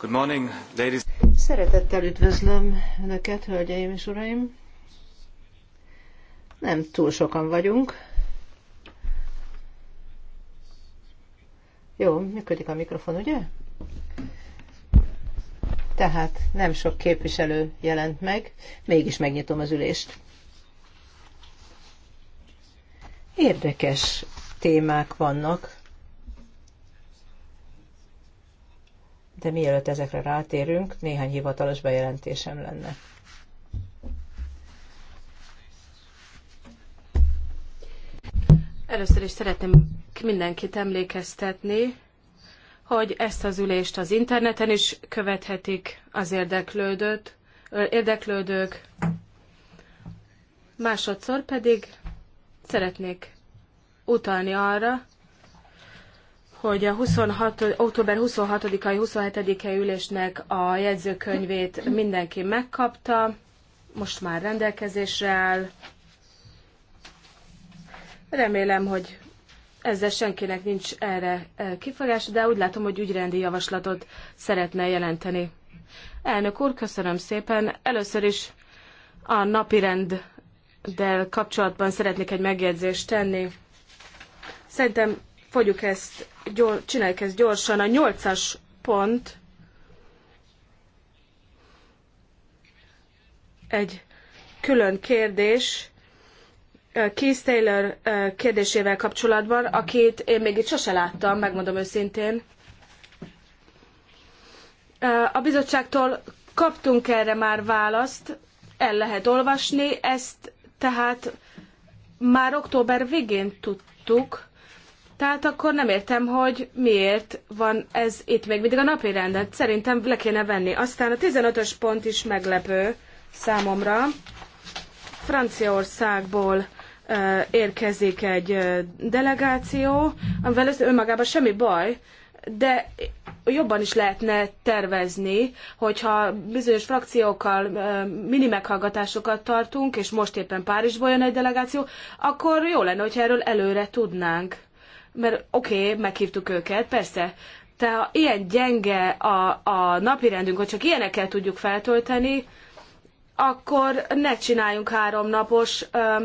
Good morning, ladies. Szeretettel üdvözlöm Önöket, hölgyeim és uraim. Nem túl sokan vagyunk. Jó, működik a mikrofon, ugye? Tehát nem sok képviselő jelent meg, mégis megnyitom az ülést. Érdekes témák vannak de mielőtt ezekre rátérünk, néhány hivatalos bejelentésem lenne. Először is szeretném mindenkit emlékeztetni, hogy ezt az ülést az interneten is követhetik az érdeklődőt, érdeklődők. Másodszor pedig szeretnék utalni arra, hogy a 26, október 26-ai, 27-e ülésnek a jegyzőkönyvét mindenki megkapta, most már rendelkezésre áll. Remélem, hogy ezzel senkinek nincs erre e, kifogás, de úgy látom, hogy ügyrendi javaslatot szeretne jelenteni. Elnök úr, köszönöm szépen. Először is a napirenddel kapcsolatban szeretnék egy megjegyzést tenni. Szerintem fogjuk ezt gyor, csináljuk ezt gyorsan. A nyolcas pont egy külön kérdés, Keith Taylor kérdésével kapcsolatban, akit én még itt sose láttam, megmondom őszintén. A bizottságtól kaptunk erre már választ, el lehet olvasni, ezt tehát már október végén tudtuk, tehát akkor nem értem, hogy miért van ez itt még mindig a napi rendet. Szerintem le kéne venni. Aztán a 15-ös pont is meglepő számomra. Franciaországból érkezik egy delegáció, amivel ez önmagában semmi baj, de jobban is lehetne tervezni, hogyha bizonyos frakciókkal mini meghallgatásokat tartunk, és most éppen Párizsból jön egy delegáció, akkor jó lenne, hogyha erről előre tudnánk mert oké, okay, meghívtuk őket, persze, de ha ilyen gyenge a, a napirendünk, hogy csak ilyenekkel tudjuk feltölteni, akkor ne csináljunk háromnapos ö,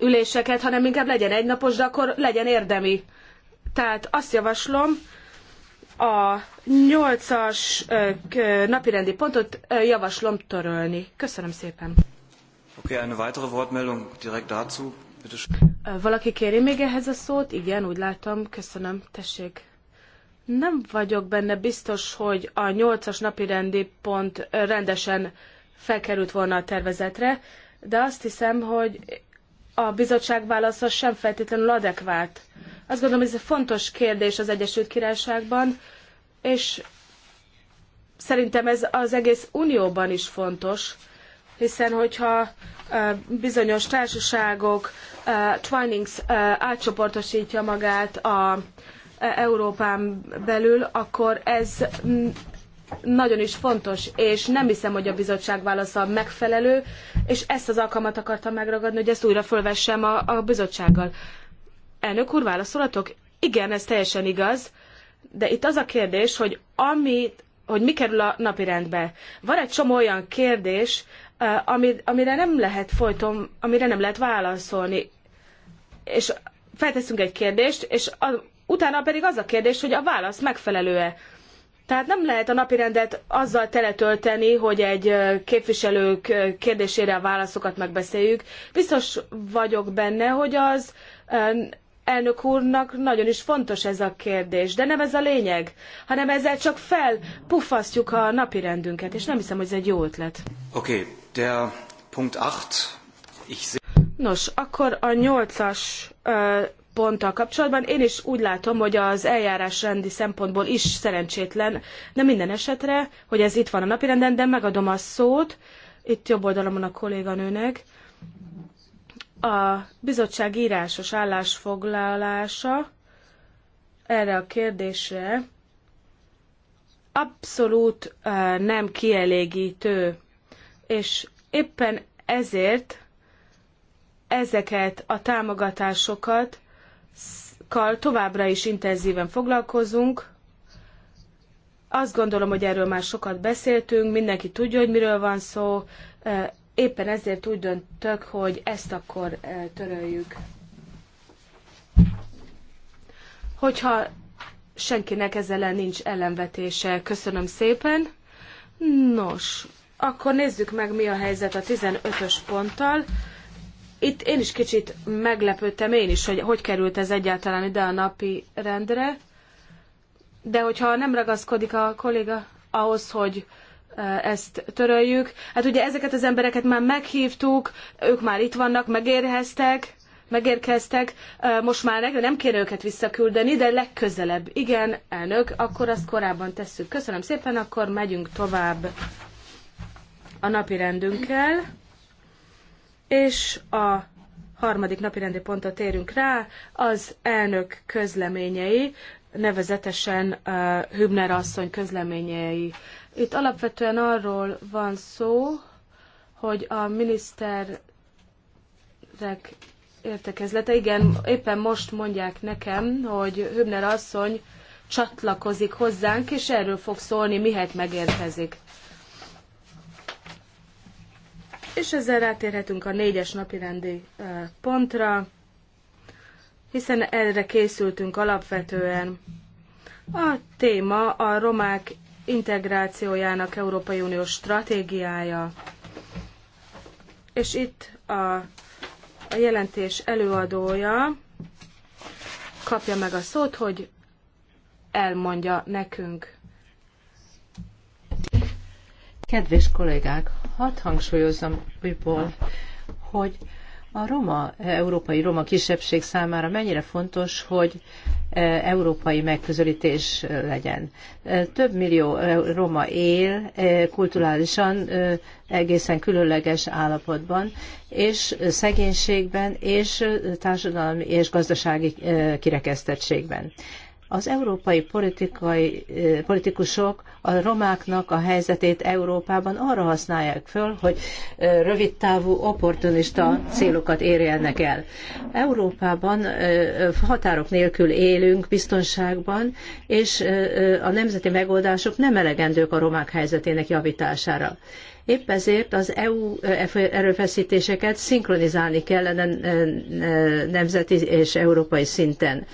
üléseket, hanem inkább legyen egynapos, de akkor legyen érdemi. Tehát azt javaslom, a nyolcas napirendi pontot javaslom törölni. Köszönöm szépen. Okay, eine weitere Wortmeldung direkt dazu. Valaki kéri még ehhez a szót? Igen, úgy látom. Köszönöm. Tessék. Nem vagyok benne biztos, hogy a nyolcas napi rendi pont rendesen felkerült volna a tervezetre, de azt hiszem, hogy a bizottság válasza sem feltétlenül adekvát. Azt gondolom, ez egy fontos kérdés az Egyesült Királyságban, és szerintem ez az egész Unióban is fontos, hiszen hogyha bizonyos társaságok, Twinings átcsoportosítja magát a e, Európán belül, akkor ez nagyon is fontos, és nem hiszem, hogy a bizottság válasza megfelelő, és ezt az alkalmat akartam megragadni, hogy ezt újra fölvessem a, a bizottsággal. Elnök úr, válaszolatok? Igen, ez teljesen igaz, de itt az a kérdés, hogy ami, hogy mi kerül a napirendbe. Van egy csomó olyan kérdés, Eh, amire nem lehet folyton, amire nem lehet válaszolni. És felteszünk egy kérdést, és a, utána pedig az a kérdés, hogy a válasz megfelelő-e. Tehát nem lehet a napirendet azzal teletölteni, hogy egy eh, képviselők eh, kérdésére a válaszokat megbeszéljük. Biztos vagyok benne, hogy az elnök úrnak nagyon is fontos ez a kérdés, de nem ez a lényeg, hanem ezzel csak felpuffasztjuk a napirendünket, és nem hiszem, hogy ez egy jó ötlet. Oké, okay der Punkt 8. Ich Nos, akkor a nyolcas ponttal kapcsolatban én is úgy látom, hogy az eljárás rendi szempontból is szerencsétlen, de minden esetre, hogy ez itt van a napirenden, de megadom a szót, itt jobb oldalamon a kolléganőnek, a bizottság írásos állásfoglalása erre a kérdésre abszolút nem kielégítő és éppen ezért ezeket a támogatásokat továbbra is intenzíven foglalkozunk. Azt gondolom, hogy erről már sokat beszéltünk, mindenki tudja, hogy miről van szó. Éppen ezért úgy döntök, hogy ezt akkor töröljük. Hogyha senkinek ezzel nincs ellenvetése, köszönöm szépen. Nos, akkor nézzük meg, mi a helyzet a 15-ös ponttal. Itt én is kicsit meglepődtem én is, hogy hogy került ez egyáltalán ide a napi rendre. De hogyha nem ragaszkodik a kolléga ahhoz, hogy e, ezt töröljük. Hát ugye ezeket az embereket már meghívtuk, ők már itt vannak, megérheztek, megérkeztek, e, most már nem kéne őket visszaküldeni, de legközelebb. Igen, elnök, akkor azt korábban tesszük. Köszönöm szépen, akkor megyünk tovább a napi rendünkkel, és a harmadik napi rendi pontra térünk rá, az elnök közleményei, nevezetesen uh, Hübner asszony közleményei. Itt alapvetően arról van szó, hogy a miniszterek értekezlete, igen, éppen most mondják nekem, hogy Hübner asszony csatlakozik hozzánk, és erről fog szólni, mihet megérkezik. És ezzel rátérhetünk a négyes napirendi pontra, hiszen erre készültünk alapvetően. A téma a romák integrációjának Európai Uniós stratégiája. És itt a, a jelentés előadója kapja meg a szót, hogy elmondja nekünk. Kedves kollégák, hadd hangsúlyozzam újból, hogy a roma, európai roma kisebbség számára mennyire fontos, hogy e, európai megközelítés legyen. E, több millió e, roma él kulturálisan egészen különleges állapotban, és szegénységben, és társadalmi és gazdasági kirekesztettségben. Az európai politikai, politikusok a romáknak a helyzetét Európában arra használják föl, hogy rövidtávú opportunista célokat érjenek el. Európában határok nélkül élünk biztonságban, és a nemzeti megoldások nem elegendők a romák helyzetének javítására. Épp ezért az EU erőfeszítéseket szinkronizálni kellene nemzeti és európai szinten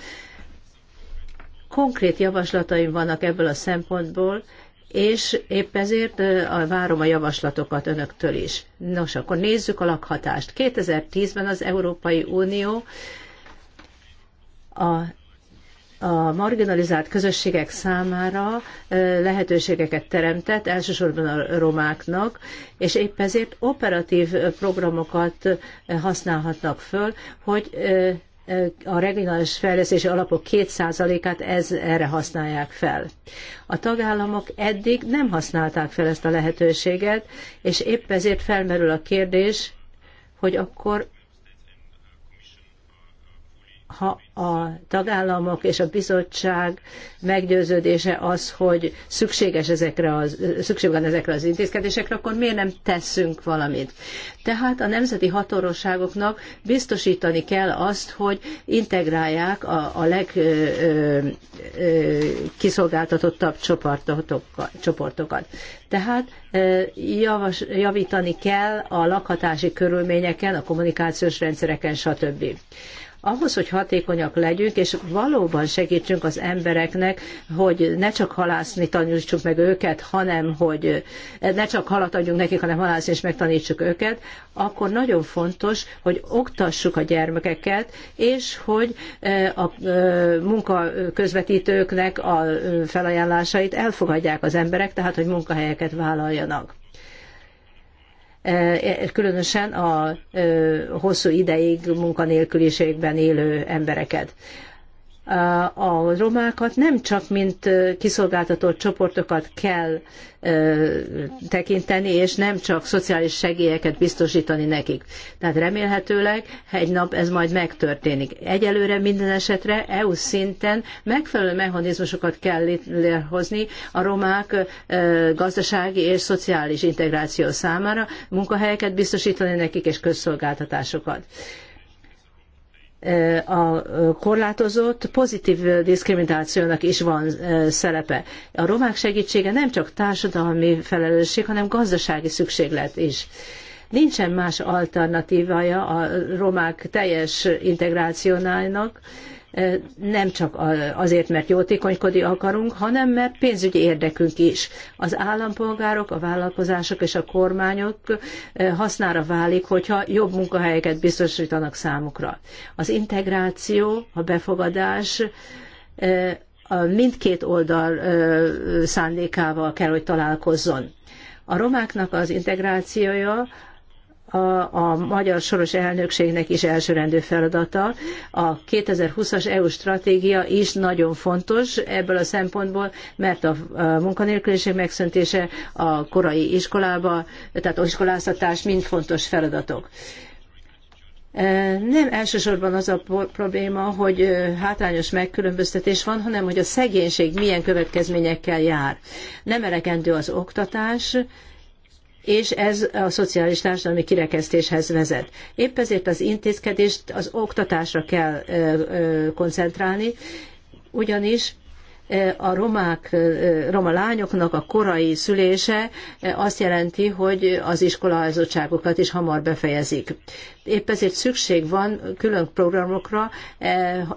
Konkrét javaslataim vannak ebből a szempontból, és épp ezért várom a javaslatokat önöktől is. Nos, akkor nézzük a lakhatást. 2010-ben az Európai Unió a a marginalizált közösségek számára lehetőségeket teremtett, elsősorban a romáknak, és épp ezért operatív programokat használhatnak föl, hogy a regionális fejlesztési alapok 2%-át ez, erre használják fel. A tagállamok eddig nem használták fel ezt a lehetőséget, és épp ezért felmerül a kérdés, hogy akkor ha a tagállamok és a bizottság meggyőződése az, hogy szükséges ezekre az, szükség van ezekre az intézkedésekre, akkor miért nem teszünk valamit? Tehát a nemzeti hatóságoknak biztosítani kell azt, hogy integrálják a, a legkiszolgáltatottabb csoportokat. Tehát javas, javítani kell a lakhatási körülményeken, a kommunikációs rendszereken, stb. Ahhoz, hogy hatékonyak legyünk, és valóban segítsünk az embereknek, hogy ne csak halászni tanítsuk meg őket, hanem hogy eh, ne csak halat adjunk nekik, hanem halászni és megtanítsuk őket, akkor nagyon fontos, hogy oktassuk a gyermekeket, és hogy eh, a eh, munkaközvetítőknek a felajánlásait elfogadják az emberek, tehát hogy munkahelyeket vállaljanak. E, e, különösen a e, hosszú ideig munkanélküliségben élő embereket a romákat nem csak mint kiszolgáltatott csoportokat kell tekinteni, és nem csak szociális segélyeket biztosítani nekik. Tehát remélhetőleg egy nap ez majd megtörténik. Egyelőre minden esetre EU szinten megfelelő mechanizmusokat kell létrehozni a romák gazdasági és szociális integráció számára, munkahelyeket biztosítani nekik és közszolgáltatásokat a korlátozott pozitív diszkriminációnak is van szerepe. A romák segítsége nem csak társadalmi felelősség, hanem gazdasági szükséglet is. Nincsen más alternatívája a romák teljes integrációjának nem csak azért, mert jótékonykodni akarunk, hanem mert pénzügyi érdekünk is. Az állampolgárok, a vállalkozások és a kormányok hasznára válik, hogyha jobb munkahelyeket biztosítanak számukra. Az integráció, a befogadás mindkét oldal szándékával kell, hogy találkozzon. A romáknak az integrációja a magyar soros elnökségnek is elsőrendű feladata. A 2020-as EU stratégia is nagyon fontos ebből a szempontból, mert a munkanélküliség megszöntése, a korai iskolába, tehát iskoláztatás mind fontos feladatok. E, nem elsősorban az a probléma, hogy hátrányos megkülönböztetés van, hanem hogy a szegénység milyen következményekkel jár. Nem elegendő az oktatás, és ez a szociális társadalmi kirekesztéshez vezet. Épp ezért az intézkedést az oktatásra kell koncentrálni, ugyanis a romák, roma lányoknak a korai szülése azt jelenti, hogy az iskolazottságokat is hamar befejezik. Épp ezért szükség van külön programokra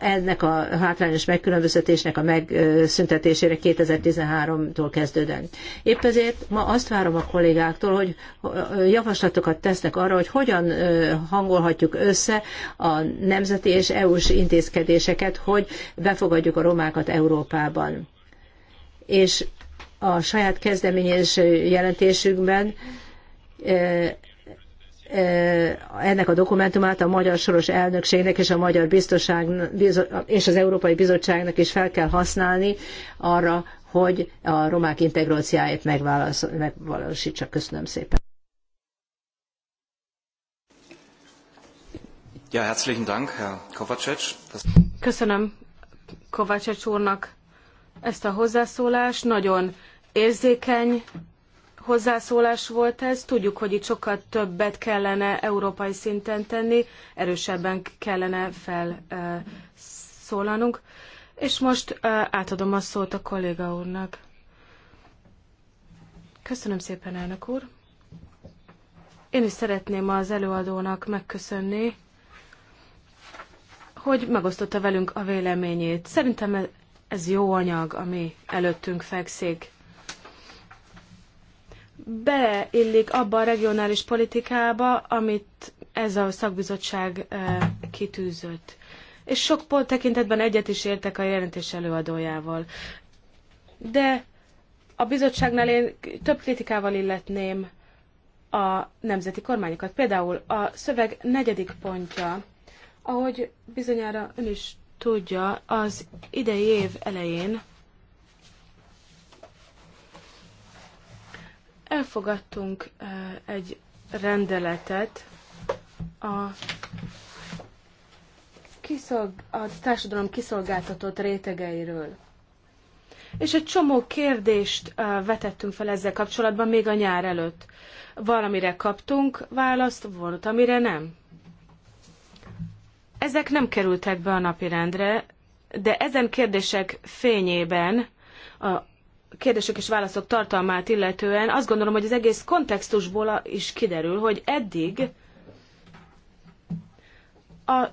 ennek a hátrányos megkülönböztetésnek a megszüntetésére 2013-tól kezdődően. Épp ezért ma azt várom a kollégáktól, hogy javaslatokat tesznek arra, hogy hogyan hangolhatjuk össze a nemzeti és EU-s intézkedéseket, hogy befogadjuk a romákat Európában van. És a saját kezdeményezés jelentésünkben e, e, ennek a dokumentumát a magyar soros elnökségnek és a magyar biztoság és az Európai Bizottságnak is fel kell használni arra, hogy a romák integrációját megvalósítsa. Köszönöm szépen. Ja, herzlichen Dank, Herr Kovacic. Köszönöm Kovacic úrnak ezt a hozzászólást. Nagyon érzékeny hozzászólás volt ez. Tudjuk, hogy itt sokkal többet kellene európai szinten tenni, erősebben kellene felszólalnunk. És most átadom a szót a kolléga úrnak. Köszönöm szépen, elnök úr. Én is szeretném az előadónak megköszönni, hogy megosztotta velünk a véleményét. Szerintem ez jó anyag, ami előttünk fekszik. Beleillik abba a regionális politikába, amit ez a szakbizottság eh, kitűzött. És sok pont tekintetben egyet is értek a jelentés előadójával. De a bizottságnál én több kritikával illetném a nemzeti kormányokat. Például a szöveg negyedik pontja, ahogy bizonyára ön is tudja, az idei év elején elfogadtunk egy rendeletet a, kiszolg, a társadalom kiszolgáltatott rétegeiről. És egy csomó kérdést vetettünk fel ezzel kapcsolatban még a nyár előtt. Valamire kaptunk választ, volt amire nem. Ezek nem kerültek be a napirendre, de ezen kérdések fényében a kérdések és válaszok tartalmát illetően azt gondolom, hogy az egész kontextusból is kiderül, hogy eddig a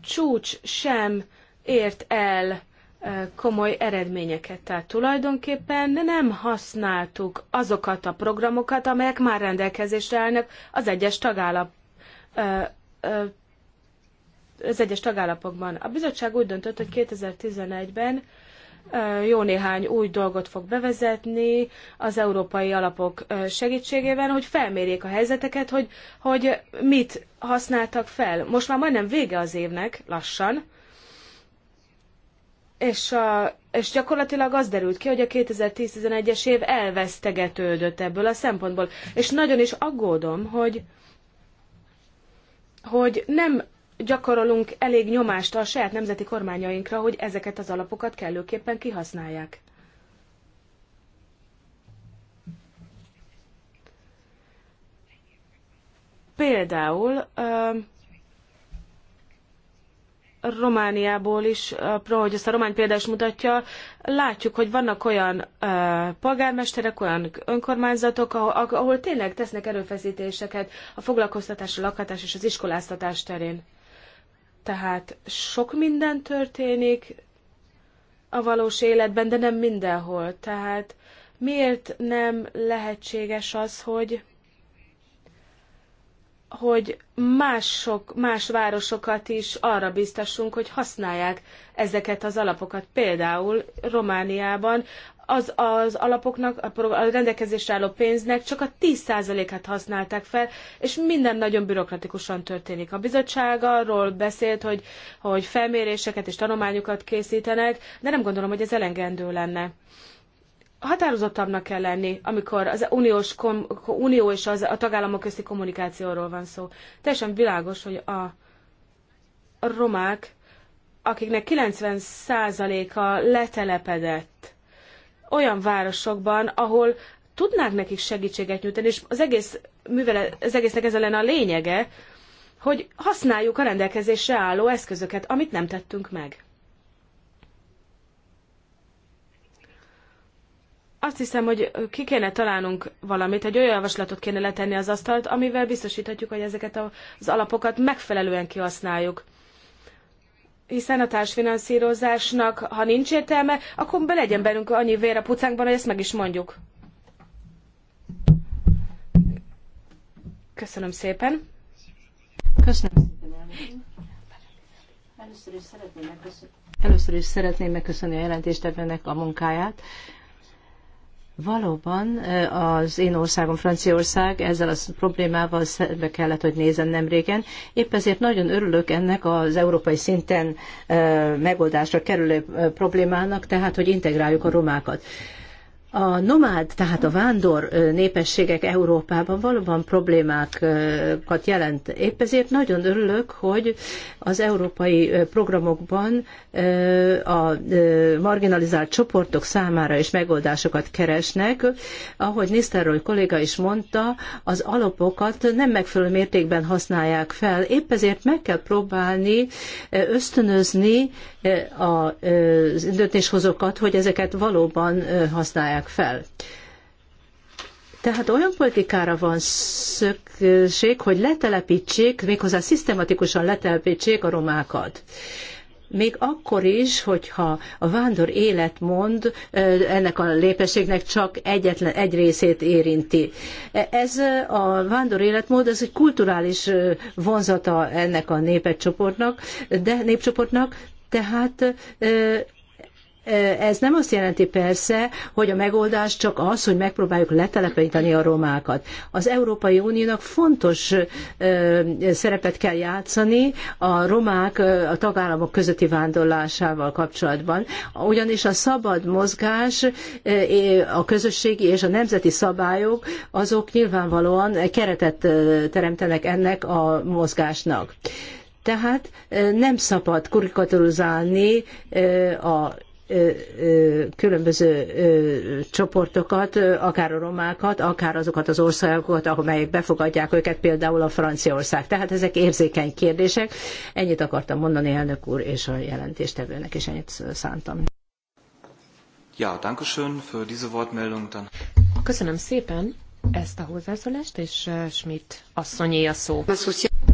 csúcs sem ért el e, komoly eredményeket. Tehát tulajdonképpen nem használtuk azokat a programokat, amelyek már rendelkezésre állnak az egyes tagállap, e, e, az egyes tagállapokban. A bizottság úgy döntött, hogy 2011-ben jó néhány új dolgot fog bevezetni az európai alapok segítségével, hogy felmérjék a helyzeteket, hogy, hogy mit használtak fel. Most már majdnem vége az évnek, lassan, és, a, és gyakorlatilag az derült ki, hogy a 2010-11-es év elvesztegetődött ebből a szempontból. És nagyon is aggódom, hogy, hogy nem gyakorolunk elég nyomást a saját nemzeti kormányainkra, hogy ezeket az alapokat kellőképpen kihasználják. Például Romániából is, hogy ezt a román példa is mutatja, látjuk, hogy vannak olyan polgármesterek, olyan önkormányzatok, ahol, ahol tényleg tesznek erőfeszítéseket a foglalkoztatás, a lakhatás és az iskoláztatás terén. Tehát sok minden történik a valós életben, de nem mindenhol. Tehát miért nem lehetséges az, hogy hogy mások, más városokat is arra biztassunk, hogy használják ezeket az alapokat. Például Romániában az, az alapoknak, a rendelkezésre álló pénznek csak a 10%-át használták fel, és minden nagyon bürokratikusan történik. A bizottság arról beszélt, hogy, hogy felméréseket és tanulmányokat készítenek, de nem gondolom, hogy ez elengedő lenne határozottabbnak kell lenni, amikor az uniós kom, unió és az, a tagállamok közti kommunikációról van szó. Teljesen világos, hogy a, a romák, akiknek 90%-a letelepedett, olyan városokban, ahol tudnák nekik segítséget nyújtani, és az, egész művele, az egésznek ez lenne a lényege, hogy használjuk a rendelkezésre álló eszközöket, amit nem tettünk meg. Azt hiszem, hogy ki kéne találnunk valamit, egy olyan javaslatot kéne letenni az asztalt, amivel biztosíthatjuk, hogy ezeket az alapokat megfelelően kihasználjuk hiszen a társfinanszírozásnak, ha nincs értelme, akkor be legyen belünk annyi vér a pucánkban, hogy ezt meg is mondjuk. Köszönöm szépen. Köszönöm szépen. Először is szeretném megköszönni, Először is szeretném megköszönni a jelentéstevőnek a munkáját Valóban az én országom, Franciaország ezzel a problémával szembe kellett, hogy nézzen nem régen. Épp ezért nagyon örülök ennek az európai szinten megoldásra kerülő problémának, tehát hogy integráljuk a romákat. A nomád, tehát a vándor népességek Európában valóban problémákat jelent. Épp ezért nagyon örülök, hogy az európai programokban a marginalizált csoportok számára is megoldásokat keresnek. Ahogy Nisztároly kolléga is mondta, az alapokat nem megfelelő mértékben használják fel. Épp ezért meg kell próbálni ösztönözni a döntéshozókat, hogy ezeket valóban használják használják fel. Tehát olyan politikára van szükség, hogy letelepítsék, méghozzá szisztematikusan letelepítsék a romákat még akkor is, hogyha a vándor életmond ennek a lépességnek csak egyetlen, egy részét érinti. Ez a vándor életmód, ez egy kulturális vonzata ennek a népcsoportnak, de népcsoportnak, tehát ez nem azt jelenti persze, hogy a megoldás csak az, hogy megpróbáljuk letelepíteni a romákat. Az Európai Uniónak fontos szerepet kell játszani a romák a tagállamok közötti vándorlásával kapcsolatban, ugyanis a szabad mozgás, a közösségi és a nemzeti szabályok, azok nyilvánvalóan keretet teremtenek ennek a mozgásnak. Tehát nem szabad karikaturizálni a különböző csoportokat, akár a romákat, akár azokat az országokat, amelyek befogadják őket, például a Franciaország. Tehát ezek érzékeny kérdések. Ennyit akartam mondani, elnök úr, és a jelentéstevőnek is ennyit szántam. Ja, danke schön für diese Wortmeldung dann. Köszönöm szépen ezt a hozzászólást, és Schmidt asszonyé a szó.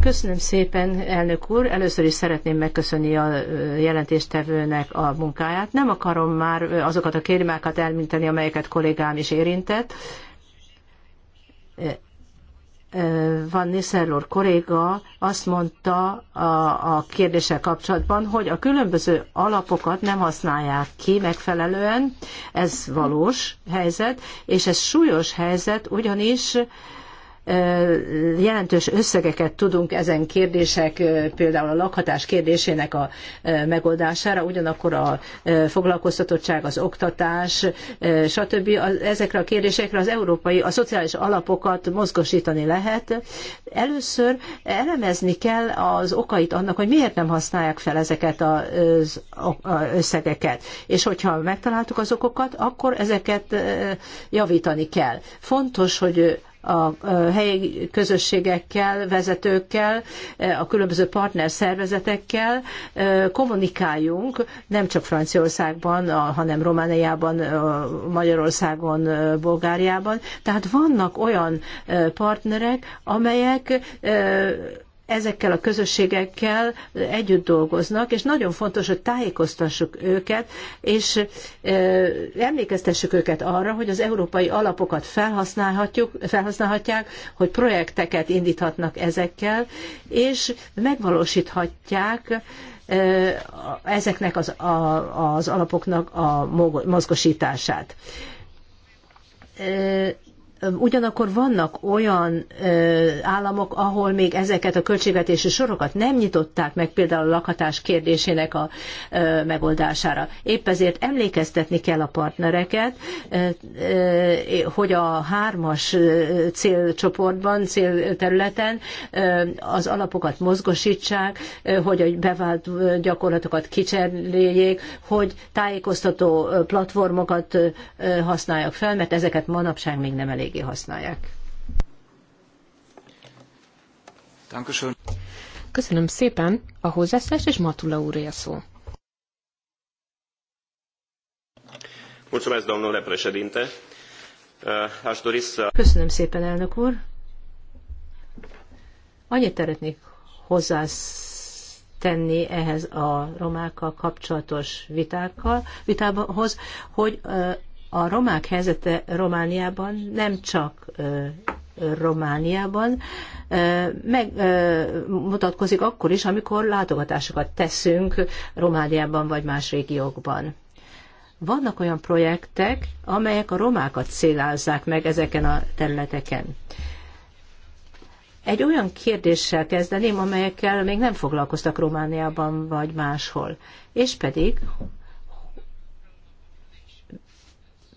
Köszönöm szépen, elnök úr. Először is szeretném megköszönni a jelentéstevőnek a munkáját. Nem akarom már azokat a kérdémákat elminteni, amelyeket kollégám is érintett. Van Nisserlor kolléga azt mondta a, a kérdéssel kapcsolatban, hogy a különböző alapokat nem használják ki megfelelően. Ez valós helyzet, és ez súlyos helyzet, ugyanis jelentős összegeket tudunk ezen kérdések, például a lakhatás kérdésének a megoldására, ugyanakkor a foglalkoztatottság, az oktatás, stb. Ezekre a kérdésekre az európai, a szociális alapokat mozgosítani lehet. Először elemezni kell az okait annak, hogy miért nem használják fel ezeket az összegeket. És hogyha megtaláltuk az okokat, akkor ezeket javítani kell. Fontos, hogy a helyi közösségekkel, vezetőkkel, a különböző partnerszervezetekkel kommunikáljunk, nem csak Franciaországban, hanem Romániában, Magyarországon, Bulgáriában. Tehát vannak olyan partnerek, amelyek ezekkel a közösségekkel együtt dolgoznak, és nagyon fontos, hogy tájékoztassuk őket, és emlékeztessük őket arra, hogy az európai alapokat felhasználhatjuk, felhasználhatják, hogy projekteket indíthatnak ezekkel, és megvalósíthatják ezeknek az, az alapoknak a mozgosítását Ugyanakkor vannak olyan államok, ahol még ezeket a költségvetési sorokat nem nyitották meg, például a lakhatás kérdésének a megoldására. Épp ezért emlékeztetni kell a partnereket, hogy a hármas célcsoportban, célterületen az alapokat mozgosítsák, hogy a bevált gyakorlatokat kicseréljék, hogy tájékoztató platformokat használjak fel, mert ezeket manapság még nem elég eléggé használják. Dankeschön. Köszönöm szépen a hozzászólást, és Matula úré a szó. Köszönöm szépen, elnök úr. Annyit szeretnék hozzátenni ehhez a romákkal kapcsolatos vitákkal, vitához, hogy a romák helyzete Romániában nem csak Romániában megmutatkozik akkor is, amikor látogatásokat teszünk Romániában vagy más régiókban. Vannak olyan projektek, amelyek a romákat célázzák meg ezeken a területeken. Egy olyan kérdéssel kezdeném, amelyekkel még nem foglalkoztak Romániában vagy máshol, és pedig,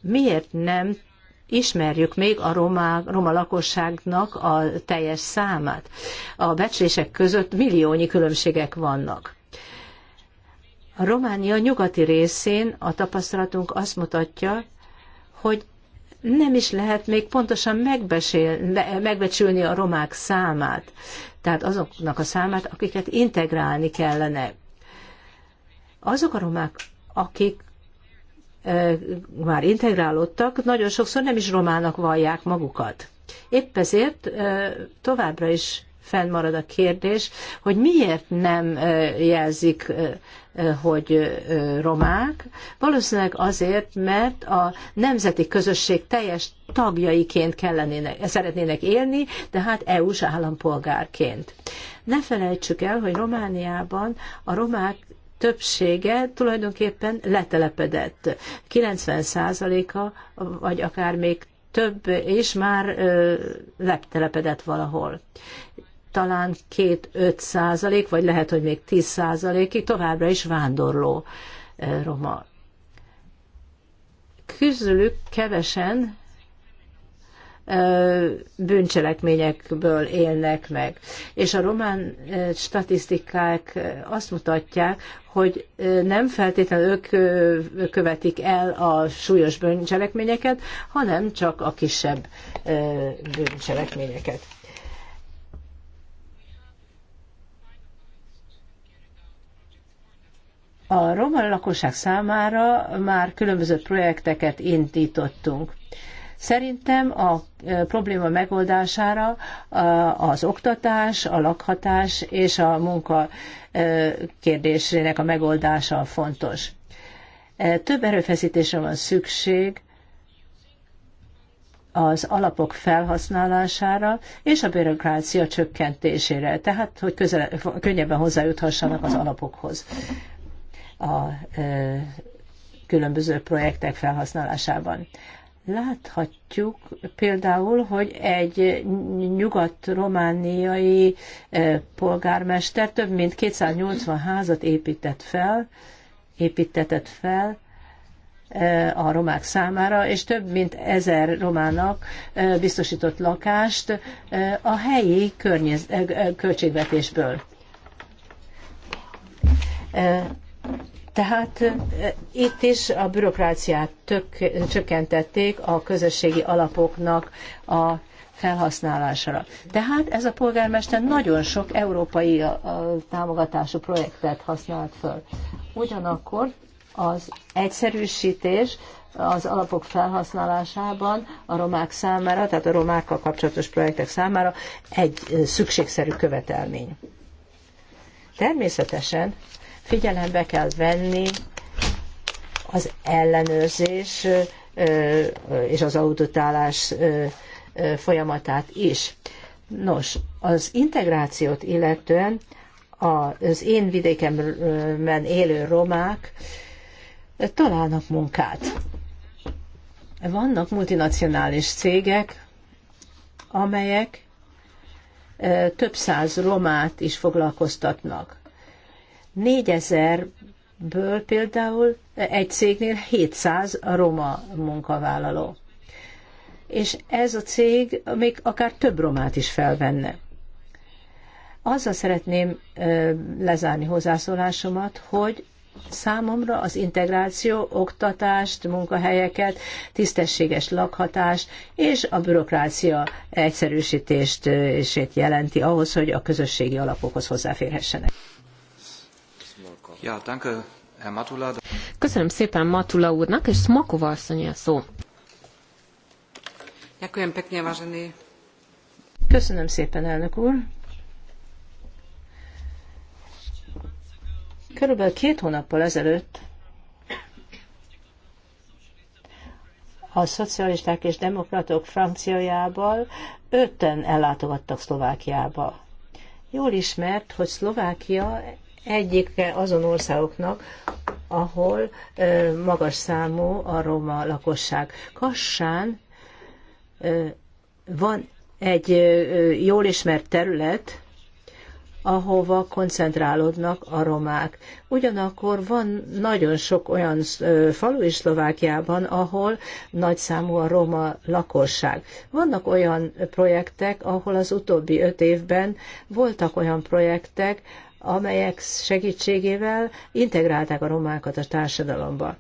miért nem ismerjük még a roma, roma lakosságnak a teljes számát. A becslések között milliónyi különbségek vannak. A Románia nyugati részén a tapasztalatunk azt mutatja, hogy nem is lehet még pontosan megbecsülni a romák számát, tehát azoknak a számát, akiket integrálni kellene. Azok a romák, akik már integrálódtak, nagyon sokszor nem is romának vallják magukat. Épp ezért továbbra is fennmarad a kérdés, hogy miért nem jelzik, hogy romák. Valószínűleg azért, mert a nemzeti közösség teljes tagjaiként kellenének, szeretnének élni, de hát EU-s állampolgárként. Ne felejtsük el, hogy Romániában a romák többsége tulajdonképpen letelepedett. 90%-a, vagy akár még több is már ö, letelepedett valahol. Talán 2-5 százalék, vagy lehet, hogy még 10 százalékig továbbra is vándorló roma. Közülük kevesen bűncselekményekből élnek meg. És a román statisztikák azt mutatják, hogy nem feltétlenül ők követik el a súlyos bűncselekményeket, hanem csak a kisebb bűncselekményeket. A román lakosság számára már különböző projekteket indítottunk. Szerintem a probléma megoldására az oktatás, a lakhatás és a munka kérdésének a megoldása fontos. Több erőfeszítésre van szükség az alapok felhasználására és a bürokrácia csökkentésére, tehát hogy közele, könnyebben hozzájuthassanak az alapokhoz. A, különböző projektek felhasználásában. Láthatjuk például, hogy egy nyugat-romániai e, polgármester több mint 280 házat épített fel, építetett fel e, a romák számára, és több mint ezer romának e, biztosított lakást a helyi környez, költségvetésből tehát itt is a bürokráciát tök, csökkentették a közösségi alapoknak a felhasználására. Tehát ez a polgármester nagyon sok európai támogatású projektet használt föl. Ugyanakkor az egyszerűsítés az alapok felhasználásában a romák számára, tehát a romákkal kapcsolatos projektek számára egy szükségszerű követelmény. Természetesen Figyelembe kell venni az ellenőrzés és az auditálás folyamatát is. Nos, az integrációt illetően az én vidékemben élő romák találnak munkát. Vannak multinacionális cégek, amelyek több száz romát is foglalkoztatnak. 4000-ből például egy cégnél 700 a roma munkavállaló. És ez a cég még akár több romát is felvenne. Azzal szeretném lezárni hozzászólásomat, hogy számomra az integráció oktatást, munkahelyeket, tisztességes lakhatást és a bürokrácia egyszerűsítést jelenti ahhoz, hogy a közösségi alapokhoz hozzáférhessenek. Ja, danke, Herr Matula. Köszönöm szépen Matula úrnak, és Smakova asszony a szó. Köszönöm szépen, elnök úr. Körülbelül két hónappal ezelőtt a szocialisták és demokratok franciájával öten ellátogattak Szlovákiába. Jól ismert, hogy Szlovákia egyike azon országoknak, ahol magas számú a roma lakosság. Kassán van egy jól ismert terület, ahova koncentrálódnak a romák. Ugyanakkor van nagyon sok olyan falu is Szlovákiában, ahol nagy számú a roma lakosság. Vannak olyan projektek, ahol az utóbbi öt évben voltak olyan projektek, amelyek segítségével integrálták a romákat a társadalomba.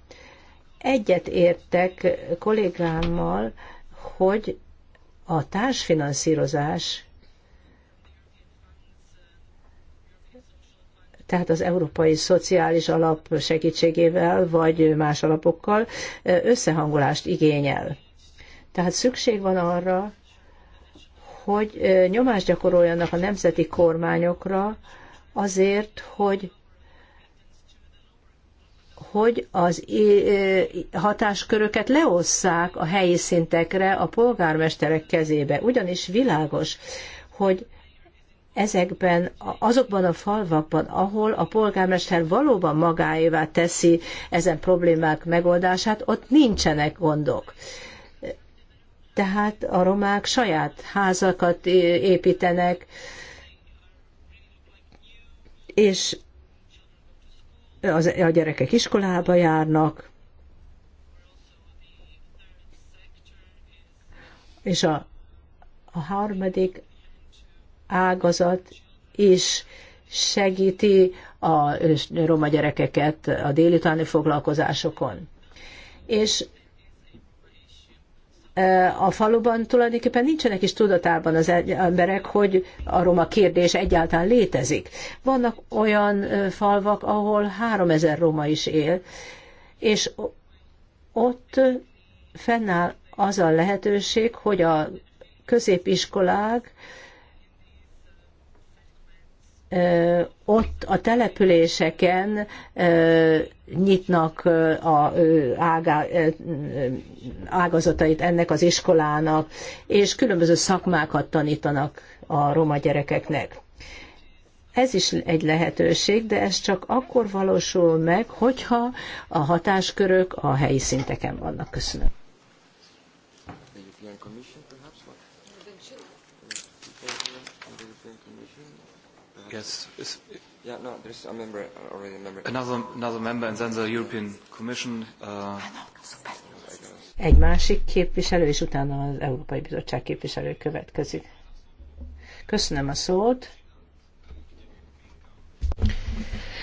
Egyet értek kollégámmal, hogy a társfinanszírozás, tehát az Európai Szociális Alap segítségével, vagy más alapokkal összehangolást igényel. Tehát szükség van arra, hogy nyomást gyakoroljanak a nemzeti kormányokra, azért, hogy hogy az hatásköröket leosszák a helyi szintekre a polgármesterek kezébe. Ugyanis világos, hogy ezekben, azokban a falvakban, ahol a polgármester valóban magáévá teszi ezen problémák megoldását, ott nincsenek gondok. Tehát a romák saját házakat építenek, és az, a gyerekek iskolába járnak, és a, a harmadik ágazat is segíti a roma gyerekeket a délutáni foglalkozásokon. És a faluban tulajdonképpen nincsenek is tudatában az emberek, hogy a roma kérdés egyáltalán létezik. Vannak olyan falvak, ahol 3000 roma is él, és ott fennáll az a lehetőség, hogy a középiskolák ott a településeken nyitnak a ágazatait ennek az iskolának, és különböző szakmákat tanítanak a roma gyerekeknek. Ez is egy lehetőség, de ez csak akkor valósul meg, hogyha a hatáskörök a helyi szinteken vannak. Köszönöm. is, is yeah, no, there's a member already. A member. Another, another member, and then the European Commission. Uh, Egy másik képviselő, és utána az Európai Bizottság képviselő következik. Köszönöm a szót.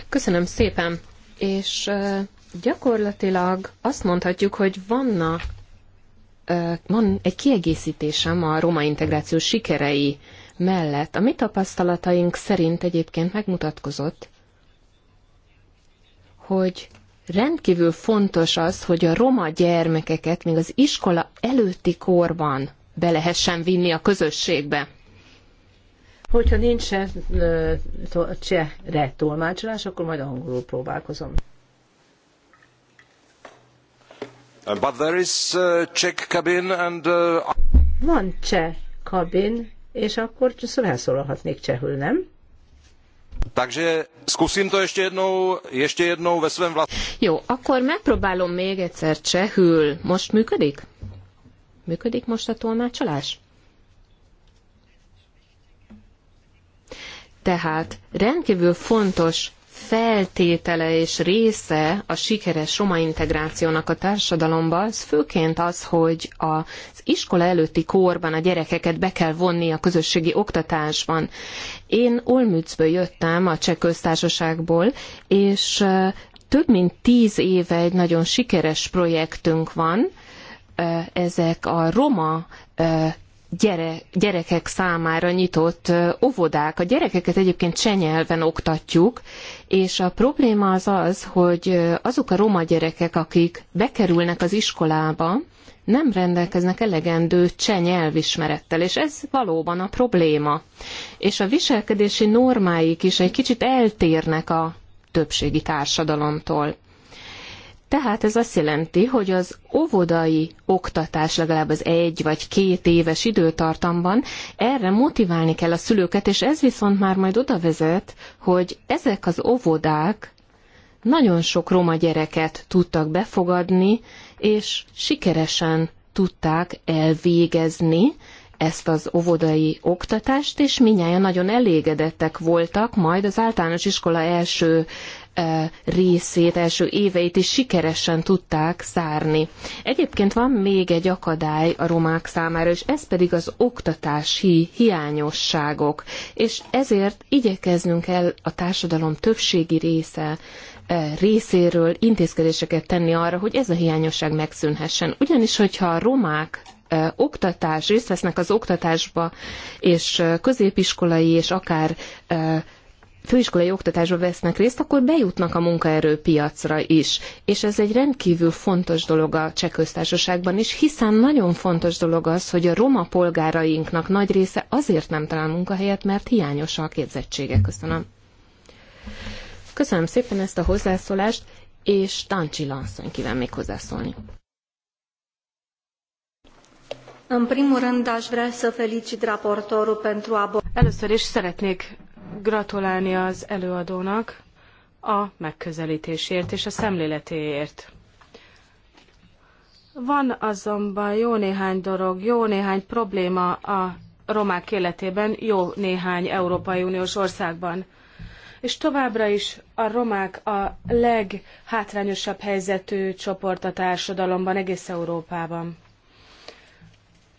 Köszönöm szépen. És uh, gyakorlatilag azt mondhatjuk, hogy vannak, uh, van egy kiegészítésem a roma integráció sikerei mellett. A mi tapasztalataink szerint egyébként megmutatkozott, hogy rendkívül fontos az, hogy a roma gyermekeket még az iskola előtti korban be lehessen vinni a közösségbe. Hogyha nincsen csehre tolmácsolás, akkor majd angolul próbálkozom. But there is Czech cabin and... Van cseh kabin, és akkor rászólhatnék csehül, nem? Takže zkusím to ještě jednou, ještě jednou ve svém vlastním. Jo, akkor megpróbálom még egyszer csehül. Most működik? Működik most a tolmácsolás? Tehát rendkívül fontos feltétele és része a sikeres roma integrációnak a társadalomban, az főként az, hogy az iskola előtti korban a gyerekeket be kell vonni a közösségi oktatásban. Én Olmützből jöttem, a cseh köztársaságból, és több mint tíz éve egy nagyon sikeres projektünk van, ezek a roma gyere, gyerekek számára nyitott óvodák. A gyerekeket egyébként csenyelven oktatjuk, és a probléma az az, hogy azok a roma gyerekek, akik bekerülnek az iskolába, nem rendelkeznek elegendő cseh nyelvismerettel, és ez valóban a probléma. És a viselkedési normáik is egy kicsit eltérnek a többségi társadalomtól. Tehát ez azt jelenti, hogy az óvodai oktatás legalább az egy vagy két éves időtartamban erre motiválni kell a szülőket, és ez viszont már majd oda vezet, hogy ezek az óvodák nagyon sok roma gyereket tudtak befogadni, és sikeresen tudták elvégezni ezt az óvodai oktatást, és minnyáján nagyon elégedettek voltak, majd az általános iskola első részét, első éveit is sikeresen tudták zárni. Egyébként van még egy akadály a romák számára, és ez pedig az oktatási hiányosságok. És ezért igyekeznünk el a társadalom többségi része részéről intézkedéseket tenni arra, hogy ez a hiányosság megszűnhessen. Ugyanis, hogyha a romák oktatás, részt vesznek az oktatásba, és középiskolai, és akár főiskolai oktatásba vesznek részt, akkor bejutnak a munkaerőpiacra is. És ez egy rendkívül fontos dolog a cseh köztársaságban is, hiszen nagyon fontos dolog az, hogy a roma polgárainknak nagy része azért nem talál munkahelyet, mert hiányos a képzettsége. Köszönöm. Köszönöm szépen ezt a hozzászólást, és Tancsi Lanszony kíván még hozzászólni. Először is szeretnék gratulálni az előadónak a megközelítésért és a szemléletéért. Van azonban jó néhány dolog, jó néhány probléma a romák életében, jó néhány Európai Uniós országban. És továbbra is a romák a leghátrányosabb helyzetű csoport a társadalomban, egész Európában.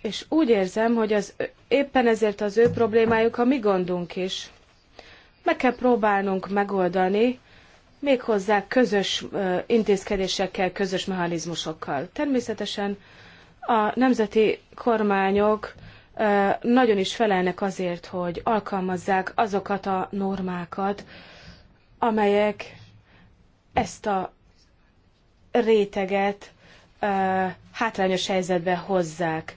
És úgy érzem, hogy az, éppen ezért az ő problémájuk a mi gondunk is meg kell próbálnunk megoldani, méghozzá közös intézkedésekkel, közös mechanizmusokkal. Természetesen a nemzeti kormányok nagyon is felelnek azért, hogy alkalmazzák azokat a normákat, amelyek ezt a réteget hátrányos helyzetbe hozzák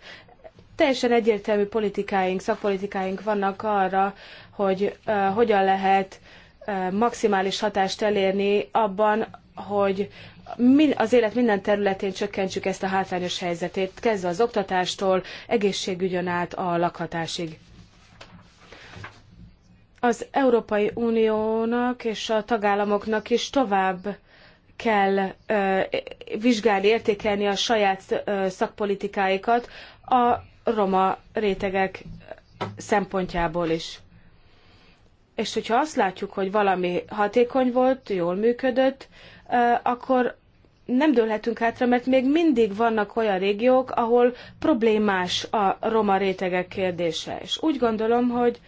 teljesen egyértelmű politikáink, szakpolitikáink vannak arra, hogy uh, hogyan lehet uh, maximális hatást elérni abban, hogy az élet minden területén csökkentsük ezt a hátrányos helyzetét, kezdve az oktatástól, egészségügyön át a lakhatásig. Az Európai Uniónak és a tagállamoknak is tovább kell ö, vizsgálni, értékelni a saját ö, szakpolitikáikat a roma rétegek szempontjából is. És hogyha azt látjuk, hogy valami hatékony volt, jól működött, akkor nem dőlhetünk hátra, mert még mindig vannak olyan régiók, ahol problémás a roma rétegek kérdése. És úgy gondolom, hogy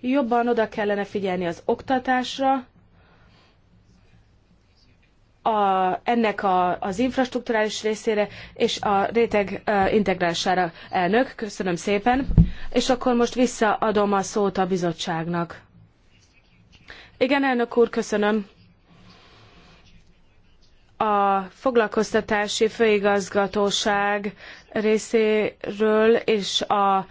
jobban oda kellene figyelni az oktatásra, a, ennek a, az infrastrukturális részére és a réteg uh, integrálására elnök. Köszönöm szépen. És akkor most visszaadom a szót a bizottságnak. Igen, elnök úr, köszönöm. A foglalkoztatási főigazgatóság részéről és a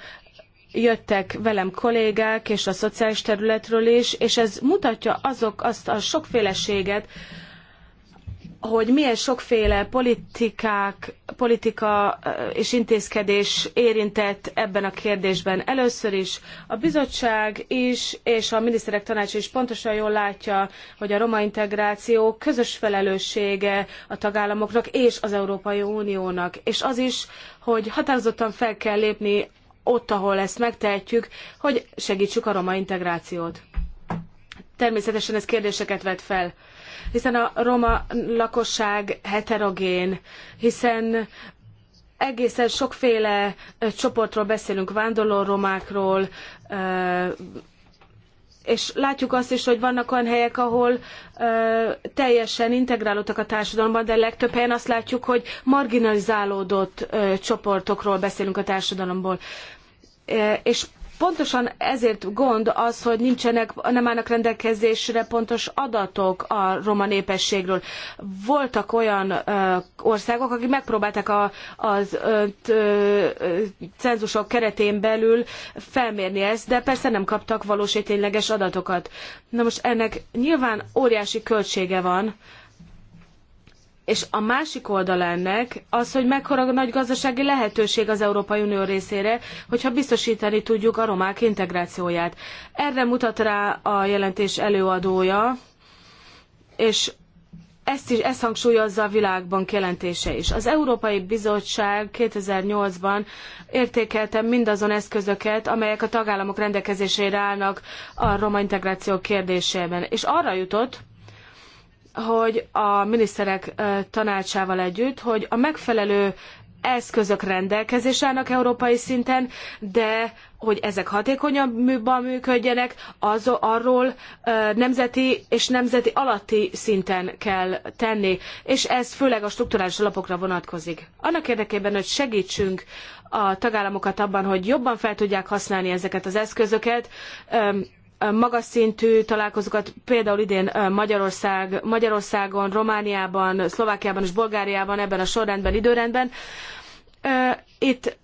jöttek velem kollégák és a szociális területről is, és ez mutatja azok azt a sokféleséget, hogy milyen sokféle politikák, politika eh, és intézkedés érintett ebben a kérdésben. Először is a bizottság is, és a miniszterek tanácsa is pontosan jól látja, hogy a roma integráció közös felelőssége a tagállamoknak és az Európai Uniónak. És az is, hogy határozottan fel kell lépni ott, ahol ezt megtehetjük, hogy segítsük a roma integrációt. Természetesen ez kérdéseket vet fel hiszen a roma lakosság heterogén, hiszen egészen sokféle csoportról beszélünk, vándorló romákról, és látjuk azt is, hogy vannak olyan helyek, ahol ö, teljesen integrálódtak a társadalomban, de legtöbb helyen azt látjuk, hogy marginalizálódott ö, csoportokról beszélünk a társadalomból. E, és Pontosan ezért gond az, hogy nincsenek, nem állnak rendelkezésre pontos adatok a roma népességről. Voltak olyan ö, országok, akik megpróbálták a, az ö, ö, cenzusok keretén belül felmérni ezt, de persze nem kaptak valós tényleges adatokat. Na most ennek nyilván óriási költsége van, és a másik oldala ennek az, hogy mekkora nagy gazdasági lehetőség az Európai Unió részére, hogyha biztosítani tudjuk a romák integrációját. Erre mutat rá a jelentés előadója, és ezt is ezt hangsúlyozza a Világbank jelentése is. Az Európai Bizottság 2008-ban értékelte mindazon eszközöket, amelyek a tagállamok rendelkezésére állnak a roma integráció kérdésében, és arra jutott, hogy a miniszterek tanácsával együtt, hogy a megfelelő eszközök rendelkezésre állnak európai szinten, de hogy ezek hatékonyabban működjenek, az, arról nemzeti és nemzeti alatti szinten kell tenni, és ez főleg a strukturális alapokra vonatkozik. Annak érdekében, hogy segítsünk a tagállamokat abban, hogy jobban fel tudják használni ezeket az eszközöket, magas szintű találkozókat, például idén Magyarország, Magyarországon, Romániában, Szlovákiában és Bulgáriában ebben a sorrendben, időrendben. Itt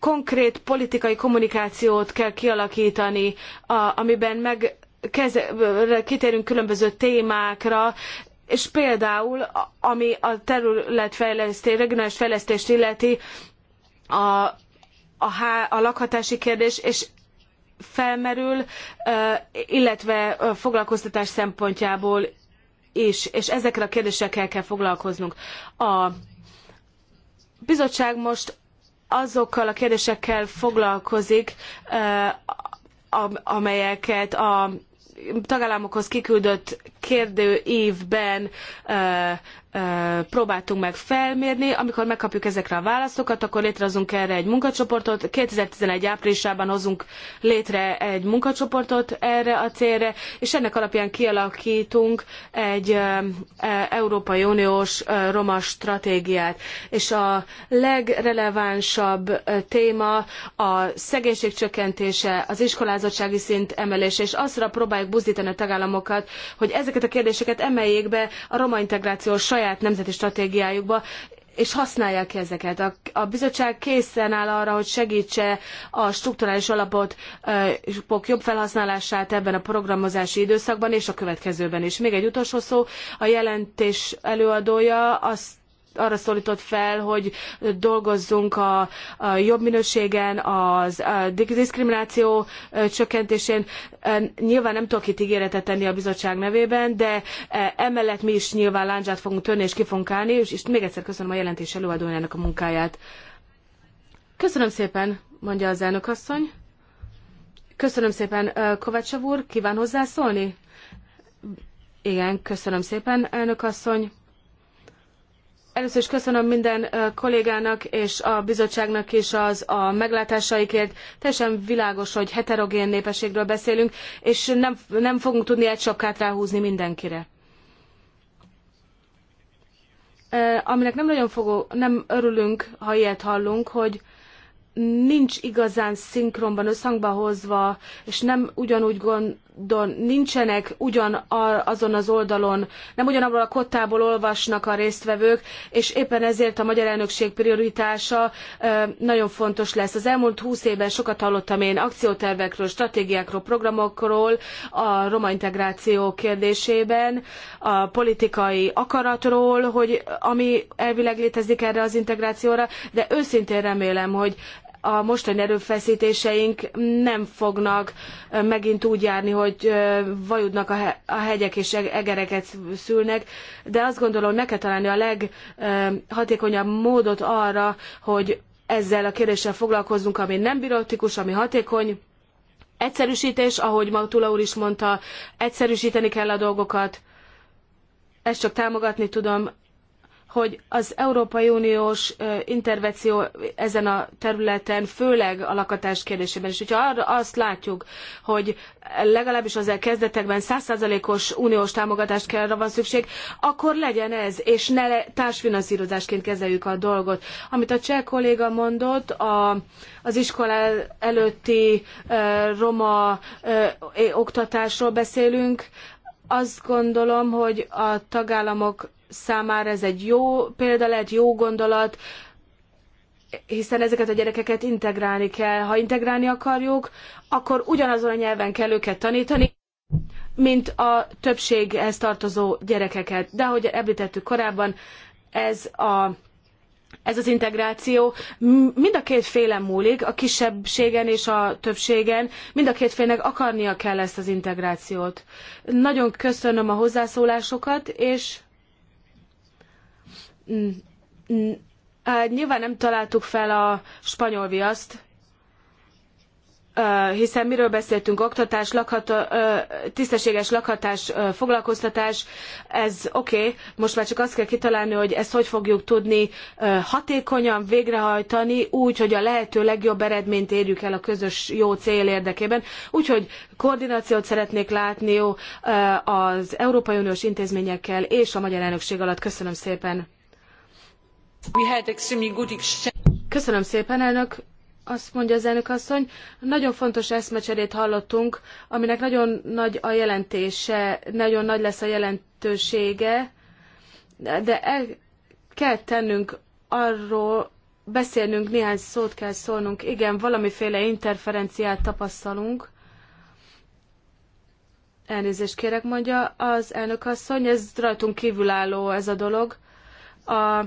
konkrét politikai kommunikációt kell kialakítani, amiben meg kitérünk különböző témákra, és például, ami a területfejlesztés, regionális fejlesztést illeti, a, a, há, a lakhatási kérdés, és felmerül, illetve foglalkoztatás szempontjából is, és ezekre a kérdésekkel kell foglalkoznunk. A bizottság most azokkal a kérdésekkel foglalkozik, amelyeket a tagállamokhoz kiküldött kérdő évben próbáltunk meg felmérni. Amikor megkapjuk ezekre a válaszokat, akkor létrehozunk erre egy munkacsoportot. 2011 áprilisában hozunk létre egy munkacsoportot erre a célra, és ennek alapján kialakítunk egy e, Európai Uniós roma stratégiát. És a legrelevánsabb téma a szegénység csökkentése, az iskolázottsági szint emelése, és azra próbáljuk buzdítani a tagállamokat, hogy ezek ezeket a kérdéseket emeljék be a roma integráció saját nemzeti stratégiájukba, és használják ki ezeket. A, a bizottság készen áll arra, hogy segítse a strukturális alapot jobb felhasználását ebben a programozási időszakban és a következőben is. Még egy utolsó szó, a jelentés előadója azt arra szólított fel, hogy dolgozzunk a, a jobb minőségen, az, a diszkrimináció csökkentésén. Nyilván nem tudok itt ígéretet tenni a bizottság nevében, de emellett mi is nyilván láncsát fogunk törni és ki állni, és, és még egyszer köszönöm a jelentés előadójának a munkáját. Köszönöm szépen, mondja az elnökasszony. Köszönöm szépen, Kovácsav úr, kíván hozzászólni? Igen, köszönöm szépen, elnök asszony. Először is köszönöm minden kollégának és a bizottságnak is az a meglátásaikért. Teljesen világos, hogy heterogén népességről beszélünk, és nem, nem fogunk tudni egy sapkát ráhúzni mindenkire. Aminek nem nagyon fogó, nem örülünk, ha ilyet hallunk, hogy nincs igazán szinkronban, összhangba hozva, és nem ugyanúgy gondol, nincsenek ugyan azon az oldalon, nem ugyanabból a kottából olvasnak a résztvevők, és éppen ezért a magyar elnökség prioritása nagyon fontos lesz. Az elmúlt húsz évben sokat hallottam én akciótervekről, stratégiákról, programokról, a roma integráció kérdésében, a politikai akaratról, hogy ami elvileg létezik erre az integrációra, de őszintén remélem, hogy a mostani erőfeszítéseink nem fognak megint úgy járni, hogy vajudnak a hegyek és e-, egereket szülnek, de azt gondolom, meg kell találni a leghatékonyabb módot arra, hogy ezzel a kérdéssel foglalkozzunk, ami nem birotikus, ami hatékony, Egyszerűsítés, ahogy Magtula úr is mondta, egyszerűsíteni kell a dolgokat, ezt csak támogatni tudom, hogy az Európai Uniós intervenció ezen a területen, főleg a lakatás kérdésében is, hogyha arra azt látjuk, hogy legalábbis az e kezdetekben 100%-os uniós támogatást kell, arra van szükség, akkor legyen ez, és ne le, társfinanszírozásként kezeljük a dolgot. Amit a cseh kolléga mondott, a, az iskola előtti e, roma e, oktatásról beszélünk, azt gondolom, hogy a tagállamok számára ez egy jó példa lehet, jó gondolat, hiszen ezeket a gyerekeket integrálni kell. Ha integrálni akarjuk, akkor ugyanazon a nyelven kell őket tanítani, mint a többséghez tartozó gyerekeket. De ahogy említettük korábban, ez a ez az integráció mind a két félen múlik, a kisebbségen és a többségen, mind a két félnek akarnia kell ezt az integrációt. Nagyon köszönöm a hozzászólásokat, és nyilván nem találtuk fel a spanyol viaszt, hiszen miről beszéltünk, oktatás, tisztességes lakhatás, foglalkoztatás, ez oké, okay, most már csak azt kell kitalálni, hogy ezt hogy fogjuk tudni hatékonyan végrehajtani, úgy, hogy a lehető legjobb eredményt érjük el a közös jó cél érdekében. Úgyhogy koordinációt szeretnék látni az Európai Uniós intézményekkel és a Magyar Elnökség alatt. Köszönöm szépen! Köszönöm szépen, elnök azt mondja az elnök asszony, nagyon fontos eszmecserét hallottunk, aminek nagyon nagy a jelentése, nagyon nagy lesz a jelentősége, de el kell tennünk arról, beszélnünk, néhány szót kell szólnunk. Igen, valamiféle interferenciát tapasztalunk. Elnézést kérek, mondja az elnök asszony, ez rajtunk kívülálló ez a dolog. A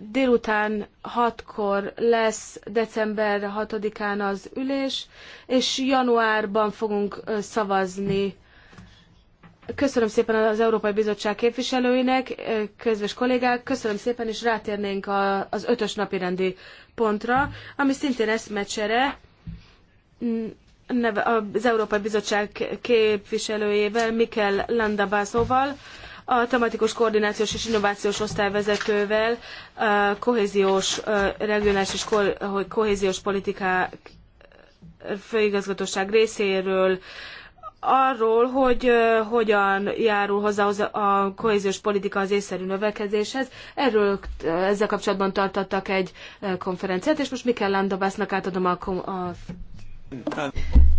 délután 6-kor lesz december 6-án az ülés, és januárban fogunk szavazni. Köszönöm szépen az Európai Bizottság képviselőinek, közös kollégák, köszönöm szépen, és rátérnénk a, az ötös napirendi pontra, ami szintén eszmecsere mm, az Európai Bizottság képviselőjével, Mikkel Landabászóval a tematikus koordinációs és innovációs osztályvezetővel kohéziós, regionális és kohéziós politikák főigazgatóság részéről arról, hogy hogyan járul hozzá a kohéziós politika az észszerű növekedéshez. Erről ezzel kapcsolatban tartottak egy konferenciát, és most Mikel Landabásznak átadom a, a...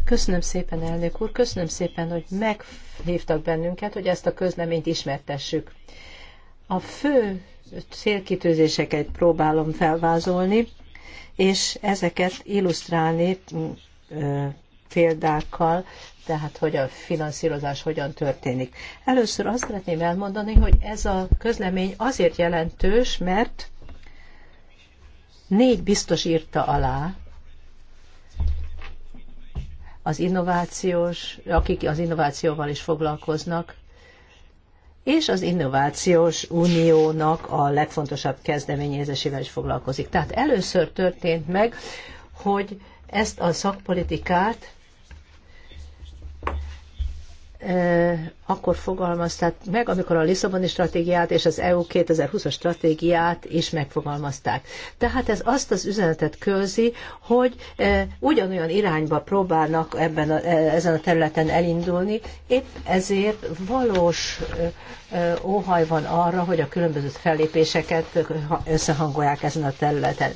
Köszönöm szépen, elnök úr, köszönöm szépen, hogy meghívtak bennünket, hogy ezt a közleményt ismertessük. A fő célkitűzéseket próbálom felvázolni, és ezeket illusztrálni mm, példákkal, tehát hogy a finanszírozás hogyan történik. Először azt szeretném elmondani, hogy ez a közlemény azért jelentős, mert négy biztos írta alá, az innovációs, akik az innovációval is foglalkoznak, és az Innovációs Uniónak a legfontosabb kezdeményezésével is foglalkozik. Tehát először történt meg, hogy ezt a szakpolitikát akkor fogalmazták meg, amikor a Lisszaboni stratégiát és az EU 2020-as stratégiát is megfogalmazták. Tehát ez azt az üzenetet közi, hogy ugyanolyan irányba próbálnak ebben a, e, ezen a területen elindulni, épp ezért valós óhaj van arra, hogy a különböző fellépéseket összehangolják ezen a területen.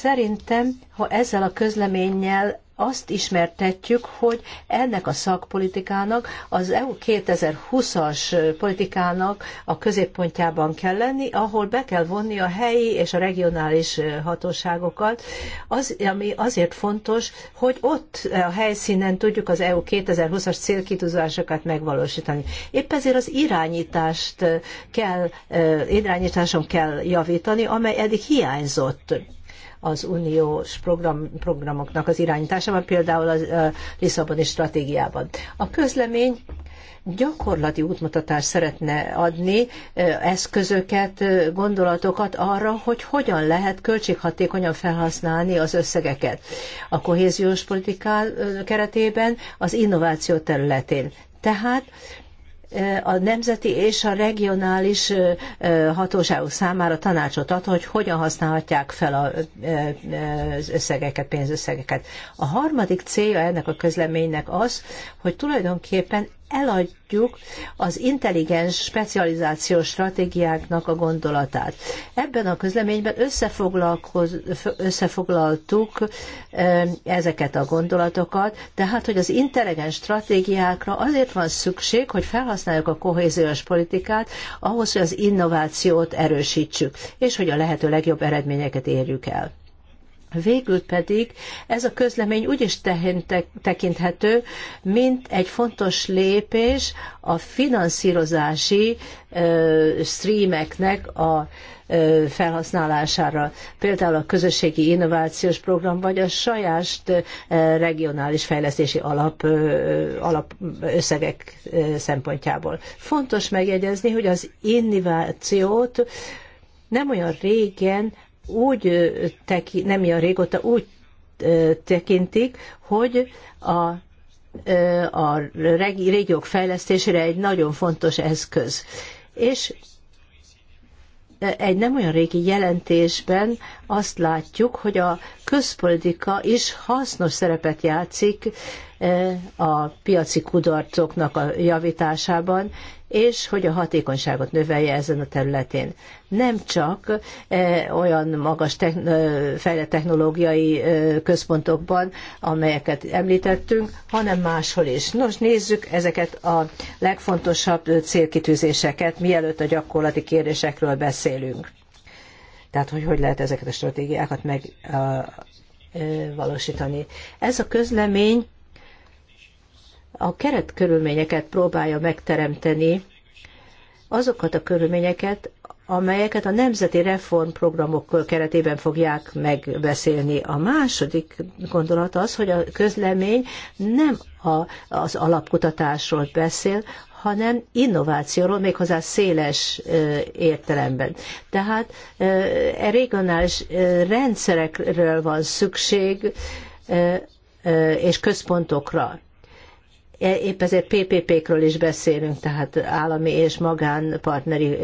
Szerintem, ha ezzel a közleménnyel azt ismertetjük, hogy ennek a szakpolitikának, az EU 2020-as politikának a középpontjában kell lenni, ahol be kell vonni a helyi és a regionális hatóságokat, az, ami azért fontos, hogy ott a helyszínen tudjuk az EU 2020-as célkitűzésokat megvalósítani. Épp ezért az irányítást kell, eh, irányításon kell javítani, amely eddig hiányzott az uniós program, programoknak az irányításában, például a Lisszaboni stratégiában. A közlemény gyakorlati útmutatást szeretne adni, eszközöket, gondolatokat arra, hogy hogyan lehet költséghatékonyan felhasználni az összegeket a kohéziós politiká keretében, az innováció területén. Tehát a nemzeti és a regionális hatóságok számára tanácsot ad, hogy hogyan használhatják fel az összegeket, pénzösszegeket. A harmadik célja ennek a közleménynek az, hogy tulajdonképpen eladjuk az intelligens specializációs stratégiáknak a gondolatát. Ebben a közleményben összefoglaltuk ezeket a gondolatokat, tehát, hogy az intelligens stratégiákra azért van szükség, hogy felhasználjuk a kohéziós politikát ahhoz, hogy az innovációt erősítsük, és hogy a lehető legjobb eredményeket érjük el. Végül pedig ez a közlemény úgy is tekinthető, mint egy fontos lépés a finanszírozási streameknek a felhasználására, például a közösségi innovációs program, vagy a saját regionális fejlesztési alap, alap összegek szempontjából. Fontos megjegyezni, hogy az innovációt nem olyan régen úgy teki, nem ilyen régóta úgy tekintik, hogy a a régiók fejlesztésére egy nagyon fontos eszköz. És egy nem olyan régi jelentésben azt látjuk, hogy a közpolitika is hasznos szerepet játszik a piaci kudarcoknak a javításában, és hogy a hatékonyságot növelje ezen a területén. Nem csak e, olyan magas techn- fejlett technológiai központokban, amelyeket említettünk, hanem máshol is. Nos, nézzük ezeket a legfontosabb célkitűzéseket, mielőtt a gyakorlati kérdésekről beszélünk. Tehát, hogy hogy lehet ezeket a stratégiákat megvalósítani. Ez a közlemény a keretkörülményeket próbálja megteremteni, azokat a körülményeket, amelyeket a nemzeti reformprogramok keretében fogják megbeszélni. A második gondolat az, hogy a közlemény nem a, az alapkutatásról beszél, hanem innovációról, méghozzá széles értelemben. Tehát e regionális rendszerekről van szükség, és központokra. E, épp ezért PPP-kről is beszélünk, tehát állami és magánpartneri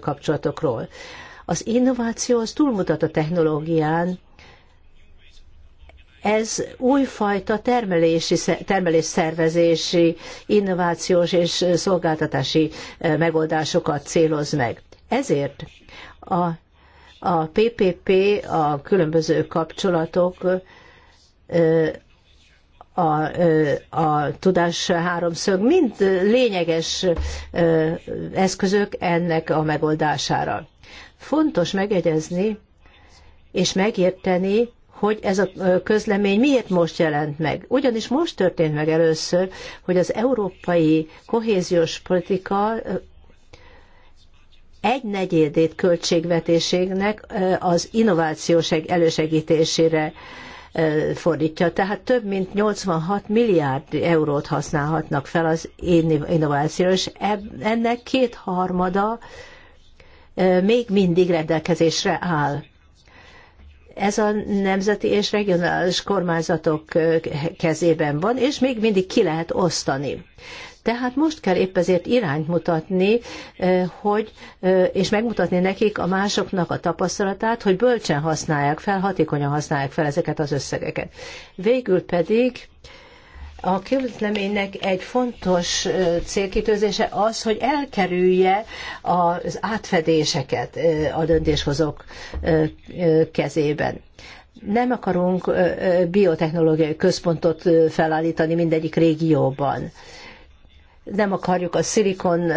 kapcsolatokról. Az innováció az túlmutat a technológián, ez újfajta termelési, termelés szervezési, innovációs és szolgáltatási megoldásokat céloz meg. Ezért a, a PPP, a különböző kapcsolatok a, a tudás háromszög mind lényeges eszközök ennek a megoldására. Fontos megegyezni és megérteni, hogy ez a közlemény miért most jelent meg. Ugyanis most történt meg először, hogy az európai kohéziós politika egy negyedét költségvetésének az innovációs elősegítésére fordítja. Tehát több mint 86 milliárd eurót használhatnak fel az innovációra, és ennek kétharmada még mindig rendelkezésre áll. Ez a nemzeti és regionális kormányzatok kezében van, és még mindig ki lehet osztani. Tehát most kell épp ezért irányt mutatni, eh, hogy, eh, és megmutatni nekik a másoknak a tapasztalatát, hogy bölcsen használják fel, hatékonyan használják fel ezeket az összegeket. Végül pedig a közleménynek egy fontos eh, célkitőzése az, hogy elkerülje az átfedéseket a döntéshozók kezében. Nem akarunk biotechnológiai központot felállítani mindegyik régióban nem akarjuk a szilikon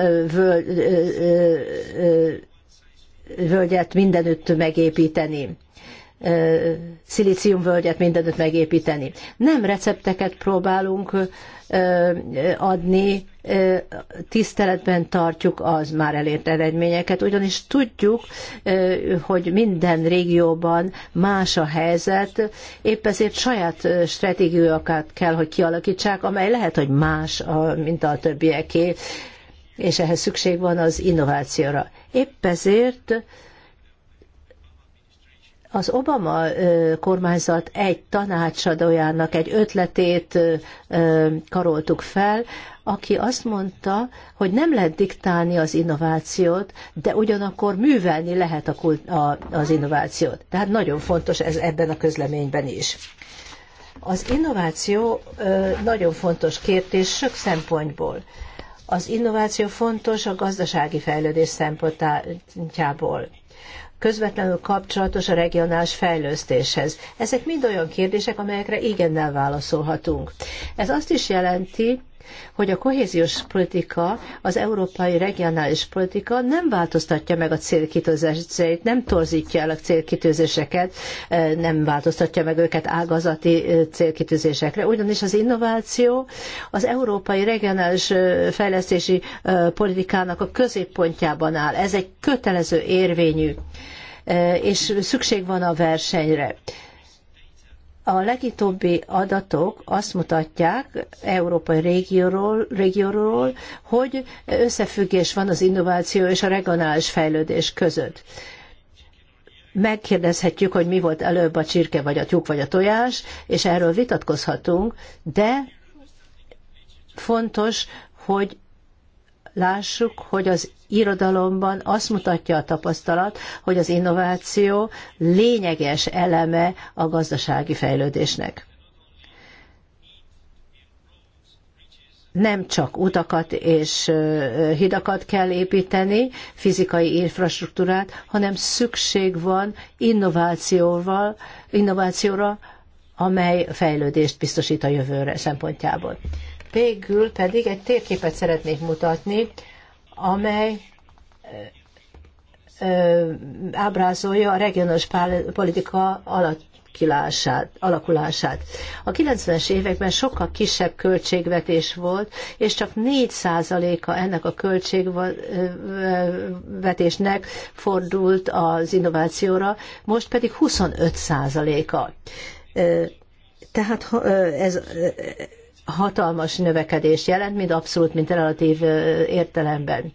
völgyet mindenütt megépíteni szilíciumvölgyet, mindenütt megépíteni. Nem recepteket próbálunk adni, tiszteletben tartjuk az már elért eredményeket, ugyanis tudjuk, hogy minden régióban más a helyzet, épp ezért saját stratégiákat kell, hogy kialakítsák, amely lehet, hogy más, mint a többieké, és ehhez szükség van az innovációra. Épp ezért az Obama kormányzat egy tanácsadójának egy ötletét karoltuk fel, aki azt mondta, hogy nem lehet diktálni az innovációt, de ugyanakkor művelni lehet a, a, az innovációt. Tehát nagyon fontos ez ebben a közleményben is. Az innováció nagyon fontos kérdés sok szempontból. Az innováció fontos a gazdasági fejlődés szempontjából közvetlenül kapcsolatos a regionális fejlesztéshez. Ezek mind olyan kérdések, amelyekre igennel válaszolhatunk. Ez azt is jelenti, hogy a kohéziós politika, az európai regionális politika nem változtatja meg a célkitőzéseit, nem torzítja el a célkitőzéseket, eh, nem változtatja meg őket ágazati eh, célkitűzésekre. Ugyanis az innováció az európai regionális eh, fejlesztési politikának a középpontjában áll. Ez egy kötelező érvényű és szükség van a versenyre. A legutóbbi adatok azt mutatják európai régióról, régióról, hogy összefüggés van az innováció és a regionális fejlődés között. Megkérdezhetjük, hogy mi volt előbb a csirke, vagy a tyúk, vagy a tojás, és erről vitatkozhatunk, de fontos, hogy lássuk, hogy az irodalomban azt mutatja a tapasztalat, hogy az innováció lényeges eleme a gazdasági fejlődésnek. nem csak utakat és hidakat kell építeni, fizikai infrastruktúrát, hanem szükség van innovációval, innovációra, amely fejlődést biztosít a jövőre szempontjából. Végül pedig egy térképet szeretnék mutatni, amely ábrázolja a regionális politika alatt alakulását, alakulását. A 90-es években sokkal kisebb költségvetés volt, és csak 4%-a ennek a költségvetésnek fordult az innovációra, most pedig 25%-a. Tehát ez hatalmas növekedés jelent, mind abszolút, mind relatív értelemben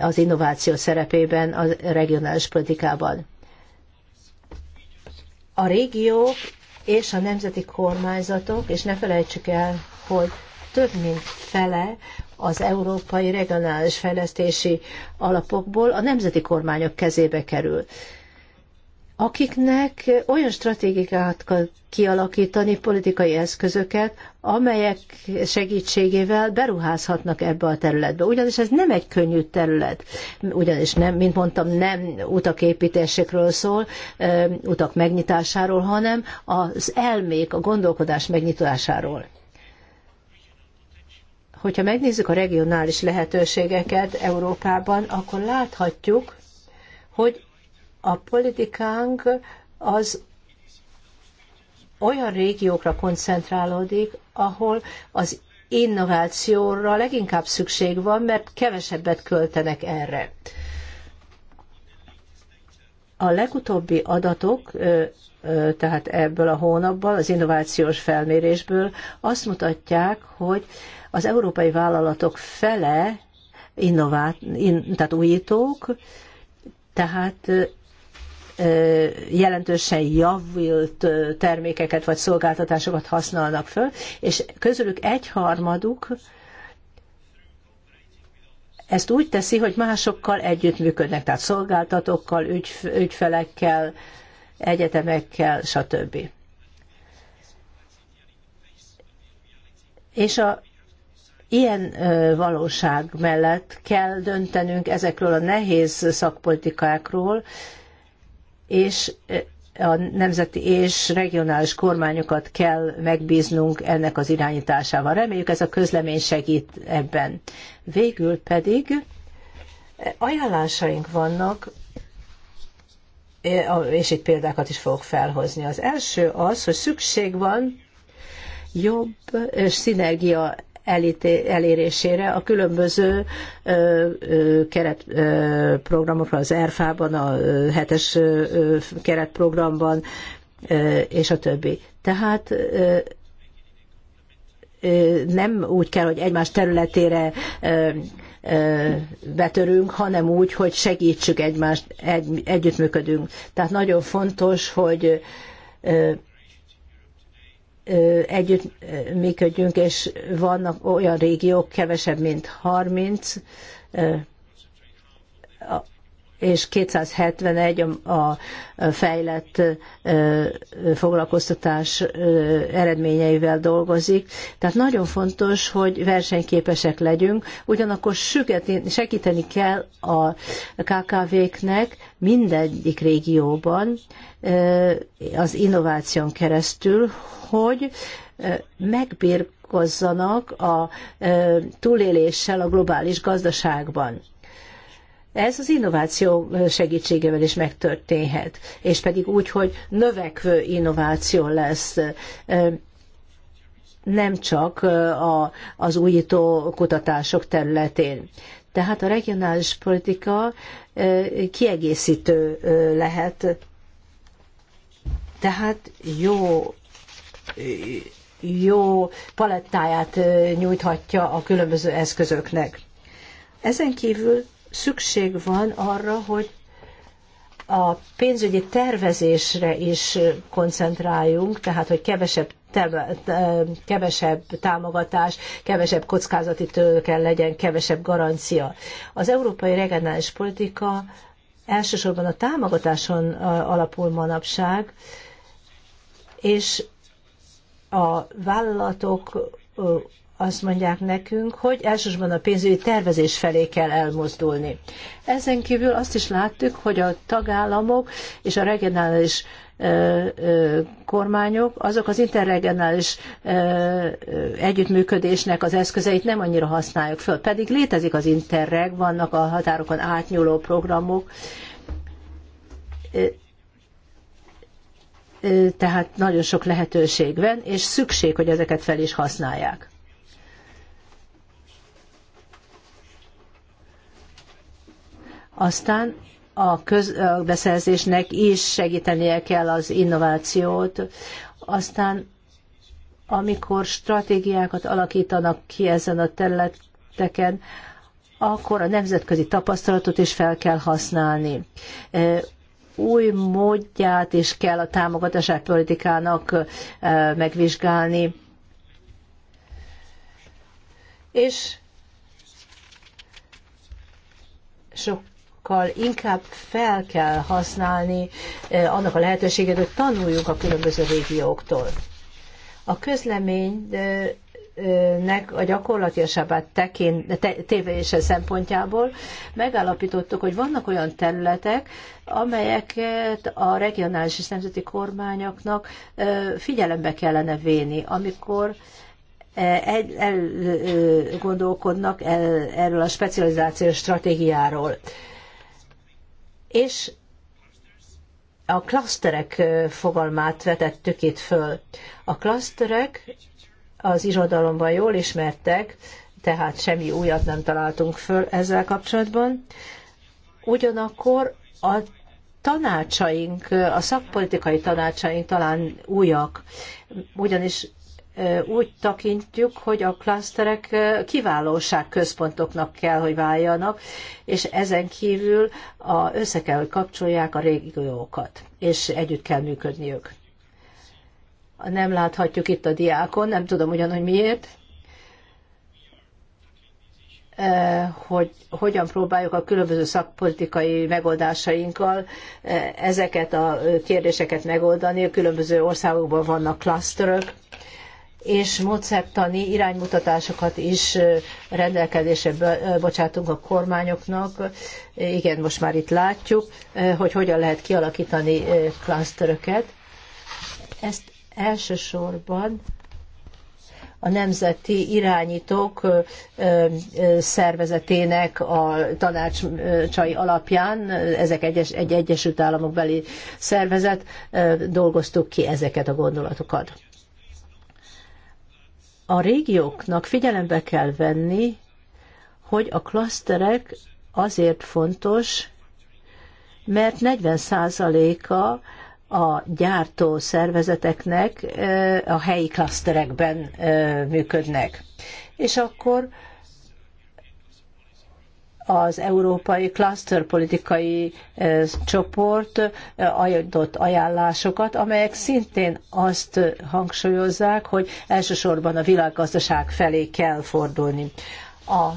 az innováció szerepében a regionális politikában. A régiók és a nemzeti kormányzatok, és ne felejtsük el, hogy több mint fele az európai regionális fejlesztési alapokból a nemzeti kormányok kezébe kerül akiknek olyan stratégiát kell kialakítani, politikai eszközöket, amelyek segítségével beruházhatnak ebbe a területbe. Ugyanis ez nem egy könnyű terület, ugyanis nem, mint mondtam, nem építésekről szól, utak megnyitásáról, hanem az elmék, a gondolkodás megnyitásáról. Hogyha megnézzük a regionális lehetőségeket Európában, akkor láthatjuk, hogy a politikánk az olyan régiókra koncentrálódik, ahol az innovációra leginkább szükség van, mert kevesebbet költenek erre. A legutóbbi adatok, tehát ebből a hónapból, az innovációs felmérésből azt mutatják, hogy az európai vállalatok fele innovát, in, tehát újítók, tehát jelentősen javult termékeket vagy szolgáltatásokat használnak föl, és közülük egyharmaduk ezt úgy teszi, hogy másokkal együttműködnek, tehát szolgáltatókkal, ügy, ügyfelekkel, egyetemekkel, stb. És a ilyen valóság mellett kell döntenünk ezekről a nehéz szakpolitikákról, és eh, a nemzeti és regionális kormányokat kell megbíznunk ennek az irányításával. Reméljük ez a közlemény segít ebben. Végül pedig eh, ajánlásaink vannak, eh, és itt példákat is fogok felhozni. Az első az, hogy szükség van jobb és szinergia elérésére a különböző keretprogramokra, az ERFA-ban, a hetes keretprogramban, és a többi. Tehát nem úgy kell, hogy egymás területére betörünk, hanem úgy, hogy segítsük egymást, egy, együttműködünk. Tehát nagyon fontos, hogy együtt működjünk, és vannak olyan régiók, kevesebb, mint 30, és 271 a fejlett foglalkoztatás eredményeivel dolgozik. Tehát nagyon fontos, hogy versenyképesek legyünk, ugyanakkor segíteni kell a KKV-knek mindegyik régióban az innováción keresztül, hogy megbírkozzanak a túléléssel a globális gazdaságban. Ez az innováció segítségevel is megtörténhet, és pedig úgy, hogy növekvő innováció lesz nem csak a, az újító kutatások területén. Tehát a regionális politika kiegészítő lehet. Tehát jó, jó palettáját nyújthatja a különböző eszközöknek. Ezen kívül szükség van arra, hogy a pénzügyi tervezésre is koncentráljunk, tehát hogy kevesebb kevesebb támogatás, kevesebb kockázati tőke legyen, kevesebb garancia. Az európai regionális politika elsősorban a támogatáson alapul manapság, és a vállalatok azt mondják nekünk, hogy elsősorban a pénzügyi tervezés felé kell elmozdulni. Ezen kívül azt is láttuk, hogy a tagállamok és a regionális kormányok, azok az interregionális együttműködésnek az eszközeit nem annyira használják föl. Pedig létezik az interreg, vannak a határokon átnyúló programok, tehát nagyon sok lehetőség van, és szükség, hogy ezeket fel is használják. Aztán a közbeszerzésnek is segítenie kell az innovációt. Aztán amikor stratégiákat alakítanak ki ezen a területeken, akkor a nemzetközi tapasztalatot is fel kell használni. Új módját is kell a támogatási politikának megvizsgálni. És sok sokkal inkább fel kell használni eh, annak a lehetőséget, hogy tanuljunk a különböző régióktól. A közlemény eh, nek a gyakorlatilasabbá tévése szempontjából megállapítottuk, hogy vannak olyan területek, amelyeket a regionális és nemzeti kormányoknak eh, figyelembe kellene véni, amikor egy, el, gondolkodnak el, erről a specializációs stratégiáról és a klaszterek fogalmát vetettük itt föl. A klaszterek az irodalomban jól ismertek, tehát semmi újat nem találtunk föl ezzel kapcsolatban. Ugyanakkor a tanácsaink, a szakpolitikai tanácsaink talán újak, ugyanis úgy tekintjük, hogy a klaszterek kiválóság központoknak kell, hogy váljanak, és ezen kívül a, össze kell, hogy kapcsolják a régiókat, és együtt kell működniük. Nem láthatjuk itt a diákon, nem tudom ugyan, hogy miért, hogy hogyan próbáljuk a különböző szakpolitikai megoldásainkkal ezeket a kérdéseket megoldani. A különböző országokban vannak klasztörök, és módszertani iránymutatásokat is rendelkezésre bocsátunk a kormányoknak. Igen, most már itt látjuk, hogy hogyan lehet kialakítani klasztöröket. Ezt elsősorban a nemzeti irányítók szervezetének a tanácsai alapján, ezek egyes, egy Egyesült Államok beli szervezet, dolgoztuk ki ezeket a gondolatokat a régióknak figyelembe kell venni, hogy a klaszterek azért fontos, mert 40%-a a gyártó szervezeteknek eh, a helyi klaszterekben eh, működnek. És akkor az európai politikai eh, csoport eh, adott ajánlásokat, amelyek szintén azt eh, hangsúlyozzák, hogy elsősorban a világgazdaság felé kell fordulni. A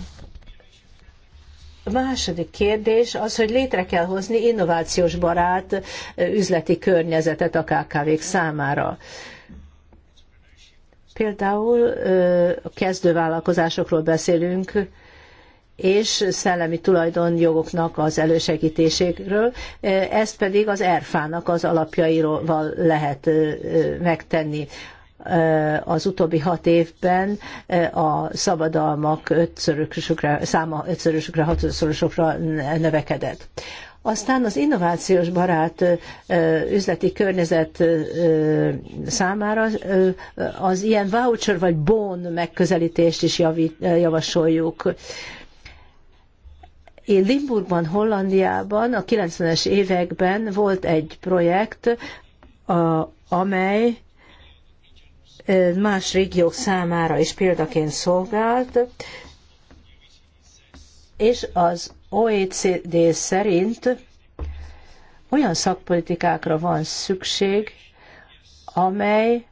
második kérdés az, hogy létre kell hozni innovációs barát üzleti környezetet a KKV-k számára. Például a kezdővállalkozásokról beszélünk, és szellemi tulajdonjogoknak az elősegítéséről, ezt pedig az erfának az alapjaival lehet megtenni. Az utóbbi hat évben a szabadalmak ötszörösökre, száma ötszörösökre, hatszorosokra növekedett. Aztán az innovációs barát üzleti környezet számára az ilyen voucher vagy bon megközelítést is javít, javasoljuk. Én Limburgban, Hollandiában a 90-es években volt egy projekt, a, amely más régiók számára is példaként szolgált, és az OECD szerint olyan szakpolitikákra van szükség, amely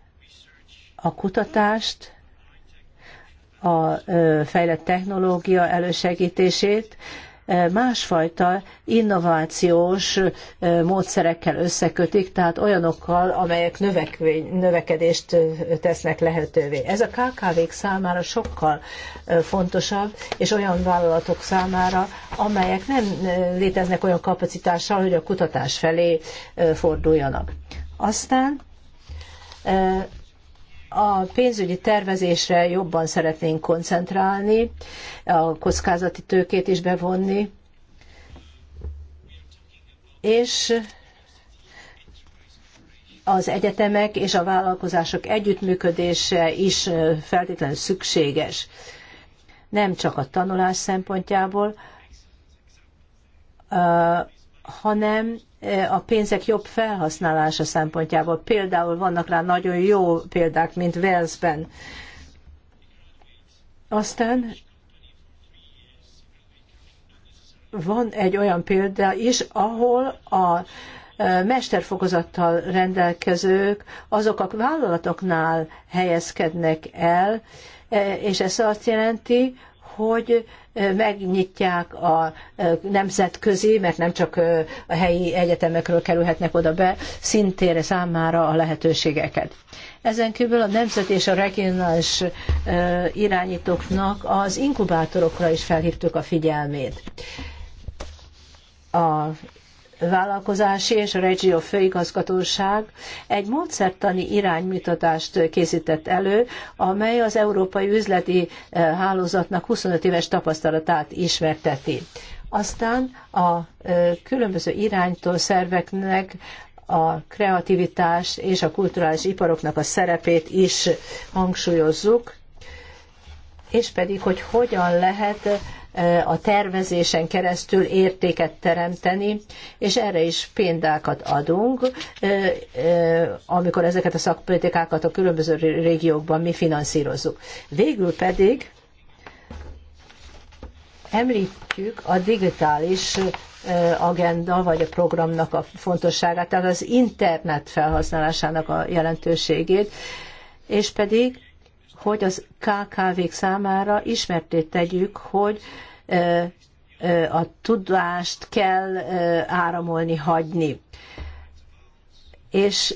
a kutatást, a fejlett technológia elősegítését, másfajta innovációs módszerekkel összekötik, tehát olyanokkal, amelyek növekedést tesznek lehetővé. Ez a KKV-k számára sokkal fontosabb, és olyan vállalatok számára, amelyek nem léteznek olyan kapacitással, hogy a kutatás felé forduljanak. Aztán a pénzügyi tervezésre jobban szeretnénk koncentrálni, a kockázati tőkét is bevonni, és az egyetemek és a vállalkozások együttműködése is feltétlenül szükséges. Nem csak a tanulás szempontjából, hanem a pénzek jobb felhasználása szempontjából. Például vannak rá nagyon jó példák, mint Walesben. Aztán van egy olyan példa is, ahol a e, mesterfokozattal rendelkezők azok a vállalatoknál helyezkednek el, e, és ez azt jelenti, hogy megnyitják a nemzetközi, mert nem csak a helyi egyetemekről kerülhetnek oda be, szintére számára a lehetőségeket. Ezen kívül a nemzet és a regionális irányítóknak az inkubátorokra is felhívtuk a figyelmét. A vállalkozási és a Regio főigazgatóság egy módszertani iránymutatást készített elő, amely az európai üzleti eh, hálózatnak 25 éves tapasztalatát ismerteti. Aztán a eh, különböző iránytól szerveknek a kreativitás és a kulturális iparoknak a szerepét is hangsúlyozzuk, és pedig, hogy hogyan lehet a tervezésen keresztül értéket teremteni, és erre is példákat adunk, amikor ezeket a szakpolitikákat a különböző régiókban mi finanszírozzuk. Végül pedig említjük a digitális agenda vagy a programnak a fontosságát, tehát az internet felhasználásának a jelentőségét, és pedig hogy az KKV-k számára ismerté tegyük, hogy a tudást kell áramolni, hagyni. És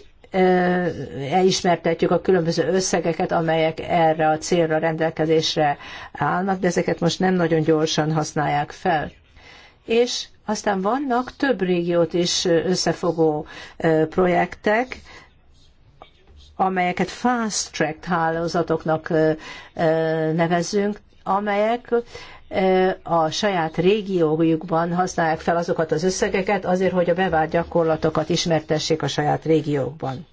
elismertetjük a különböző összegeket, amelyek erre a célra rendelkezésre állnak, de ezeket most nem nagyon gyorsan használják fel. És aztán vannak több régiót is összefogó projektek, amelyeket fast track hálózatoknak nevezünk, amelyek a saját régiójukban használják fel azokat az összegeket azért, hogy a bevált gyakorlatokat ismertessék a saját régiókban.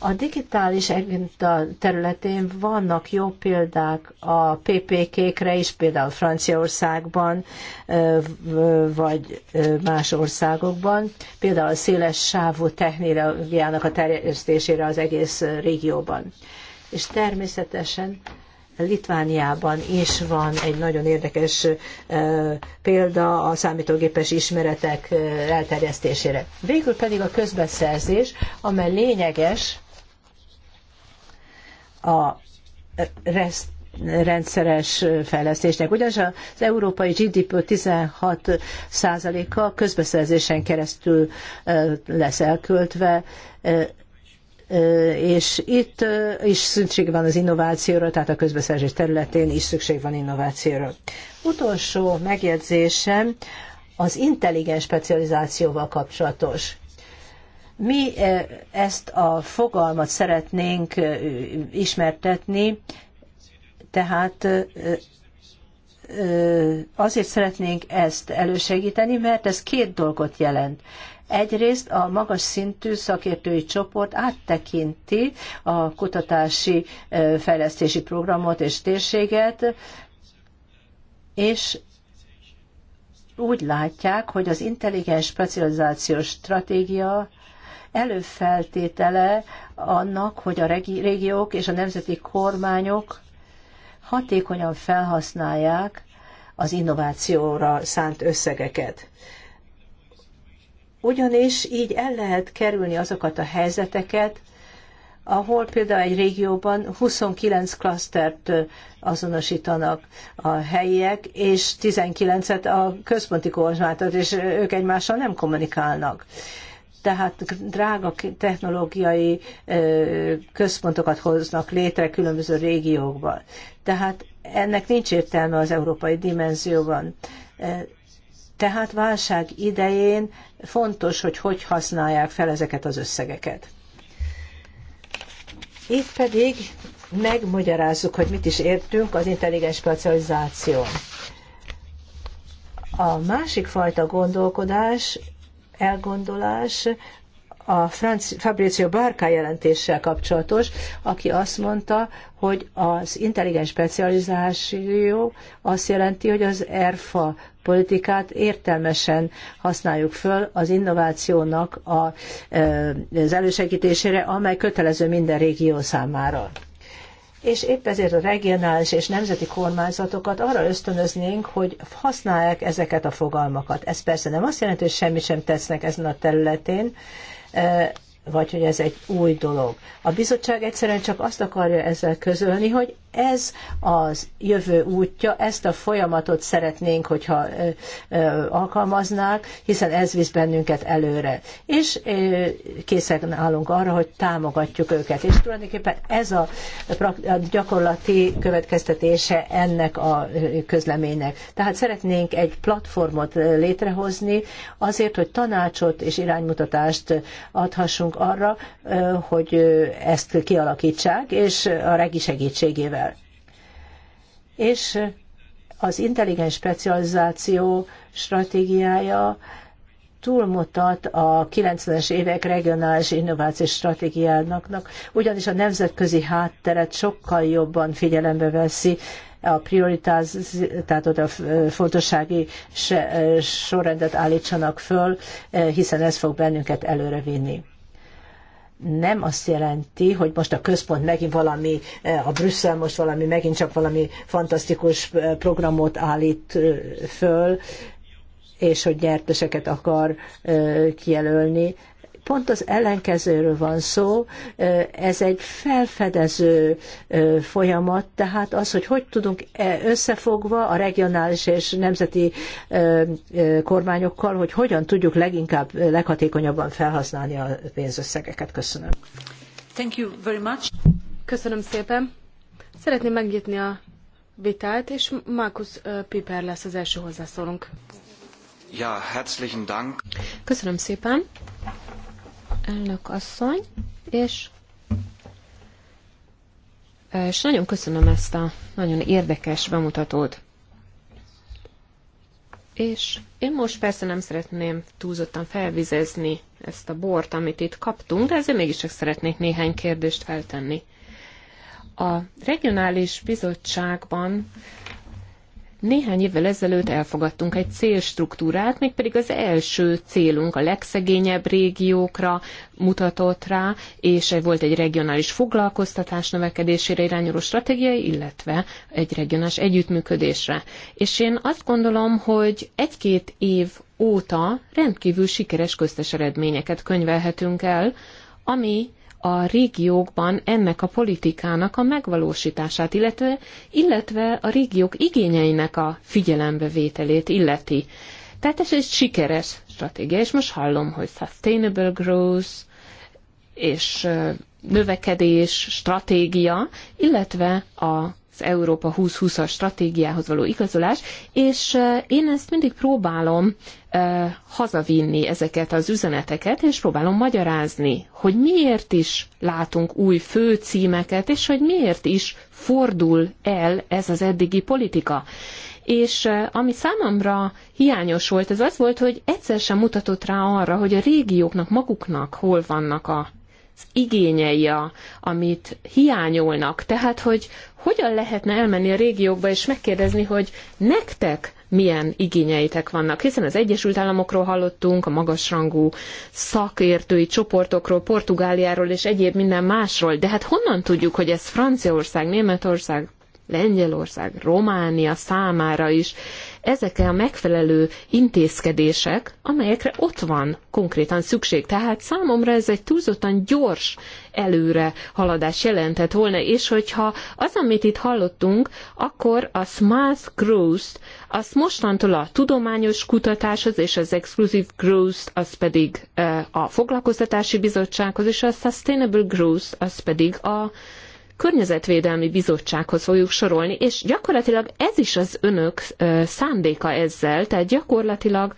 A digitális agenda területén vannak jó példák a PPK-kre is, például Franciaországban, vagy más országokban, például a széles sávú technológiának a terjesztésére az egész régióban. És természetesen Litvániában is van egy nagyon érdekes példa a számítógépes ismeretek elterjesztésére. Végül pedig a közbeszerzés, amely lényeges a rendszeres fejlesztésnek. Ugyanis az európai GDP 16 százaléka közbeszerzésen keresztül lesz elköltve, és itt is szükség van az innovációra, tehát a közbeszerzés területén is szükség van innovációra. Utolsó megjegyzésem az intelligens specializációval kapcsolatos. Mi eh, ezt a fogalmat szeretnénk eh, ismertetni, tehát eh, azért szeretnénk ezt elősegíteni, mert ez két dolgot jelent. Egyrészt a magas szintű szakértői csoport áttekinti a kutatási fejlesztési programot és térséget, és úgy látják, hogy az intelligens specializációs stratégia előfeltétele annak, hogy a régiók és a nemzeti kormányok hatékonyan felhasználják az innovációra szánt összegeket. Ugyanis így el lehet kerülni azokat a helyzeteket, ahol például egy régióban 29 klasztert azonosítanak a helyiek, és 19-et a központi kormányzat, és ők egymással nem kommunikálnak tehát drága technológiai központokat hoznak létre különböző régiókban. Tehát ennek nincs értelme az európai dimenzióban. Tehát válság idején fontos, hogy hogy használják fel ezeket az összegeket. Itt pedig megmagyarázzuk, hogy mit is értünk az intelligens specializáción. A másik fajta gondolkodás elgondolás a Franz, Fabrizio Barca jelentéssel kapcsolatos, aki azt mondta, hogy az intelligens specializáció azt jelenti, hogy az ERFA politikát értelmesen használjuk föl az innovációnak a, az elősegítésére, amely kötelező minden régió számára és épp ezért a regionális és nemzeti kormányzatokat arra ösztönöznénk, hogy használják ezeket a fogalmakat. Ez persze nem azt jelenti, hogy semmit sem tesznek ezen a területén, vagy hogy ez egy új dolog. A bizottság egyszerűen csak azt akarja ezzel közölni, hogy ez az jövő útja, ezt a folyamatot szeretnénk, hogyha alkalmaznák, hiszen ez visz bennünket előre. És készen állunk arra, hogy támogatjuk őket. És tulajdonképpen ez a, gyakorlati következtetése ennek a közleménynek. Tehát szeretnénk egy platformot létrehozni azért, hogy tanácsot és iránymutatást adhassunk arra, hogy ezt kialakítsák, és a regi segítségével. És az intelligens specializáció stratégiája túlmutat a 90-es évek regionális innovációs stratégiának, ugyanis a nemzetközi hátteret sokkal jobban figyelembe veszi, a prioritáz, tehát oda fontossági sorrendet állítsanak föl, hiszen ez fog bennünket előre vinni nem azt jelenti, hogy most a központ megint valami, eh, a Brüsszel most valami, megint csak valami fantasztikus eh, programot állít eh, föl, és hogy nyerteseket akar kijelölni, Pont az ellenkezőről van szó, ez egy felfedező folyamat, tehát az, hogy hogy tudunk összefogva a regionális és nemzeti kormányokkal, hogy hogyan tudjuk leginkább, leghatékonyabban felhasználni a pénzösszegeket. Köszönöm. Thank you very much. Köszönöm szépen. Szeretném megnyitni a vitát, és Markus Piper lesz az első hozzászólunk. Ja, herzlichen Dank. Köszönöm szépen elnök asszony, és, és nagyon köszönöm ezt a nagyon érdekes bemutatót. És én most persze nem szeretném túlzottan felvizezni ezt a bort, amit itt kaptunk, de ezért mégiscsak szeretnék néhány kérdést feltenni. A regionális bizottságban néhány évvel ezelőtt elfogadtunk egy célstruktúrát, mégpedig az első célunk a legszegényebb régiókra mutatott rá, és volt egy regionális foglalkoztatás növekedésére irányuló stratégiai, illetve egy regionális együttműködésre. És én azt gondolom, hogy egy-két év óta rendkívül sikeres köztes eredményeket könyvelhetünk el, ami a régiókban ennek a politikának a megvalósítását, illetve, illetve a régiók igényeinek a figyelembevételét illeti. Tehát ez egy sikeres stratégia, és most hallom, hogy sustainable growth, és növekedés, stratégia, illetve a az Európa 2020-as stratégiához való igazolás, és én ezt mindig próbálom hazavinni ezeket az üzeneteket, és próbálom magyarázni, hogy miért is látunk új főcímeket, és hogy miért is fordul el ez az eddigi politika. És ami számomra hiányos volt, ez az volt, hogy egyszer sem mutatott rá arra, hogy a régióknak maguknak hol vannak a igényei, a, amit hiányolnak. Tehát, hogy hogyan lehetne elmenni a régiókba és megkérdezni, hogy nektek milyen igényeitek vannak, hiszen az Egyesült Államokról hallottunk, a magasrangú szakértői csoportokról, Portugáliáról és egyéb minden másról, de hát honnan tudjuk, hogy ez Franciaország, Németország, Lengyelország, Románia számára is ezek a megfelelő intézkedések, amelyekre ott van konkrétan szükség. Tehát számomra ez egy túlzottan gyors előre haladás jelentett volna, és hogyha az, amit itt hallottunk, akkor a smart growth, azt mostantól a tudományos kutatáshoz, és az exclusive growth, az pedig eh, a foglalkoztatási bizottsághoz, és a sustainable growth, az pedig a Környezetvédelmi Bizottsághoz fogjuk sorolni, és gyakorlatilag ez is az önök szándéka ezzel, tehát gyakorlatilag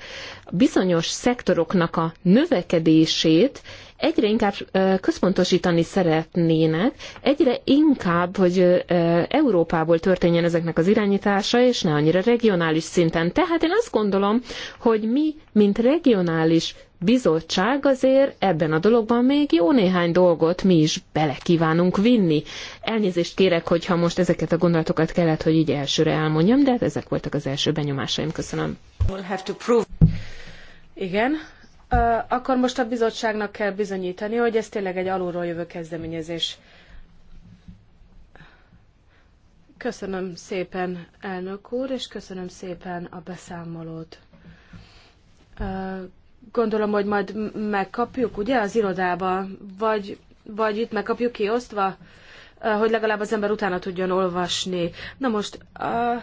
bizonyos szektoroknak a növekedését egyre inkább központosítani szeretnének, egyre inkább, hogy Európából történjen ezeknek az irányítása, és ne annyira regionális szinten. Tehát én azt gondolom, hogy mi, mint regionális bizottság azért ebben a dologban még jó néhány dolgot mi is bele kívánunk vinni. Elnézést kérek, hogyha most ezeket a gondolatokat kellett, hogy így elsőre elmondjam, de hát ezek voltak az első benyomásaim. Köszönöm. We'll have to prove. Igen, akkor most a bizottságnak kell bizonyítani, hogy ez tényleg egy alulról jövő kezdeményezés. Köszönöm szépen, elnök úr, és köszönöm szépen a beszámolót gondolom, hogy majd megkapjuk, ugye, az irodába, vagy, vagy itt megkapjuk kiosztva, eh, hogy legalább az ember utána tudjon olvasni. Na most, a eh,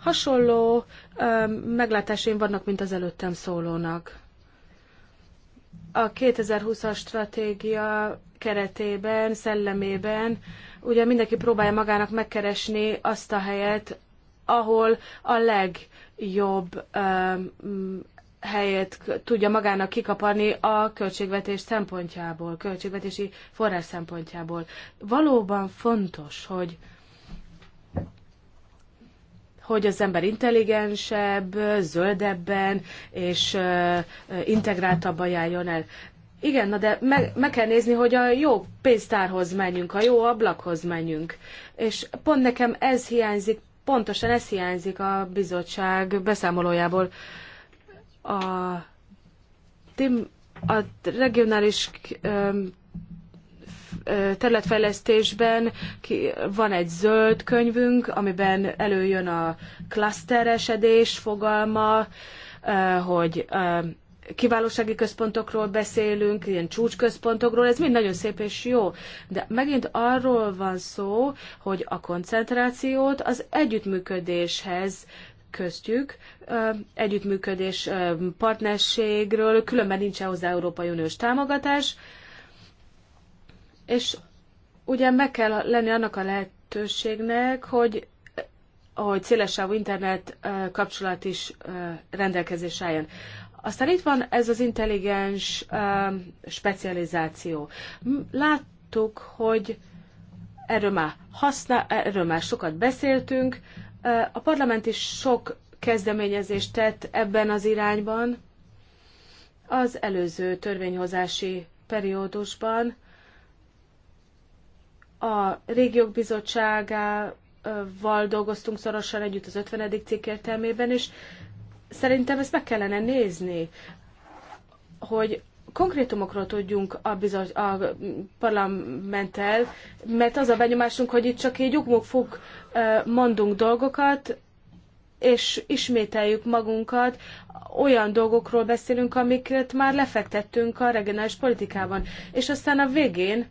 hasonló eh, meglátásaim vannak, mint az előttem szólónak. A 2020-as stratégia keretében, szellemében, ugye mindenki próbálja magának megkeresni azt a helyet, ahol a legjobb helyét tudja magának kikaparni a költségvetés szempontjából, költségvetési forrás szempontjából. Valóban fontos, hogy hogy az ember intelligensebb, zöldebben és integráltabban járjon el. Igen, na de meg, meg kell nézni, hogy a jó pénztárhoz menjünk, a jó ablakhoz menjünk. És pont nekem ez hiányzik, pontosan ez hiányzik a bizottság beszámolójából. Uh, a, a regionális területfejlesztésben van egy zöld könyvünk, amiben előjön a klaszteresedés fogalma, hogy kiválósági központokról beszélünk, ilyen csúcsközpontokról, ez mind nagyon szép és jó, de megint arról van szó, hogy a koncentrációt az együttműködéshez köztjük együttműködés, partnerségről, különben nincsen hozzá Európai Uniós támogatás, és ugye meg kell lenni annak a lehetőségnek, hogy hogy szélesávú internet kapcsolat is rendelkezés álljon. Aztán itt van ez az intelligens specializáció. Láttuk, hogy erről már, használ, erről már sokat beszéltünk, a parlament is sok kezdeményezést tett ebben az irányban az előző törvényhozási periódusban. A régiók bizottságával dolgoztunk szorosan együtt az 50. cikk értelmében, és szerintem ezt meg kellene nézni, hogy konkrétumokról tudjunk a, bizony, a parlamenttel, mert az a benyomásunk, hogy itt csak így ugmuk fog mondunk dolgokat, és ismételjük magunkat, olyan dolgokról beszélünk, amiket már lefektettünk a regionális politikában. És aztán a végén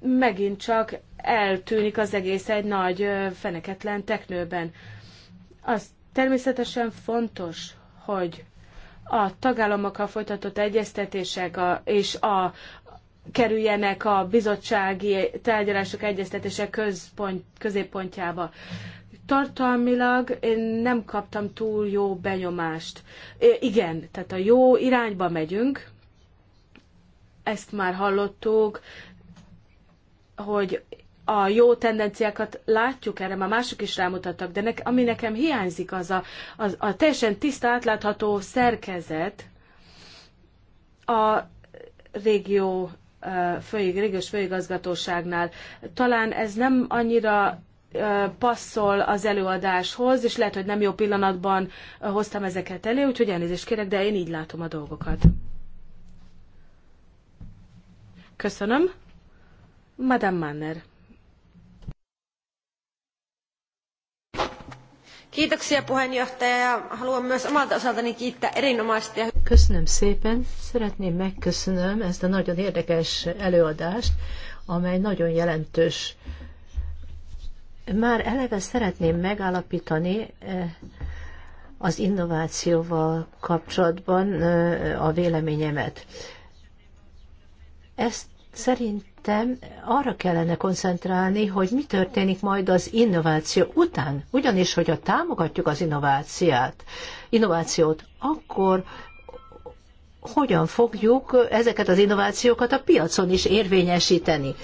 megint csak eltűnik az egész egy nagy feneketlen teknőben. Az természetesen fontos, hogy a tagállamokkal folytatott egyeztetések a, és a, kerüljenek a bizottsági tárgyalások egyeztetése központ, középpontjába. Tartalmilag én nem kaptam túl jó benyomást. Igen, tehát a jó irányba megyünk, ezt már hallottuk, hogy a jó tendenciákat látjuk, erre már mások is rámutattak, de nek, ami nekem hiányzik, az a, az a teljesen tiszta, átlátható szerkezet a régió főig, régős főigazgatóságnál. Talán ez nem annyira passzol az előadáshoz, és lehet, hogy nem jó pillanatban hoztam ezeket elő, úgyhogy elnézést kérek, de én így látom a dolgokat. Köszönöm. Madame Manner. Kiitoksia puheenjohtaja ja haluan myös omalta osaltani kiittää erinomaisesti. Köszönöm szépen. Szeretném megköszönöm ezt a nagyon érdekes előadást, amely nagyon jelentős. Már eleve szeretném megállapítani eh, az innovációval kapcsolatban eh, a véleményemet. Ezt szerintem arra kellene koncentrálni, hogy mi történik majd az innováció után. Ugyanis, hogyha támogatjuk az innovációt, innovációt akkor hogyan fogjuk ezeket az innovációkat a piacon is érvényesíteni.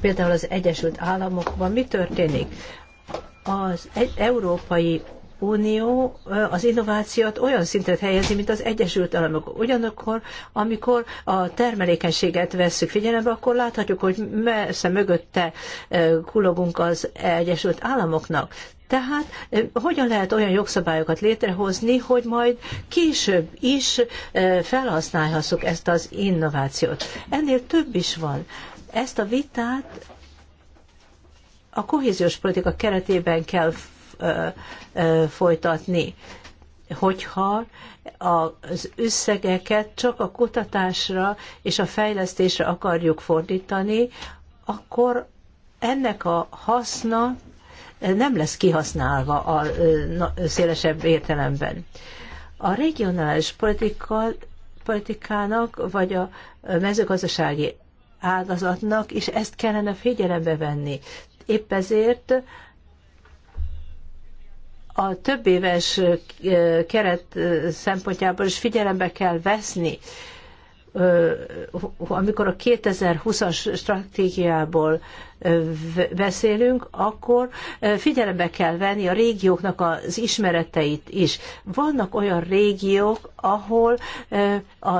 Például az Egyesült Államokban mi történik? Az Európai Unió az innovációt olyan szintet helyezi, mint az Egyesült Államok. Ugyanakkor, amikor a termelékenységet vesszük figyelembe, akkor láthatjuk, hogy messze mögötte kulogunk az Egyesült Államoknak. Tehát hogyan lehet olyan jogszabályokat létrehozni, hogy majd később is felhasználhassuk ezt az innovációt. Ennél több is van. Ezt a vitát a kohéziós politika keretében kell folytatni, hogyha az összegeket csak a kutatásra és a fejlesztésre akarjuk fordítani, akkor ennek a haszna nem lesz kihasználva a szélesebb értelemben. A regionális politika, politikának vagy a mezőgazdasági áldozatnak is ezt kellene figyelembe venni. Épp ezért a több éves keret szempontjából is figyelembe kell veszni amikor a 2020-as stratégiából beszélünk, akkor figyelembe kell venni a régióknak az ismereteit is. Vannak olyan régiók, ahol a,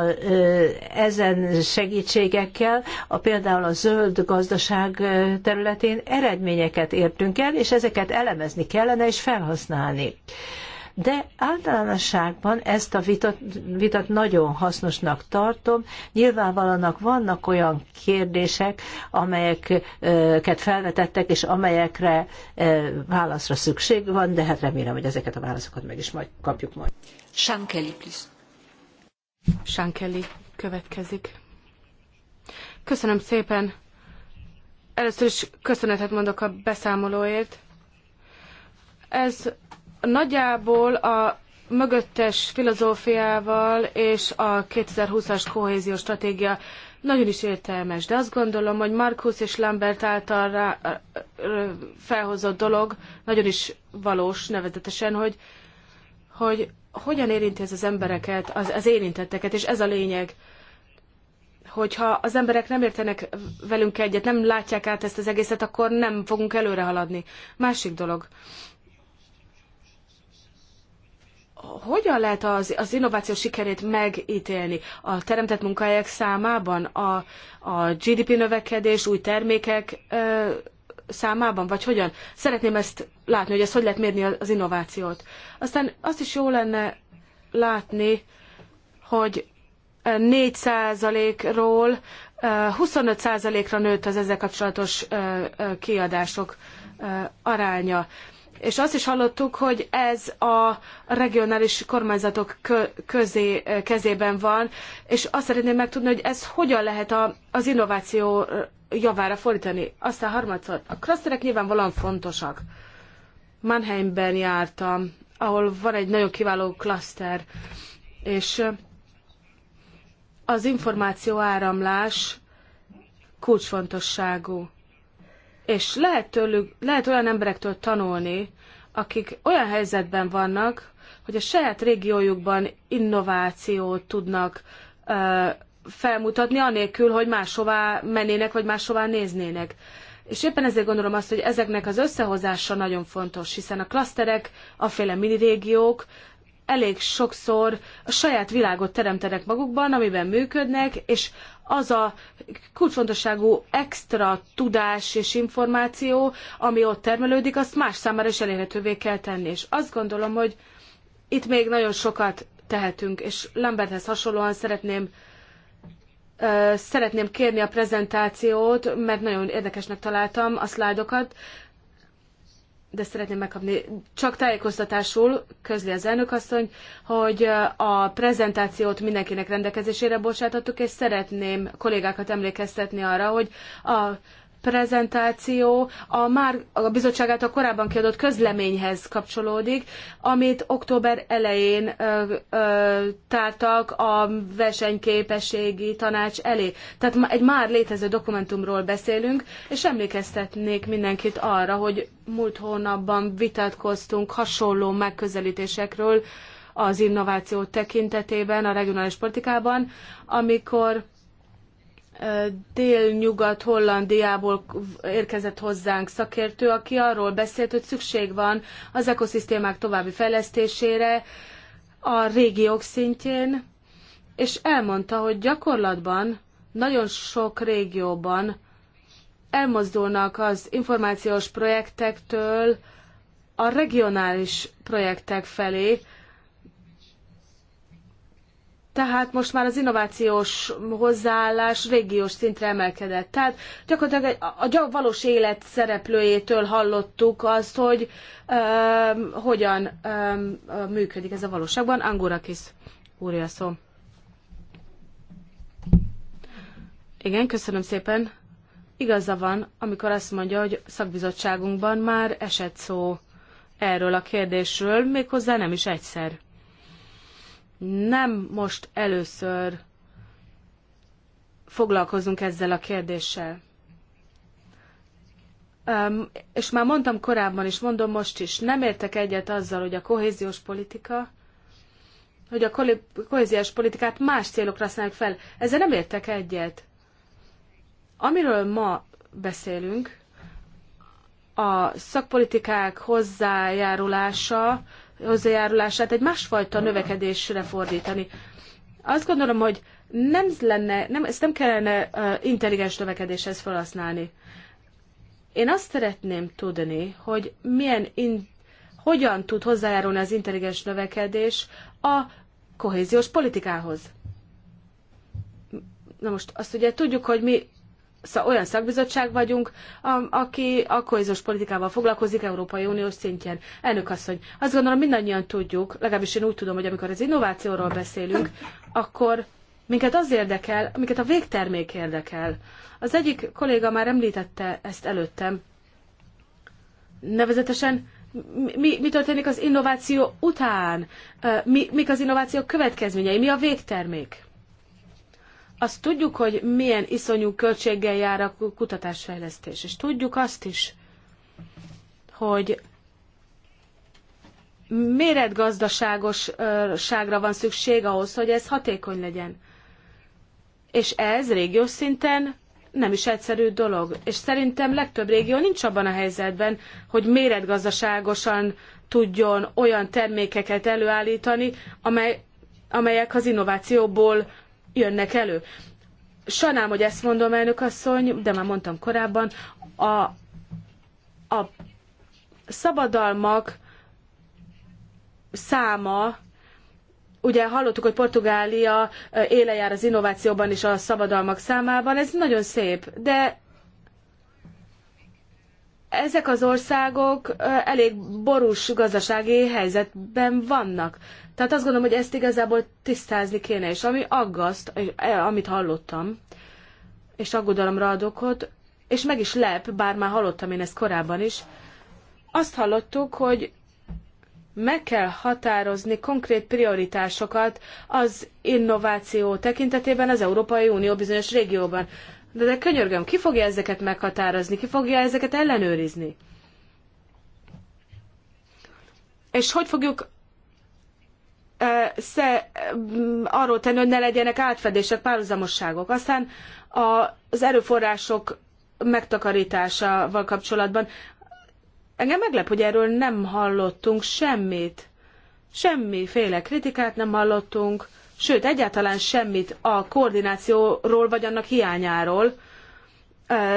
ezen segítségekkel, a, például a zöld gazdaság területén eredményeket értünk el, és ezeket elemezni kellene és felhasználni. De általánosságban ezt a vitat, vitat nagyon hasznosnak tartom. Nyilvánvalóan vannak olyan kérdések, amelyeket felvetettek, és amelyekre e, válaszra szükség van, de hát remélem, hogy ezeket a válaszokat meg is majd kapjuk majd. Sean Kelly, please. Sean Kelly következik. Köszönöm szépen. Először is köszönetet mondok a beszámolóért. Ez nagyjából a mögöttes filozófiával és a 2020-as kohéziós stratégia nagyon is értelmes, de azt gondolom, hogy Markus és Lambert által rá, felhozott dolog nagyon is valós, nevezetesen, hogy, hogy hogyan érinti ez az embereket, az, az érintetteket, és ez a lényeg, hogyha az emberek nem értenek velünk egyet, nem látják át ezt az egészet, akkor nem fogunk előre haladni. Másik dolog, hogyan lehet az, az innováció sikerét megítélni? A teremtett munkahelyek számában, a, a GDP növekedés, új termékek ö, számában, vagy hogyan? Szeretném ezt látni, hogy ezt hogy lehet mérni az innovációt. Aztán azt is jó lenne látni, hogy 4%-ról 25%-ra nőtt az ezzel kapcsolatos kiadások aránya. És azt is hallottuk, hogy ez a regionális kormányzatok közé, kezében van, és azt szeretném megtudni, hogy ez hogyan lehet a, az innováció javára fordítani. Aztán harmadszor, a klaszterek nyilvánvalóan fontosak. Mannheimben jártam, ahol van egy nagyon kiváló klaszter, és az információ áramlás kulcsfontosságú és lehet, tőlük, lehet olyan emberektől tanulni, akik olyan helyzetben vannak, hogy a saját régiójukban innovációt tudnak uh, felmutatni, anélkül, hogy máshová mennének, vagy máshová néznének. És éppen ezért gondolom azt, hogy ezeknek az összehozása nagyon fontos, hiszen a klaszterek, aféle mini régiók, elég sokszor a saját világot teremtenek magukban, amiben működnek, és az a kulcsfontosságú extra tudás és információ, ami ott termelődik, azt más számára is elérhetővé kell tenni. És azt gondolom, hogy itt még nagyon sokat tehetünk, és Lamberthez hasonlóan szeretném szeretném kérni a prezentációt, mert nagyon érdekesnek találtam a szlájdokat, de szeretném megkapni, csak tájékoztatásul közli az elnökasszony, hogy a prezentációt mindenkinek rendelkezésére bocsátottuk, és szeretném kollégákat emlékeztetni arra, hogy a prezentáció a már a bizottság által korábban kiadott közleményhez kapcsolódik, amit október elején ö, ö, tártak a versenyképességi tanács elé. Tehát egy már létező dokumentumról beszélünk, és emlékeztetnék mindenkit arra, hogy múlt hónapban vitatkoztunk hasonló megközelítésekről az innováció tekintetében, a regionális politikában, amikor délnyugat Hollandiából érkezett hozzánk szakértő, aki arról beszélt, hogy szükség van az ekoszisztémák további fejlesztésére a régiók szintjén, és elmondta, hogy gyakorlatban nagyon sok régióban elmozdulnak az információs projektektől a regionális projektek felé, tehát most már az innovációs hozzáállás régiós szintre emelkedett. Tehát gyakorlatilag a, a valós élet szereplőjétől hallottuk azt, hogy um, hogyan um, működik ez a valóságban. Angurakis úrja szó. Igen, köszönöm szépen. Igaza van, amikor azt mondja, hogy szakbizottságunkban már esett szó erről a kérdésről, méghozzá nem is egyszer nem most először foglalkozunk ezzel a kérdéssel. és már mondtam korábban is, mondom most is, nem értek egyet azzal, hogy a kohéziós politika, hogy a kohéziós politikát más célokra használjuk fel. Ezzel nem értek egyet. Amiről ma beszélünk, a szakpolitikák hozzájárulása hozzájárulását egy másfajta növekedésre fordítani. Azt gondolom, hogy nem lenne, nem, ezt nem kellene intelligens növekedéshez felhasználni. Én azt szeretném tudni, hogy milyen in, hogyan tud hozzájárulni az intelligens növekedés a kohéziós politikához. Na most azt ugye tudjuk, hogy mi olyan szakbizottság vagyunk, aki a kohéziós politikával foglalkozik Európai Uniós szintjén. Elnök asszony, azt gondolom mindannyian tudjuk, legalábbis én úgy tudom, hogy amikor az innovációról beszélünk, akkor minket az érdekel, minket a végtermék érdekel. Az egyik kolléga már említette ezt előttem, nevezetesen mi, mi történik az innováció után, mi, mik az innováció következményei, mi a végtermék azt tudjuk, hogy milyen iszonyú költséggel jár a kutatásfejlesztés, és tudjuk azt is, hogy méretgazdaságosságra van szükség ahhoz, hogy ez hatékony legyen. És ez régiós szinten nem is egyszerű dolog. És szerintem legtöbb régió nincs abban a helyzetben, hogy méretgazdaságosan tudjon olyan termékeket előállítani, amely, amelyek az innovációból jönnek elő. Sajnálom, hogy ezt mondom, elnök asszony, de már mondtam korábban, a, a szabadalmak száma, ugye hallottuk, hogy Portugália eh, éle jár az innovációban és a szabadalmak számában, ez nagyon szép, de ezek az országok eh, elég borús gazdasági helyzetben vannak. Tehát azt gondolom, hogy ezt igazából tisztázni kéne, és ami aggaszt, eh, amit hallottam, és aggodalomra ad okot, és meg is lep, bár már hallottam én ezt korábban is, azt hallottuk, hogy meg kell határozni konkrét prioritásokat az innováció tekintetében az Európai Unió bizonyos régióban. De de könyörgöm, ki fogja ezeket meghatározni, ki fogja ezeket ellenőrizni? És hogy fogjuk sze, arról tenni, hogy ne legyenek átfedések, párhuzamosságok. Aztán a, az erőforrások megtakarításával kapcsolatban engem meglep, hogy erről nem hallottunk semmit. Semmiféle kritikát nem hallottunk, sőt, egyáltalán semmit a koordinációról vagy annak hiányáról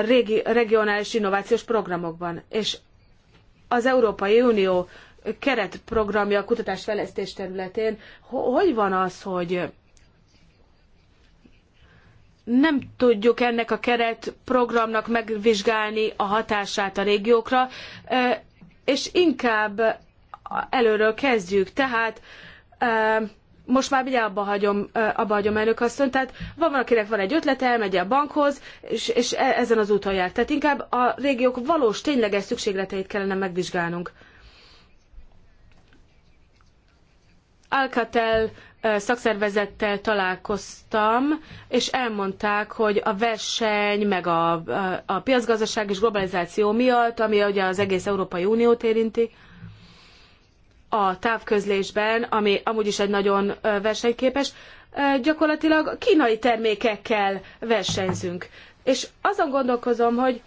régi, regionális innovációs programokban. És az Európai Unió keretprogramja a kutatás-fejlesztés területén. Hogy van az, hogy nem tudjuk ennek a keretprogramnak megvizsgálni a hatását a régiókra, és inkább előről kezdjük. Tehát most már ugye abba hagyom, abba hagyom elnök asszony, tehát van valakinek van egy ötlete, elmegy a bankhoz, és, és e-, ezen az úton jár. Tehát inkább a régiók valós, tényleges szükségleteit kellene megvizsgálnunk. Alcatel szakszervezettel találkoztam, és elmondták, hogy a verseny, meg a, a, a piacgazdaság és globalizáció miatt, ami ugye az egész Európai Uniót érinti, a távközlésben, ami amúgy is egy nagyon versenyképes, gyakorlatilag kínai termékekkel versenyzünk. És azon gondolkozom, hogy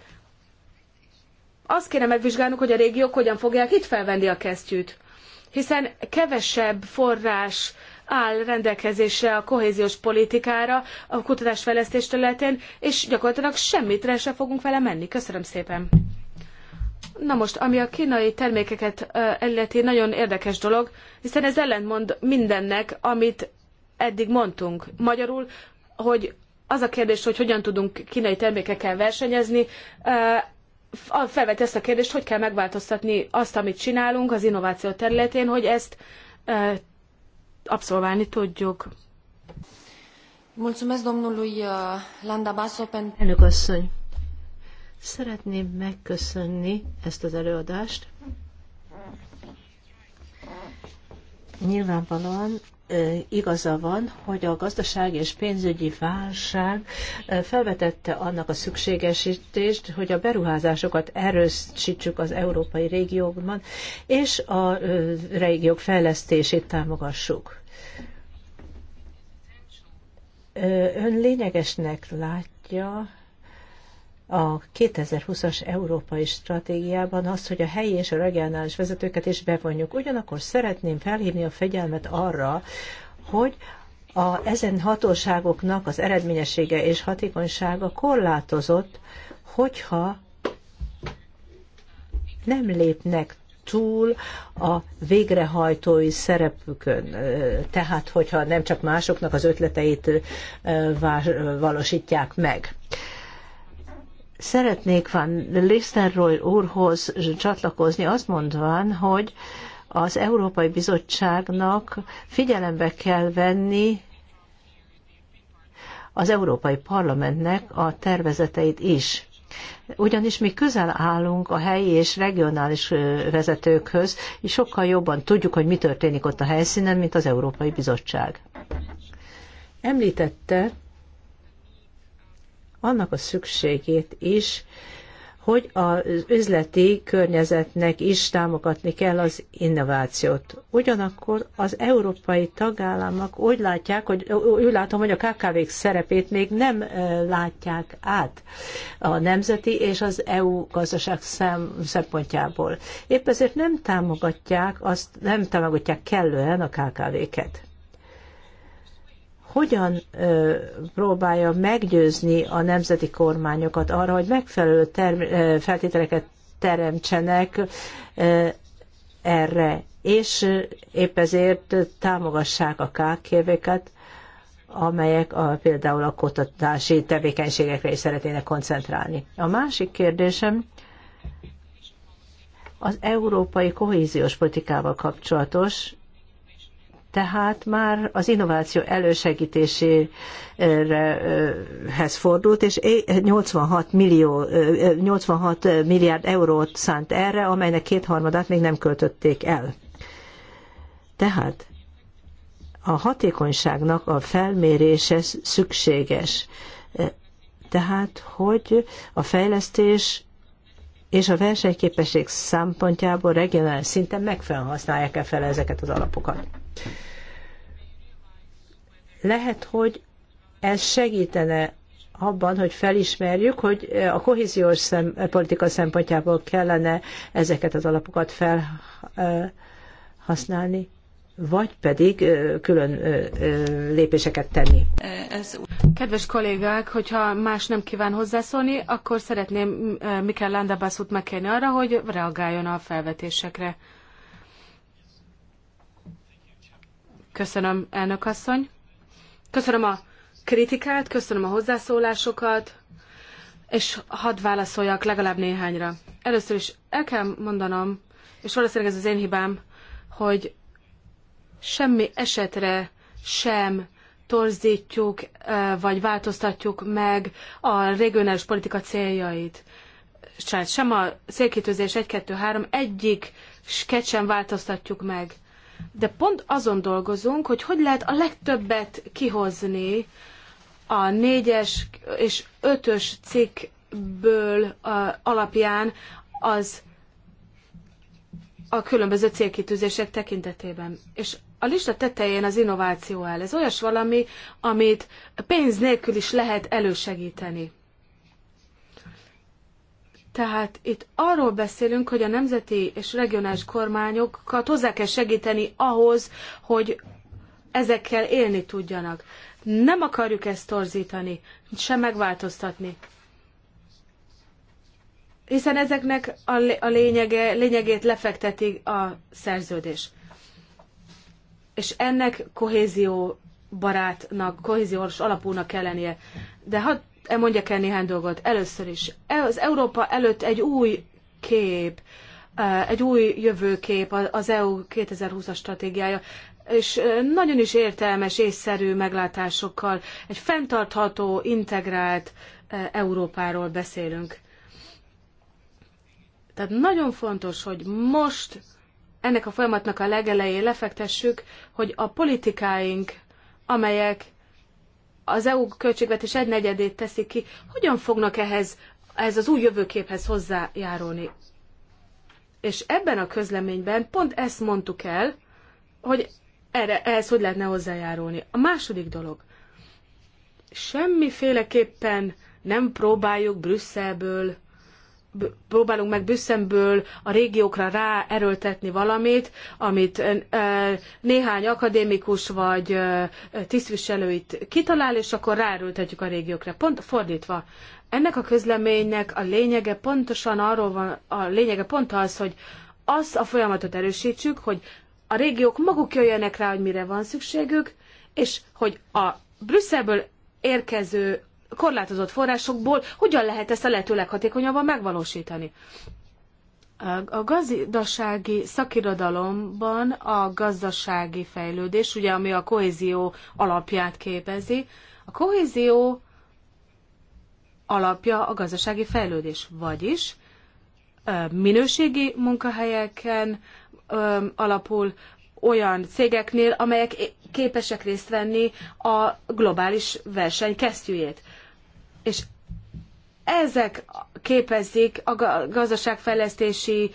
azt kéne megvizsgálnunk, hogy a régiók hogyan fogják itt felvenni a kesztyűt hiszen kevesebb forrás áll rendelkezésre a kohéziós politikára, a kutatásfejlesztés területén, és gyakorlatilag semmit se fogunk vele menni. Köszönöm szépen! Na most, ami a kínai termékeket illeti, nagyon érdekes dolog, hiszen ez ellentmond mindennek, amit eddig mondtunk. Magyarul, hogy az a kérdés, hogy hogyan tudunk kínai termékekkel versenyezni, felvet ezt a kérdést, hogy kell megváltoztatni azt, amit csinálunk az innováció területén, hogy ezt e, abszolválni tudjuk. Mulțumesc domnului uh, Landa Basso pentru... Elnök asszony, szeretném megköszönni ezt az előadást. Nyilvánvalóan igaza van, hogy a gazdasági és pénzügyi válság felvetette annak a szükségesítést, hogy a beruházásokat erősítsük az európai régiókban, és a régiók fejlesztését támogassuk. Ön lényegesnek látja, a 2020-as európai stratégiában az, hogy a helyi és a regionális vezetőket is bevonjuk. Ugyanakkor szeretném felhívni a figyelmet arra, hogy a, ezen hatóságoknak az eredményessége és hatékonysága korlátozott, hogyha nem lépnek túl a végrehajtói szerepükön. Tehát, hogyha nem csak másoknak az ötleteit valósítják meg. Szeretnék Van Lisztenroy úrhoz csatlakozni, azt mondván, hogy az Európai Bizottságnak figyelembe kell venni az Európai Parlamentnek a tervezeteit is. Ugyanis mi közel állunk a helyi és regionális vezetőkhöz, és sokkal jobban tudjuk, hogy mi történik ott a helyszínen, mint az Európai Bizottság. Említette annak a szükségét is, hogy az üzleti környezetnek is támogatni kell az innovációt. Ugyanakkor az európai tagállamok úgy látják, hogy úgy látom, hogy a KKV-k szerepét még nem látják át a nemzeti és az EU gazdaság szem, szempontjából. Épp ezért nem támogatják, azt nem támogatják kellően a KKV-ket hogyan ö, próbálja meggyőzni a nemzeti kormányokat arra, hogy megfelelő term- feltételeket teremtsenek ö, erre, és épp ezért támogassák a KKV-ket, amelyek a, például a kutatási tevékenységekre is szeretnének koncentrálni. A másik kérdésem az európai kohéziós politikával kapcsolatos, tehát már az innováció elősegítéséhez eh, fordult, és 86, millió, 86 eh, eh, milliárd eurót szánt erre, amelynek kétharmadát még nem költötték el. Tehát a hatékonyságnak a felmérése szükséges. Tehát, hogy a fejlesztés és a versenyképesség szempontjából regionális szinten használják e fel ezeket az alapokat. Lehet, hogy ez segítene abban, hogy felismerjük, hogy eh, a kohéziós szem, eh, politika szempontjából kellene ezeket az alapokat felhasználni, eh, vagy pedig külön lépéseket tenni. Kedves kollégák, hogyha más nem kíván hozzászólni, akkor szeretném Mikel Landabászút megkérni arra, hogy reagáljon a felvetésekre. Köszönöm, elnök asszony. Köszönöm a kritikát, köszönöm a hozzászólásokat, és hadd válaszoljak legalább néhányra. Először is el kell mondanom, és valószínűleg ez az én hibám, hogy semmi esetre sem torzítjuk, vagy változtatjuk meg a regionális politika céljait. sem a szélkítőzés 1-2-3 egyik sem változtatjuk meg de pont azon dolgozunk, hogy hogy lehet a legtöbbet kihozni a négyes és ötös cikkből alapján az a különböző célkitűzések tekintetében. És a lista tetején az innováció áll. Ez olyas valami, amit pénz nélkül is lehet elősegíteni. Tehát itt arról beszélünk, hogy a nemzeti és regionális kormányokat hozzá kell segíteni ahhoz, hogy ezekkel élni tudjanak. Nem akarjuk ezt torzítani, sem megváltoztatni. Hiszen ezeknek a, lényege, lényegét lefekteti a szerződés. És ennek kohézió barátnak, kohéziós alapúnak kell lennie. De hadd E, mondjak el néhány dolgot. Először is, e, az Európa előtt egy új kép, e, egy új jövőkép, az EU 2020-as stratégiája, és nagyon is értelmes, észszerű meglátásokkal egy fenntartható, integrált Európáról beszélünk. Tehát nagyon fontos, hogy most ennek a folyamatnak a legelején lefektessük, hogy a politikáink, amelyek az EU költségvetés egy negyedét teszik ki, hogyan fognak ehhez, ehhez az új jövőképhez hozzájárulni? És ebben a közleményben pont ezt mondtuk el, hogy erre, ehhez hogy lehetne hozzájárulni. A második dolog. Semmiféleképpen nem próbáljuk Brüsszelből próbálunk meg Brüsszelből a régiókra ráerőltetni valamit, amit néhány akadémikus vagy tisztviselő itt kitalál, és akkor ráerőltetjük a régiókra. Pont fordítva. Ennek a közleménynek a lényege pontosan arról van, a lényege pont az, hogy azt a folyamatot erősítsük, hogy a régiók maguk jöjjenek rá, hogy mire van szükségük, és hogy a Brüsszelből érkező korlátozott forrásokból hogyan lehet ezt a lehető leghatékonyabban megvalósítani. A gazdasági szakirodalomban a gazdasági fejlődés, ugye ami a kohézió alapját képezi, a kohézió alapja a gazdasági fejlődés, vagyis minőségi munkahelyeken alapul olyan cégeknél, amelyek képesek részt venni a globális verseny kesztyűjét. És ezek képezik a gazdaságfejlesztési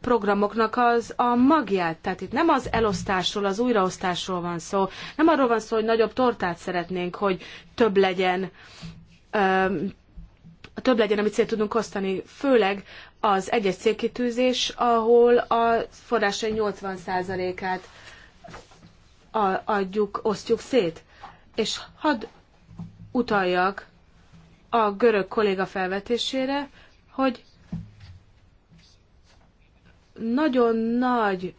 programoknak az a magját. Tehát itt nem az elosztásról, az újraosztásról van szó. Nem arról van szó, hogy nagyobb tortát szeretnénk, hogy több legyen, több legyen, amit szét tudunk osztani. Főleg az egyes célkitűzés, ahol a forrásai 80%-át adjuk, osztjuk szét. És hadd utaljak a görög kolléga felvetésére, hogy nagyon nagy,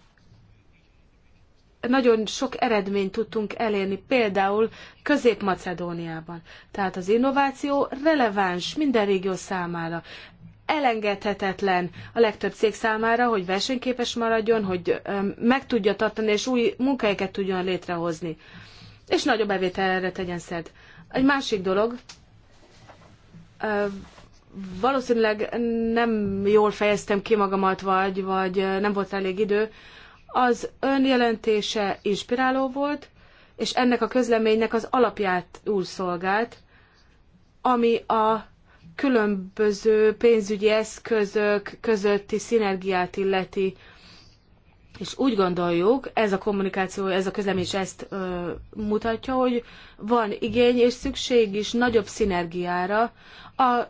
nagyon sok eredményt tudtunk elérni, például Közép-Macedóniában. Tehát az innováció releváns minden régió számára elengedhetetlen a legtöbb cég számára, hogy versenyképes maradjon, hogy meg tudja tartani és új munkahelyeket tudjon létrehozni. És nagyobb bevételre tegyen szed. Egy másik dolog, valószínűleg nem jól fejeztem ki magamat, vagy, vagy nem volt elég idő. Az önjelentése inspiráló volt, és ennek a közleménynek az alapját úr szolgált, ami a különböző pénzügyi eszközök közötti szinergiát illeti és úgy gondoljuk, ez a kommunikáció, ez a közlemény is ezt ö, mutatja, hogy van igény és szükség is nagyobb szinergiára a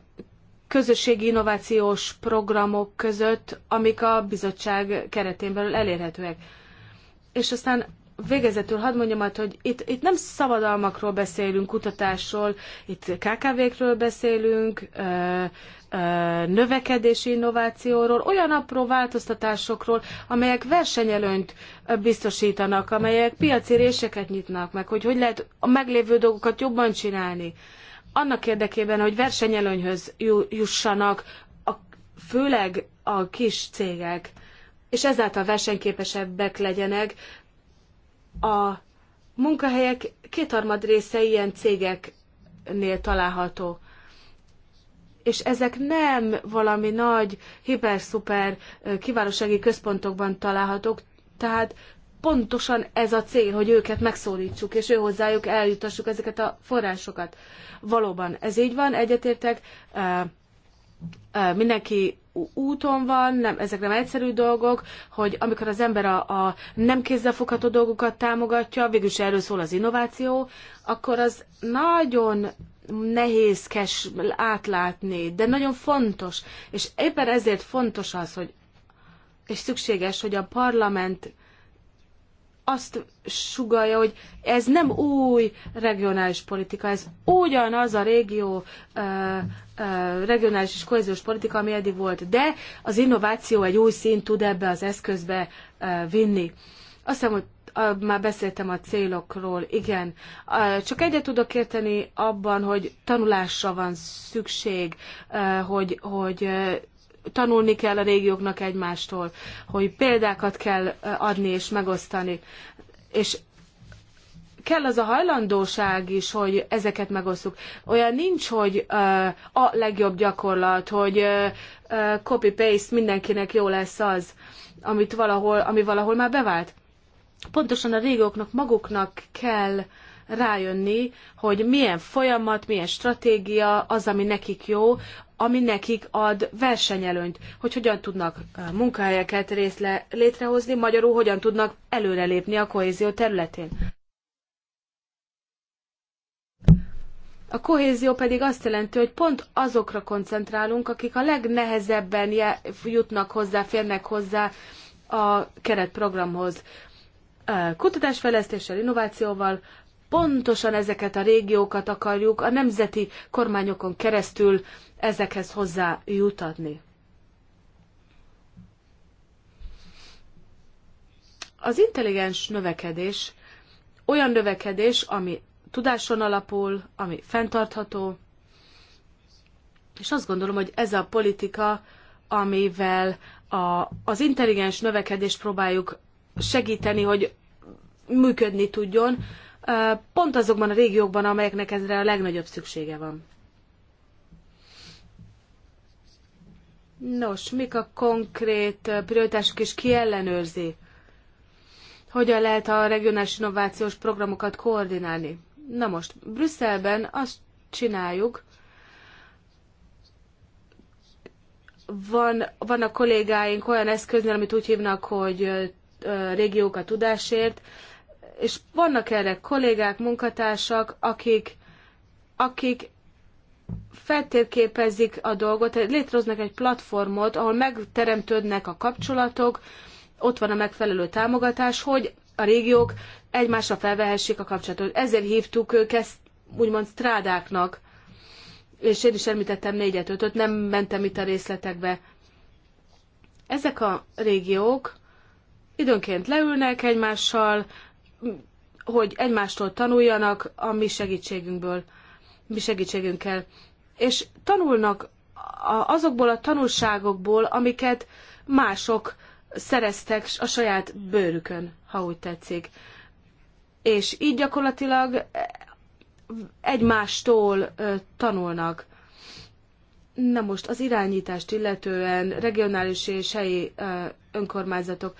közösségi innovációs programok között, amik a bizottság keretén belül elérhetőek. És aztán végezetül hadd mondjam, hogy itt, itt nem szabadalmakról beszélünk, kutatásról, itt KKV-kről beszélünk, ö, ö, növekedési innovációról, olyan apró változtatásokról, amelyek versenyelőnyt biztosítanak, amelyek piaci réseket nyitnak meg, hogy hogy lehet a meglévő dolgokat jobban csinálni. Annak érdekében, hogy versenyelőnyhöz jussanak, a, főleg a kis cégek és ezáltal versenyképesebbek legyenek, a munkahelyek kétharmad része ilyen cégeknél található. És ezek nem valami nagy, hiper-szuper kiválósági központokban találhatók, tehát pontosan ez a cél, hogy őket megszólítsuk, és ő hozzájuk eljutassuk ezeket a forrásokat. Valóban, ez így van, egyetértek, mindenki úton van, nem, ezek nem egyszerű dolgok, hogy amikor az ember a, a nem kézzelfogható dolgokat támogatja, végülis erről szól az innováció, akkor az nagyon nehézkes átlátni, de nagyon fontos. És éppen ezért fontos az, hogy és szükséges, hogy a parlament azt sugalja, hogy ez nem új regionális politika, ez ugyanaz a régió ö, ö, regionális és kohéziós politika, ami eddig volt, de az innováció egy új szint tud ebbe az eszközbe ö, vinni. Azt hiszem, hogy már beszéltem a célokról, igen. Csak egyet tudok érteni abban, hogy tanulásra van szükség, hogy, hogy tanulni kell a régióknak egymástól, hogy példákat kell eh, adni és megosztani. És kell az a hajlandóság is, hogy ezeket megosztjuk. Olyan nincs, hogy eh, a legjobb gyakorlat, hogy eh, copy-paste mindenkinek jó lesz az, amit valahol, ami valahol már bevált. Pontosan a régióknak maguknak kell rájönni, hogy milyen folyamat, milyen stratégia az, ami nekik jó, ami nekik ad versenyelőnyt, hogy hogyan tudnak munkahelyeket részle, létrehozni, magyarul hogyan tudnak előrelépni a kohézió területén. A kohézió pedig azt jelenti, hogy pont azokra koncentrálunk, akik a legnehezebben jutnak hozzá, férnek hozzá a keretprogramhoz. Kutatásfejlesztéssel, innovációval, pontosan ezeket a régiókat akarjuk a nemzeti kormányokon keresztül ezekhez hozzájutatni. Az intelligens növekedés olyan növekedés, ami tudáson alapul, ami fenntartható, és azt gondolom, hogy ez a politika, amivel a, az intelligens növekedést próbáljuk segíteni, hogy működni tudjon, pont azokban a régiókban, amelyeknek ezre a legnagyobb szüksége van. Nos, mik a konkrét prioritások és ki ellenőrzi? Hogyan lehet a regionális innovációs programokat koordinálni? Na most, Brüsszelben azt csináljuk, van, van a kollégáink olyan eszköznél, amit úgy hívnak, hogy régiók a tudásért, és vannak erre kollégák, munkatársak, akik, akik feltérképezik a dolgot, létrehoznak egy platformot, ahol megteremtődnek a kapcsolatok, ott van a megfelelő támogatás, hogy a régiók egymásra felvehessék a kapcsolatot. Ezért hívtuk őket úgymond strádáknak, és én is említettem négyet, ötöt, nem mentem itt a részletekbe. Ezek a régiók időnként leülnek egymással, hogy egymástól tanuljanak a mi segítségünkből, mi segítségünkkel. És tanulnak azokból a tanulságokból, amiket mások szereztek a saját bőrükön, ha úgy tetszik. És így gyakorlatilag egymástól tanulnak. Na most az irányítást illetően regionális és helyi önkormányzatok.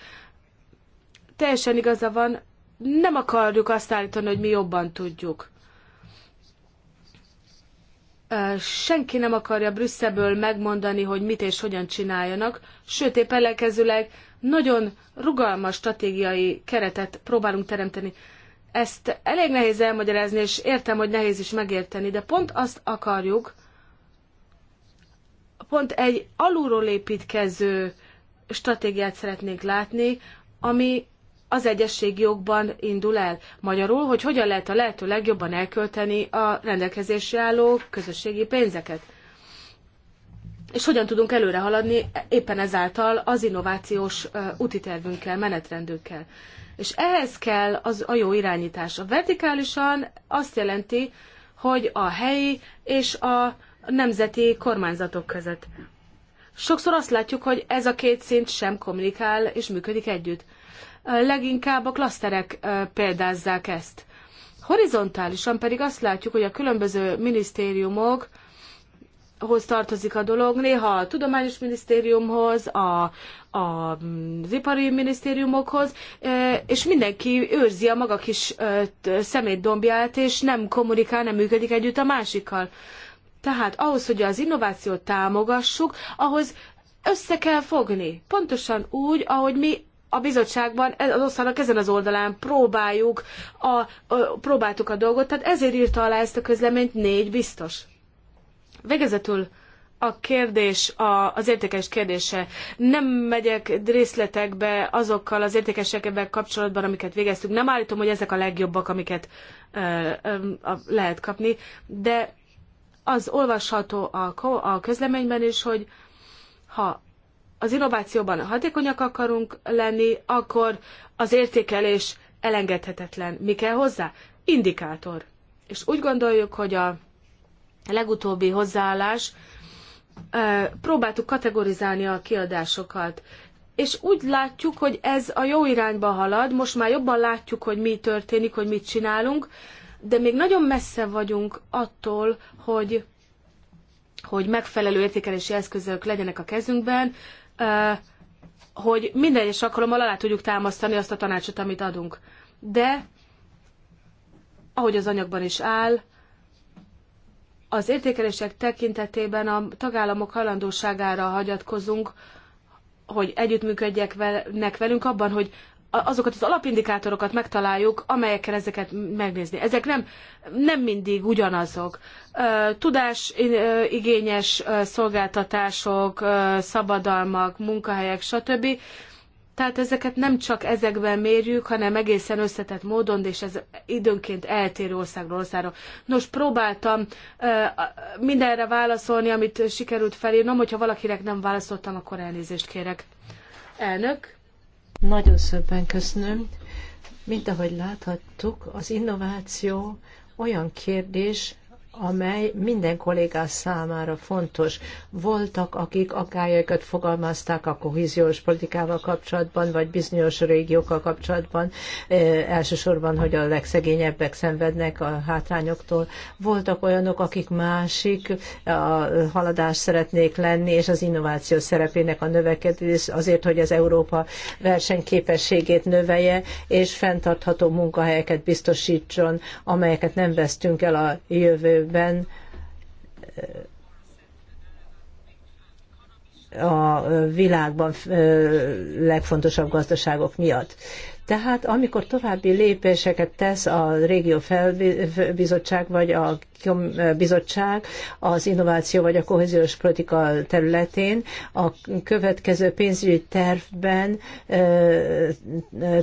Teljesen igaza van, nem akarjuk azt állítani, hogy mi jobban tudjuk. Senki nem akarja Brüsszelből megmondani, hogy mit és hogyan csináljanak, sőt, épp ellenkezőleg nagyon rugalmas stratégiai keretet próbálunk teremteni. Ezt elég nehéz elmagyarázni, és értem, hogy nehéz is megérteni, de pont azt akarjuk, pont egy alulról építkező stratégiát szeretnék látni, ami az egyesség jogban indul el. Magyarul, hogy hogyan lehet a lehető legjobban elkölteni a rendelkezésre álló közösségi pénzeket. És hogyan tudunk előre haladni éppen ezáltal az innovációs útitervünkkel, menetrendünkkel. És ehhez kell az a jó irányítás. A vertikálisan azt jelenti, hogy a helyi és a nemzeti kormányzatok között. Sokszor azt látjuk, hogy ez a két szint sem kommunikál és működik együtt leginkább a klaszterek példázzák ezt. Horizontálisan pedig azt látjuk, hogy a különböző minisztériumok hoz tartozik a dolog, néha a tudományos minisztériumhoz, a, a, az ipari minisztériumokhoz, és mindenki őrzi a maga kis szemétdombját, és nem kommunikál, nem működik együtt a másikkal. Tehát ahhoz, hogy az innovációt támogassuk, ahhoz össze kell fogni. Pontosan úgy, ahogy mi a bizottságban, az osztának ezen az oldalán próbáljuk a, a, próbáltuk a dolgot, tehát ezért írta alá ezt a közleményt négy biztos. Végezetül a kérdés, a, az értékes kérdése. Nem megyek részletekbe azokkal az értékesekkel kapcsolatban, amiket végeztünk. Nem állítom, hogy ezek a legjobbak, amiket ö, ö, lehet kapni, de az olvasható a, a közleményben is, hogy ha az innovációban hatékonyak akarunk lenni, akkor az értékelés elengedhetetlen. Mi kell hozzá? Indikátor. És úgy gondoljuk, hogy a legutóbbi hozzáállás, próbáltuk kategorizálni a kiadásokat, és úgy látjuk, hogy ez a jó irányba halad, most már jobban látjuk, hogy mi történik, hogy mit csinálunk, de még nagyon messze vagyunk attól, hogy hogy megfelelő értékelési eszközök legyenek a kezünkben, hogy minden egyes alkalommal alá tudjuk támasztani azt a tanácsot, amit adunk. De, ahogy az anyagban is áll, az értékelések tekintetében a tagállamok hajlandóságára hagyatkozunk, hogy együttműködjenek velünk abban, hogy azokat az alapindikátorokat megtaláljuk, amelyekkel ezeket megnézni. Ezek nem, nem mindig ugyanazok. Tudás igényes szolgáltatások, szabadalmak, munkahelyek, stb. Tehát ezeket nem csak ezekben mérjük, hanem egészen összetett módon, és ez időnként eltérő országról országra. Nos, próbáltam mindenre válaszolni, amit sikerült felírnom, hogyha valakinek nem válaszoltam, akkor elnézést kérek. Elnök. Nagyon szépen köszönöm. Mint ahogy láthattuk, az innováció olyan kérdés, amely minden kollégás számára fontos. Voltak, akik aggályokat fogalmazták a kohéziós politikával kapcsolatban, vagy bizonyos régiókkal kapcsolatban, elsősorban, hogy a legszegényebbek szenvednek a hátrányoktól. Voltak olyanok, akik másik a haladás szeretnék lenni, és az innováció szerepének a növekedés azért, hogy az Európa versenyképességét növelje, és fenntartható munkahelyeket biztosítson, amelyeket nem vesztünk el a jövő jövőben eh, a világban eh, legfontosabb gazdaságok miatt. Tehát amikor további lépéseket tesz a régió felbizottság vagy a bizottság az innováció vagy a kohéziós politika területén, a következő pénzügyi tervben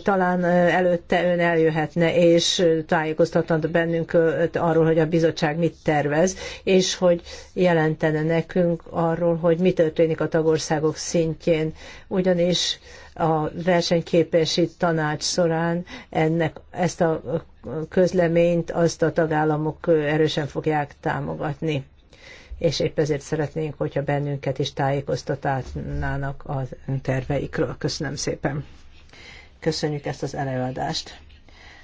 talán előtte ön eljöhetne és tájékoztatna bennünk arról, hogy a bizottság mit tervez, és hogy jelentene nekünk arról, hogy mi történik a tagországok szintjén. Ugyanis a versenyképési tanács során ennek, ezt a közleményt azt a tagállamok erősen fogják támogatni. És épp ezért szeretnénk, hogyha bennünket is tájékoztatnának a terveikről. Köszönöm szépen. Köszönjük ezt az előadást.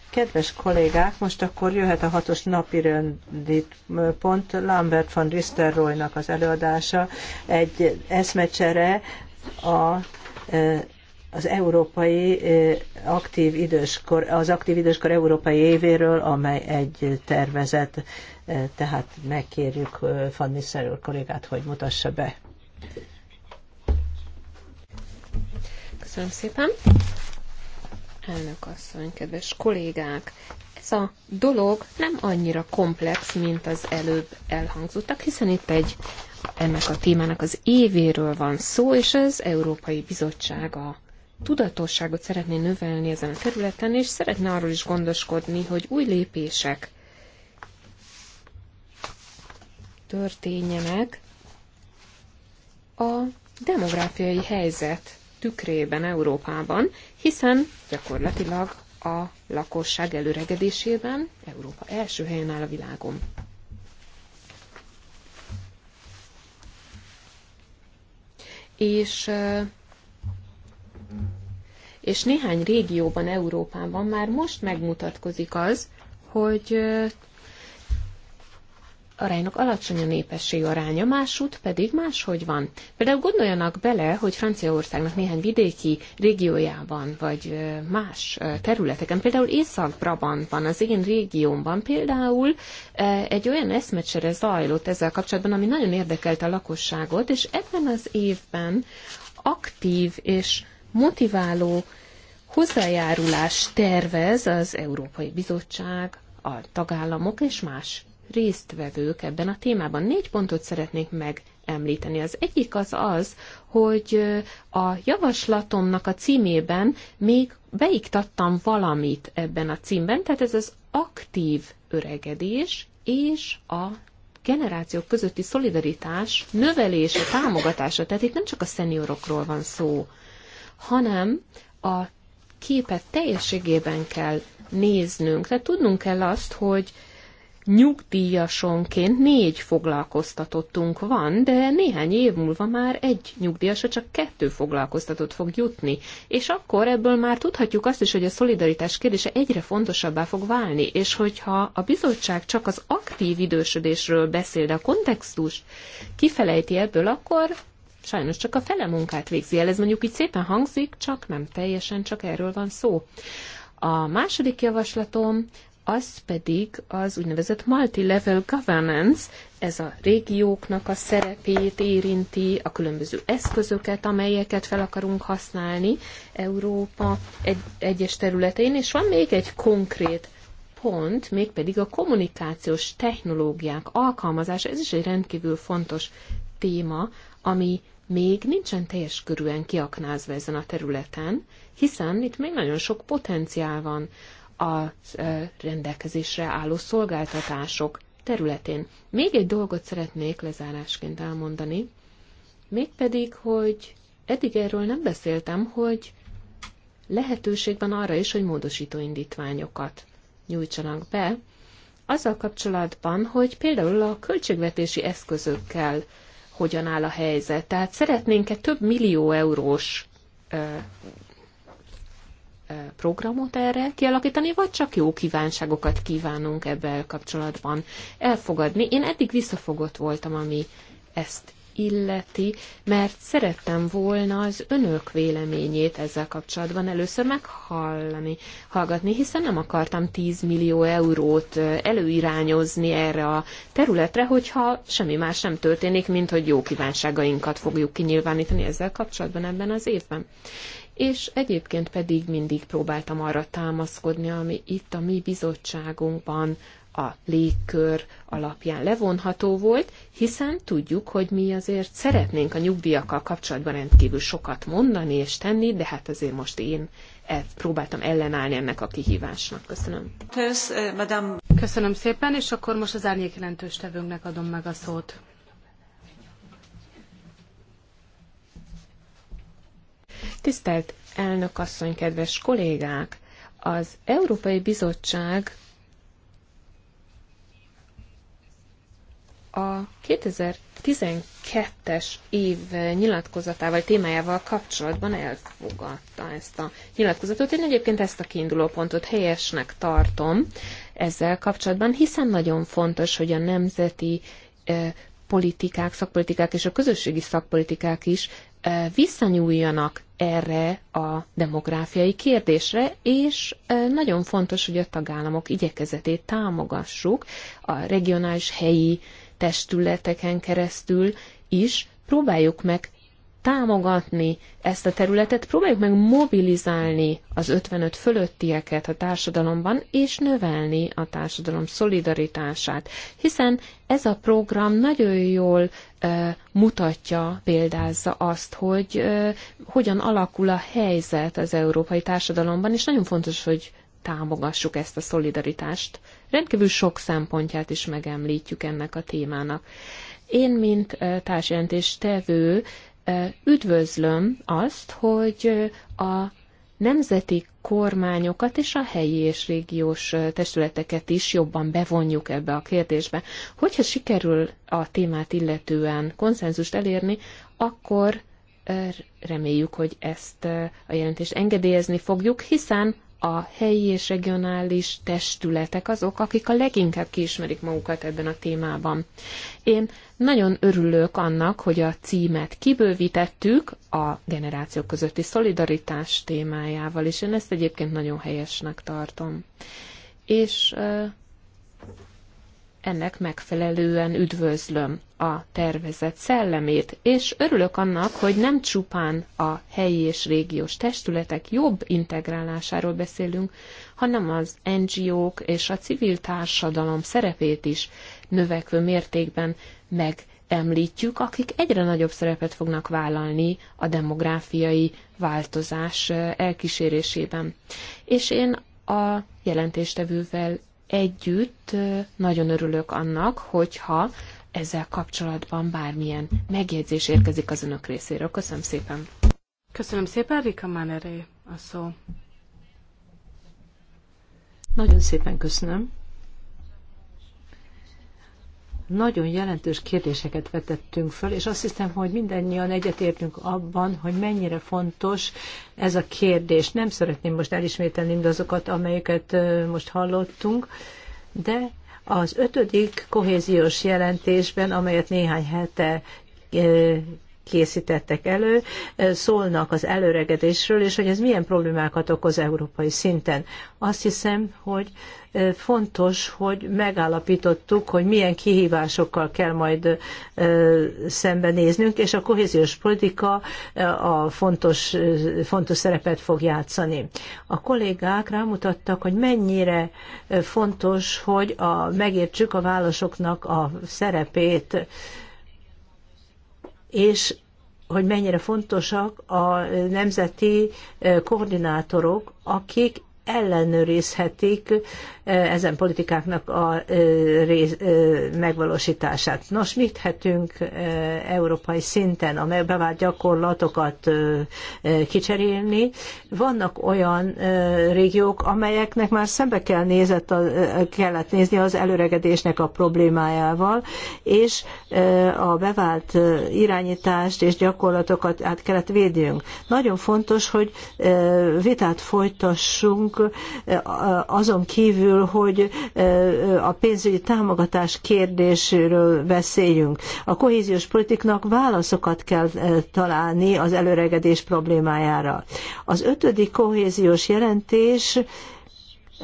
Kedves kollégák, most akkor jöhet a hatos napi rendit pont, Lambert van Risterroynak az előadása, egy eszmecsere a e, az európai aktív időskor, az aktív időskor európai évéről, amely egy tervezet, tehát megkérjük Fanni Szerőr kollégát, hogy mutassa be. Köszönöm szépen. Elnök asszony, kedves kollégák, ez a dolog nem annyira komplex, mint az előbb elhangzottak, hiszen itt egy ennek a témának az évéről van szó, és az Európai Bizottság a tudatosságot szeretné növelni ezen a területen, és szeretne arról is gondoskodni, hogy új lépések történjenek a demográfiai helyzet tükrében Európában, hiszen gyakorlatilag a lakosság előregedésében Európa első helyen áll a világon. És és néhány régióban Európában már most megmutatkozik az, hogy arányok alacsony a népesség aránya, másút pedig máshogy van. Például gondoljanak bele, hogy Franciaországnak néhány vidéki régiójában, vagy más területeken, például Észak-Brabantban, az én régiómban például egy olyan eszmecsere zajlott ezzel kapcsolatban, ami nagyon érdekelte a lakosságot, és ebben az évben aktív és motiváló hozzájárulás tervez az Európai Bizottság, a tagállamok és más résztvevők ebben a témában. Négy pontot szeretnék megemlíteni. Az egyik az az, hogy a javaslatomnak a címében még beiktattam valamit ebben a címben, tehát ez az aktív öregedés és a generációk közötti szolidaritás növelése, támogatása. Tehát itt nem csak a szeniorokról van szó, hanem a képet teljességében kell néznünk. Tehát tudnunk kell azt, hogy nyugdíjasonként négy foglalkoztatottunk van, de néhány év múlva már egy nyugdíjasra csak kettő foglalkoztatott fog jutni. És akkor ebből már tudhatjuk azt is, hogy a szolidaritás kérdése egyre fontosabbá fog válni, és hogyha a bizottság csak az aktív idősödésről beszél, de a kontextus kifelejti ebből, akkor sajnos csak a fele munkát végzi el. Ez mondjuk így szépen hangzik, csak nem teljesen, csak erről van szó. A második javaslatom az pedig az úgynevezett multi-level governance, ez a régióknak a szerepét érinti, a különböző eszközöket, amelyeket fel akarunk használni Európa egy, egyes területein, és van még egy konkrét pont, mégpedig a kommunikációs technológiák alkalmazása, ez is egy rendkívül fontos téma, ami még nincsen teljes körűen kiaknázva ezen a területen, hiszen itt még nagyon sok potenciál van a rendelkezésre álló szolgáltatások területén. Még egy dolgot szeretnék lezárásként elmondani, mégpedig, hogy eddig erről nem beszéltem, hogy lehetőség van arra is, hogy módosító indítványokat nyújtsanak be, azzal kapcsolatban, hogy például a költségvetési eszközökkel hogyan áll a helyzet. Tehát szeretnénk-e több millió eurós programot erre kialakítani, vagy csak jó kívánságokat kívánunk ebben kapcsolatban elfogadni. Én eddig visszafogott voltam, ami ezt illeti, mert szerettem volna az önök véleményét ezzel kapcsolatban először meghallani, hallgatni, hiszen nem akartam 10 millió eurót előirányozni erre a területre, hogyha semmi más nem történik, mint hogy jó kívánságainkat fogjuk kinyilvánítani ezzel kapcsolatban ebben az évben és egyébként pedig mindig próbáltam arra támaszkodni, ami itt a mi bizottságunkban a légkör alapján levonható volt, hiszen tudjuk, hogy mi azért szeretnénk a nyugdíjakkal kapcsolatban rendkívül sokat mondani és tenni, de hát azért most én e- próbáltam ellenállni ennek a kihívásnak. Köszönöm. Köszönöm szépen, és akkor most az árnyék jelentős tevőnknek adom meg a szót. Tisztelt elnök asszony, kedves kollégák! Az Európai Bizottság a 2012-es év nyilatkozatával, témájával kapcsolatban elfogadta ezt a nyilatkozatot. Én egyébként ezt a kiinduló pontot helyesnek tartom ezzel kapcsolatban, hiszen nagyon fontos, hogy a nemzeti e, politikák, szakpolitikák és a közösségi szakpolitikák is e, visszanyúljanak erre a demográfiai kérdésre, és e, nagyon fontos, hogy a tagállamok igyekezetét támogassuk a regionális helyi testületeken keresztül is próbáljuk meg támogatni ezt a területet, próbáljuk meg mobilizálni az 55 fölöttieket a társadalomban, és növelni a társadalom szolidaritását. Hiszen ez a program nagyon jól e, mutatja, példázza azt, hogy e, hogyan alakul a helyzet az európai társadalomban, és nagyon fontos, hogy támogassuk ezt a szolidaritást rendkívül sok szempontját is megemlítjük ennek a témának. Én, mint tevő üdvözlöm azt, hogy a nemzeti kormányokat és a helyi és régiós testületeket is jobban bevonjuk ebbe a kérdésbe. Hogyha sikerül a témát illetően konszenzust elérni, akkor reméljük, hogy ezt a jelentést engedélyezni fogjuk, hiszen a helyi és regionális testületek azok, akik a leginkább kiismerik magukat ebben a témában. Én nagyon örülök annak, hogy a címet kibővítettük a generációk közötti szolidaritás témájával, és én ezt egyébként nagyon helyesnek tartom. És ennek megfelelően üdvözlöm a tervezet szellemét, és örülök annak, hogy nem csupán a helyi és régiós testületek jobb integrálásáról beszélünk, hanem az NGO-k és a civil társadalom szerepét is növekvő mértékben említjük, akik egyre nagyobb szerepet fognak vállalni a demográfiai változás eh, elkísérésében. És én a jelentéstevővel együtt nagyon örülök annak, hogyha ezzel kapcsolatban bármilyen megjegyzés érkezik az önök részéről. Köszönöm szépen! Köszönöm szépen, Rika manere, a szó. Nagyon szépen köszönöm nagyon jelentős kérdéseket vetettünk föl, és azt hiszem, hogy mindannyian egyetértünk abban, hogy mennyire fontos ez a kérdés. Nem szeretném most elismételni mindazokat, amelyeket most hallottunk, de az ötödik kohéziós jelentésben, amelyet néhány hete készítettek elő, szólnak az előregedésről, és hogy ez milyen problémákat okoz európai szinten. Azt hiszem, hogy fontos, hogy megállapítottuk, hogy milyen kihívásokkal kell majd szembenéznünk, és a kohéziós politika a fontos, fontos szerepet fog játszani. A kollégák rámutattak, hogy mennyire fontos, hogy a, megértsük a városoknak a szerepét, és hogy mennyire fontosak a nemzeti eh, koordinátorok, akik ellenőrizhetik ezen politikáknak a rész, megvalósítását. Nos, mit hetünk európai szinten a bevált gyakorlatokat kicserélni? Vannak olyan régiók, amelyeknek már szembe kell nézett a, kellett nézni az előregedésnek a problémájával, és a bevált irányítást és gyakorlatokat át kellett védjünk. Nagyon fontos, hogy vitát folytassunk azon kívül, kiderül, hogy a pénzügyi támogatás kérdéséről beszéljünk. A kohéziós politiknak válaszokat kell találni az előregedés problémájára. Az ötödik kohéziós jelentés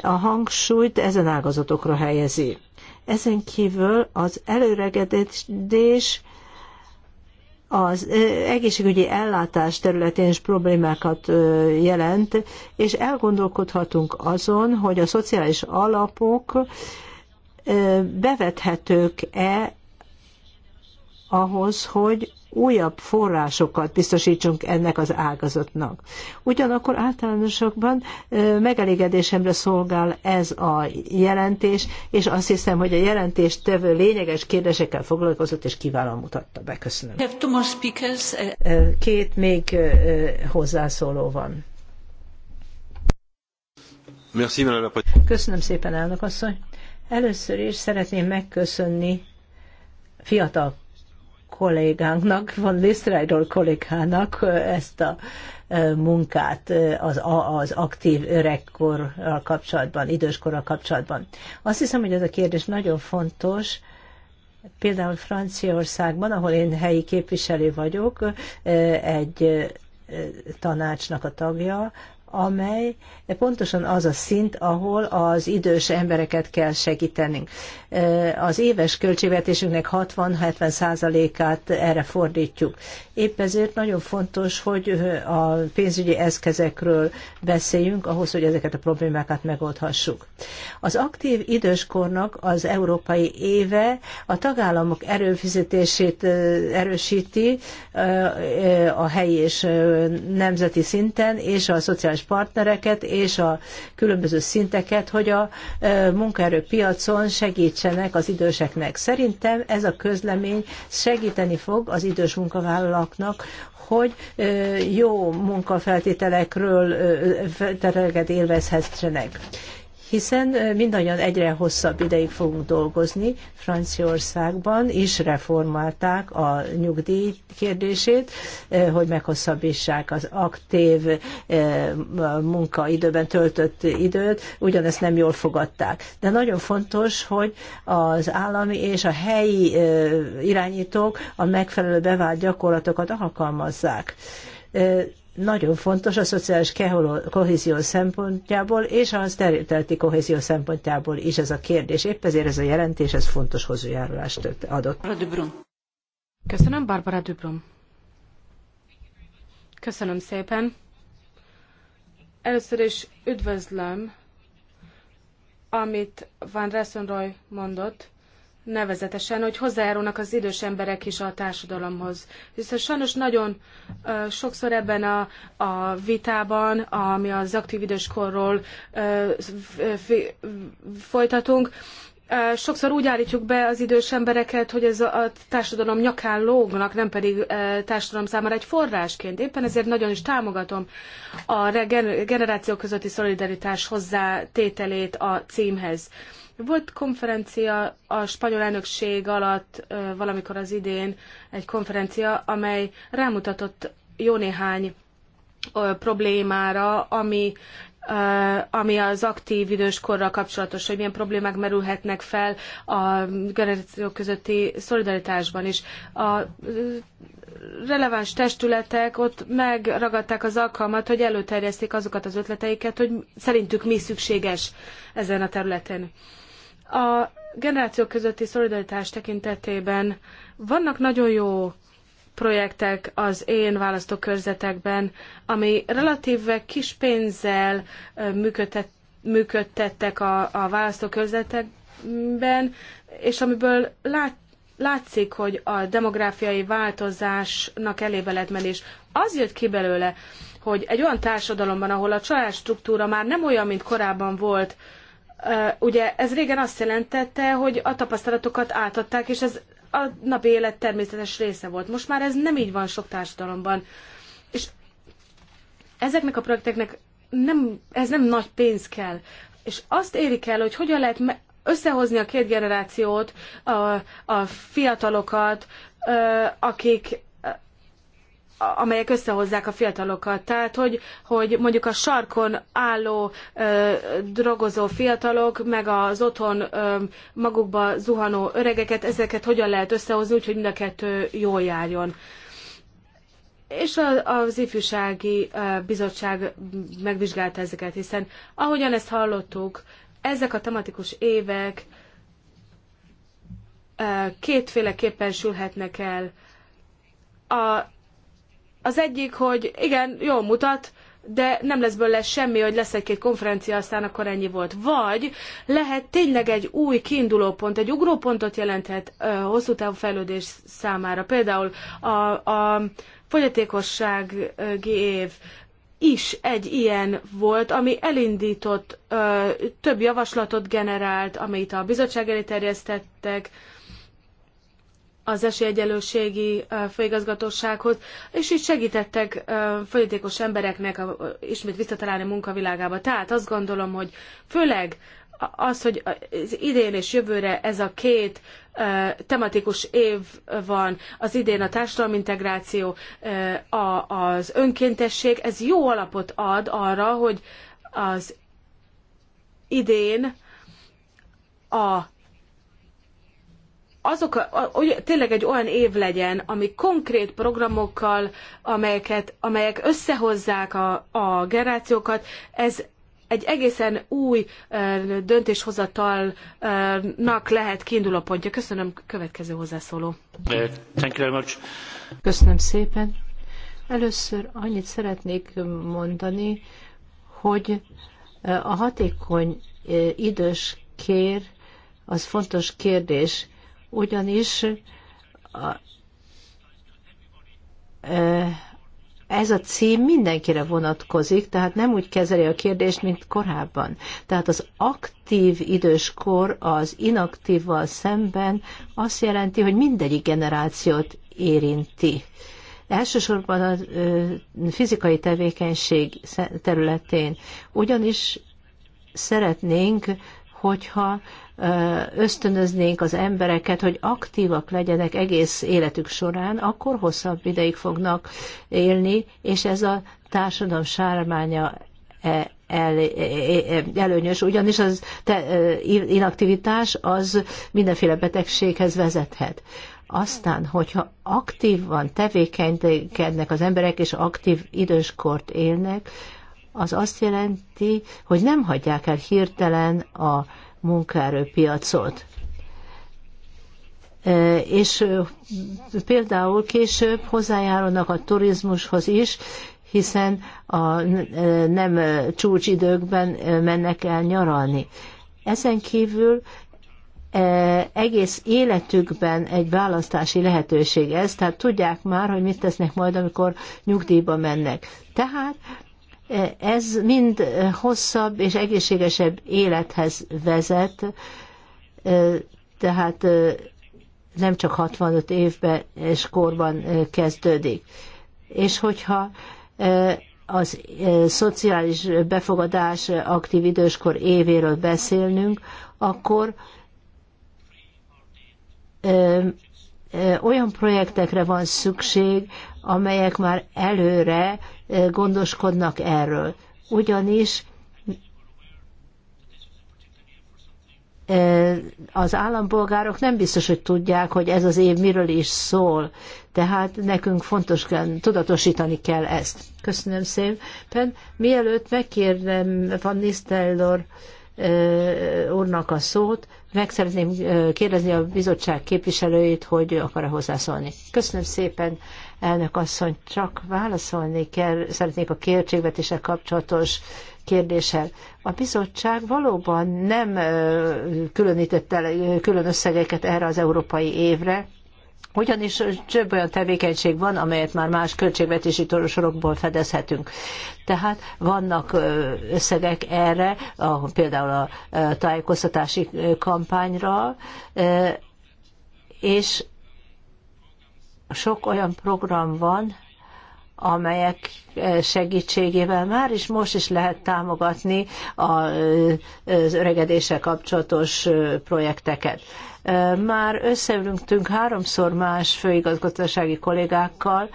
a hangsúlyt ezen ágazatokra helyezi. Ezen kívül az előregedés az egészségügyi ellátás területén is problémákat jelent, és elgondolkodhatunk azon, hogy a szociális alapok bevethetők-e ahhoz, hogy újabb forrásokat biztosítsunk ennek az ágazatnak. Ugyanakkor általánosokban megelégedésemre szolgál ez a jelentés, és azt hiszem, hogy a jelentés tevő lényeges kérdésekkel foglalkozott, és kiválóan mutatta be. Köszönöm. Két még hozzászóló van. Köszönöm szépen, elnök asszony. Először is szeretném megköszönni fiatal kollégánknak, van Lisztrájdor kollégának ezt a munkát az, az aktív öregkorral kapcsolatban, időskorral kapcsolatban. Azt hiszem, hogy ez a kérdés nagyon fontos, Például Franciaországban, ahol én helyi képviselő vagyok, egy tanácsnak a tagja, amely pontosan az a szint, ahol az idős embereket kell segítenünk. Az éves költségvetésünknek 60-70 százalékát erre fordítjuk. Épp ezért nagyon fontos, hogy a pénzügyi eszközekről beszéljünk, ahhoz, hogy ezeket a problémákat megoldhassuk. Az aktív időskornak az európai éve a tagállamok erőfizetését erősíti a helyi és nemzeti szinten, és a szociális szociális partnereket és a különböző szinteket, hogy a munkaerőpiacon segítsenek az időseknek. Szerintem ez a közlemény segíteni fog az idős munkavállalóknak, hogy jó munkafeltételekről tereket élvezhessenek hiszen mindannyian egyre hosszabb ideig fogunk dolgozni. Franciaországban is reformálták a nyugdíj kérdését, hogy meghosszabbítsák az aktív munkaidőben töltött időt, ugyanezt nem jól fogadták. De nagyon fontos, hogy az állami és a helyi irányítók a megfelelő bevált gyakorlatokat alkalmazzák nagyon fontos a szociális kohézió szempontjából és a területi kohézió szempontjából is ez a kérdés. Épp ezért ez a jelentés ez fontos hozzájárulást adott. Köszönöm, Barbara Dubrom. Köszönöm szépen. Először is üdvözlöm, amit Van Ressenroy mondott, nevezetesen, hogy hozzájárulnak az idős emberek is a társadalomhoz. Viszont sajnos nagyon ö, sokszor ebben a, a vitában, ami az aktív időskorról ö, f, folytatunk, ö, sokszor úgy állítjuk be az idős embereket, hogy ez a, a társadalom nyakán lógnak, nem pedig ö, társadalom számára egy forrásként. Éppen ezért nagyon is támogatom a gener, generációk közötti szolidaritás hozzátételét a címhez. Ö, volt konferencia a spanyol elnökség alatt valamikor az idén egy konferencia, amely rámutatott jó néhány problémára, ami ami az aktív időskorral kapcsolatos, hogy milyen problémák merülhetnek fel a generációk közötti szolidaritásban is. A releváns testületek ott megragadták az alkalmat, hogy előterjeszték azokat az ötleteiket, hogy szerintük mi szükséges ezen a területen. A generációk közötti szolidaritás tekintetében vannak nagyon jó projektek az én választókörzetekben, ami relatíve kis pénzzel működtet, működtettek a, a választókörzetekben, és amiből lát, látszik, hogy a demográfiai változásnak elébe lehet menni, és az jött ki belőle, hogy egy olyan társadalomban, ahol a családstruktúra már nem olyan, mint korábban volt, Ugye ez régen azt jelentette, hogy a tapasztalatokat átadták, és ez a napi élet természetes része volt. Most már ez nem így van sok társadalomban. És ezeknek a projekteknek nem, ez nem nagy pénz kell. És azt érik el, hogy hogyan lehet összehozni a két generációt, a, a fiatalokat, akik amelyek összehozzák a fiatalokat. Tehát, hogy, hogy mondjuk a sarkon álló ö, drogozó fiatalok, meg az otthon ö, magukba zuhanó öregeket, ezeket hogyan lehet összehozni, úgyhogy mind a kettő jól járjon. És a, az ifjúsági ö, bizottság megvizsgálta ezeket, hiszen ahogyan ezt hallottuk, ezek a tematikus évek ö, kétféleképpen sülhetnek el. A az egyik, hogy igen, jól mutat, de nem lesz belőle semmi, hogy lesz egy-két konferencia, aztán akkor ennyi volt. Vagy lehet tényleg egy új kiindulópont, egy ugrópontot jelenthet ö, hosszú távú fejlődés számára. Például a, a fogyatékossági év is egy ilyen volt, ami elindított, ö, több javaslatot generált, amit a bizottság elé terjesztettek, ö, az esélyegyelősségi főigazgatósághoz, és így segítettek folyétékos embereknek a, a, ismét visszatalálni munkavilágába. Tehát azt gondolom, hogy főleg az, hogy az idén és jövőre ez a két tematikus év van, az idén a társadalmi integráció, az önkéntesség, ez jó alapot ad arra, hogy az idén a azok, a, hogy tényleg egy olyan év legyen, ami konkrét programokkal, amelyeket, amelyek összehozzák a, a generációkat, ez egy egészen új ö, döntéshozatalnak lehet kiinduló pontja. Köszönöm, következő hozzászóló. Thank you very much. Köszönöm szépen. Először annyit szeretnék mondani, hogy a hatékony idős kér az fontos kérdés ugyanis ez a cím mindenkire vonatkozik, tehát nem úgy kezeli a kérdést, mint korábban. Tehát az aktív időskor az inaktívval szemben azt jelenti, hogy mindegyik generációt érinti. Elsősorban a fizikai tevékenység területén, ugyanis szeretnénk, hogyha ösztönöznénk az embereket, hogy aktívak legyenek egész életük során, akkor hosszabb ideig fognak élni, és ez a társadalom sármánya e, el, e, e, előnyös, ugyanis az te, inaktivitás az mindenféle betegséghez vezethet. Aztán, hogyha aktívan tevékenykednek az emberek, és aktív időskort élnek, az azt jelenti, hogy nem hagyják el hirtelen a munkaerőpiacot. E, és például később hozzájárulnak a turizmushoz is, hiszen a e, nem csúcsidőkben e, mennek el nyaralni. Ezen kívül egész életükben egy választási lehetőség ez, tehát tudják már, hogy mit tesznek majd, amikor nyugdíjba mennek. Tehát ez mind hosszabb és egészségesebb élethez vezet, tehát nem csak 65 évben és korban kezdődik. És hogyha az szociális befogadás aktív időskor évéről beszélnünk, akkor olyan projektekre van szükség, amelyek már előre gondoskodnak erről. Ugyanis az állampolgárok nem biztos, hogy tudják, hogy ez az év miről is szól. Tehát nekünk fontos kell, tudatosítani kell ezt. Köszönöm szépen. Mielőtt megkérdem Van Nistelor úrnak a szót, meg szeretném kérdezni a bizottság képviselőjét, hogy akar-e hozzászólni. Köszönöm szépen, elnök asszony, csak válaszolni kell, szeretnék a kértségvetéssel kapcsolatos kérdéssel. A bizottság valóban nem el külön összegeket erre az európai évre, ugyanis több olyan tevékenység van, amelyet már más költségvetési sorokból fedezhetünk. Tehát vannak összegek erre, a, például a tájékoztatási kampányra, és sok olyan program van, amelyek segítségével már is most is lehet támogatni az öregedéssel kapcsolatos projekteket. Már összeülünk háromszor más főigazgatósági kollégákkal,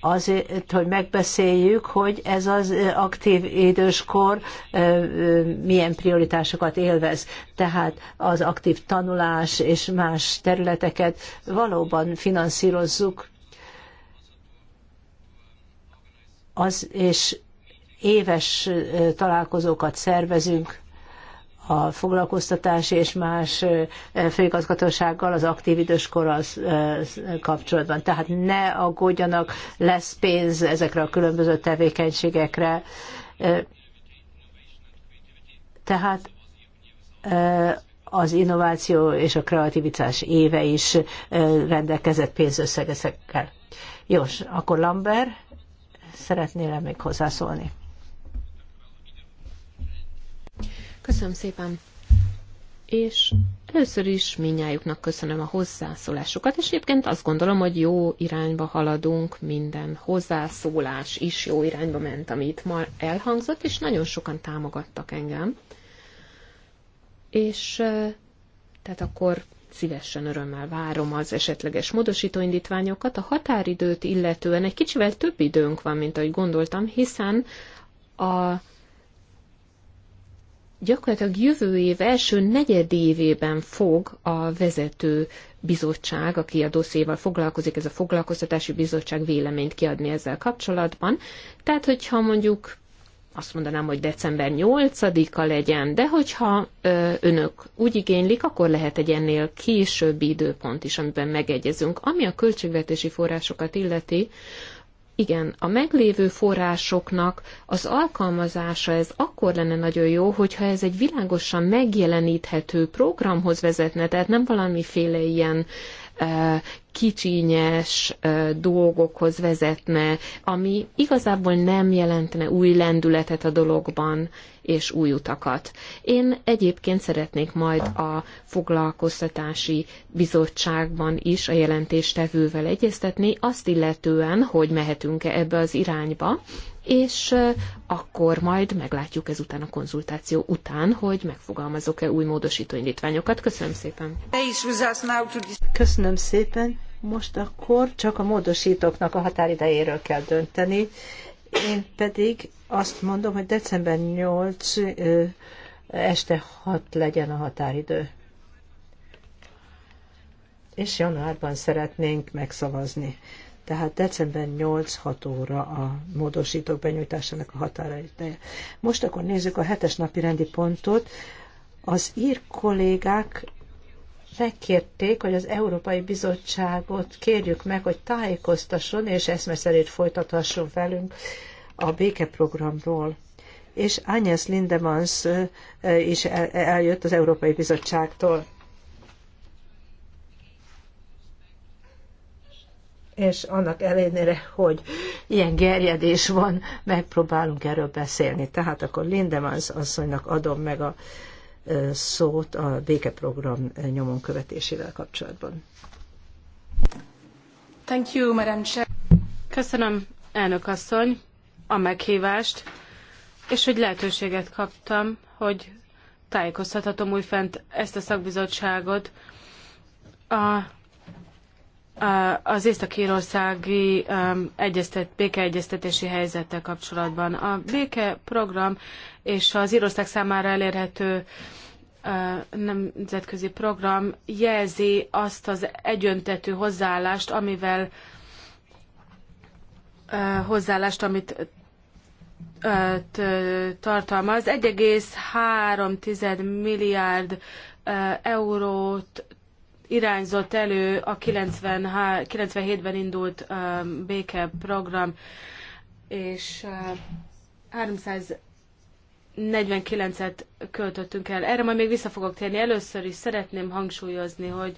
azért, hogy megbeszéljük, hogy ez az aktív időskor milyen prioritásokat élvez. Tehát az aktív tanulás és más területeket valóban finanszírozzuk. Az, és éves találkozókat szervezünk a foglalkoztatás és más főigazgatósággal az aktív időskorral kapcsolatban. Tehát ne aggódjanak, lesz pénz ezekre a különböző tevékenységekre. Tehát az innováció és a kreativitás éve is rendelkezett pénzösszegekkel. Jó, akkor Lambert, szeretnél -e még hozzászólni? Köszönöm szépen. És először is minnyájuknak köszönöm a hozzászólásokat, és egyébként azt gondolom, hogy jó irányba haladunk, minden hozzászólás is jó irányba ment, amit ma elhangzott, és nagyon sokan támogattak engem. És tehát akkor szívesen örömmel várom az esetleges módosítóindítványokat. A határidőt illetően egy kicsivel több időnk van, mint ahogy gondoltam, hiszen a gyakorlatilag jövő év első évében fog a vezető bizottság, aki a dosszéval foglalkozik, ez a foglalkoztatási bizottság véleményt kiadni ezzel kapcsolatban. Tehát, hogyha mondjuk azt mondanám, hogy december 8-a legyen, de hogyha ö, önök úgy igénylik, akkor lehet egy ennél későbbi időpont is, amiben megegyezünk. Ami a költségvetési forrásokat illeti, igen, a meglévő forrásoknak az alkalmazása ez akkor lenne nagyon jó, hogyha ez egy világosan megjeleníthető programhoz vezetne, tehát nem valamiféle ilyen eh, kicsinyes dolgokhoz vezetne, ami igazából nem jelentene új lendületet a dologban, és új utakat. Én egyébként szeretnék majd a foglalkoztatási bizottságban is a jelentéstevővel egyeztetni, azt illetően, hogy mehetünk-e ebbe az irányba, és akkor majd meglátjuk ezután a konzultáció után, hogy megfogalmazok-e új módosító indítványokat. Köszönöm szépen! Köszönöm szépen! Most akkor csak a módosítóknak a határidejéről kell dönteni. Én pedig azt mondom, hogy december 8 este 6 legyen a határidő. És januárban szeretnénk megszavazni. Tehát december 8-6 óra a módosítók benyújtásának a határideje. Most akkor nézzük a hetes napi rendi pontot. Az ír kollégák megkérték, hogy az Európai Bizottságot kérjük meg, hogy tájékoztasson és eszmeszerét folytathasson velünk a békeprogramról. És Agnes Lindemans is eljött az Európai Bizottságtól. És annak ellenére, hogy ilyen gerjedés van, megpróbálunk erről beszélni. Tehát akkor Lindemans asszonynak adom meg a szót a békeprogram nyomon követésével kapcsolatban. Thank you, Madam Chair. Köszönöm, elnök asszony, a meghívást, és hogy lehetőséget kaptam, hogy tájékoztathatom újfent ezt a szakbizottságot a az észak-írországi um, egyeztet, békeegyeztetési helyzettel kapcsolatban. A békeprogram program és az Írország számára elérhető uh, nemzetközi program jelzi azt az egyöntetű hozzáállást, amivel uh, hozzáállást, amit uh, tartalmaz. 1,3 milliárd eurót irányzott elő a 97-ben indult um, békeprogram, és 349-et uh, költöttünk el. Erre majd még vissza fogok térni. Először is szeretném hangsúlyozni, hogy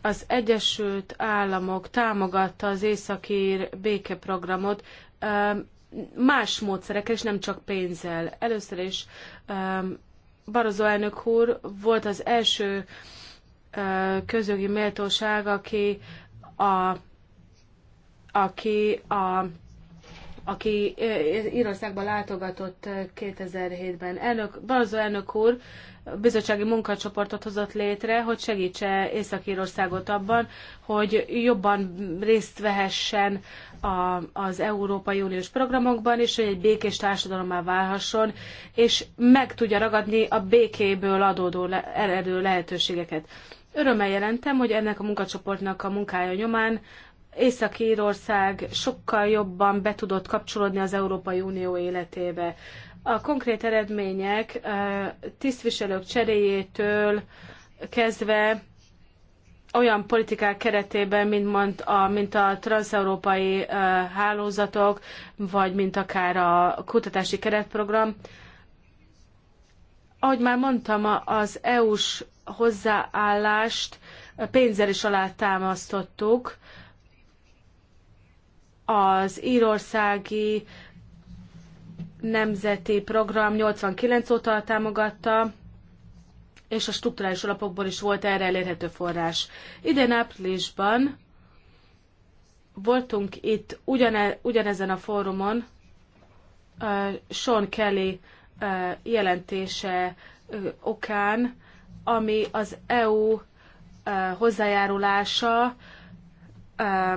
az Egyesült Államok támogatta az északír békeprogramot um, más módszerekkel, és nem csak pénzzel. Először is um, Barozó elnök úr volt az első közögi méltóság, aki a, aki a aki Írországban látogatott 2007-ben. Elnök, Barozó elnök úr bizottsági munkacsoportot hozott létre, hogy segítse Észak-Írországot abban, hogy jobban részt vehessen a, az Európai Uniós programokban, és hogy egy békés társadalommá válhasson, és meg tudja ragadni a békéből adódó le, eredő lehetőségeket. Örömmel jelentem, hogy ennek a munkacsoportnak a munkája nyomán Észak-Írország sokkal jobban be tudott kapcsolódni az Európai Unió életébe. A konkrét eredmények tisztviselők cseréjétől kezdve olyan politikák keretében, mint, mond a, mint a transzeurópai hálózatok, vagy mint akár a kutatási keretprogram, ahogy már mondtam, az EU-s hozzáállást pénzzel is alátámasztottuk. Az írországi nemzeti program 89 óta támogatta, és a strukturális alapokból is volt erre elérhető forrás. Idén áprilisban voltunk itt ugyane, ugyanezen a fórumon, uh, Sean Kelly uh, jelentése uh, okán, ami az EU eh, hozzájárulása eh,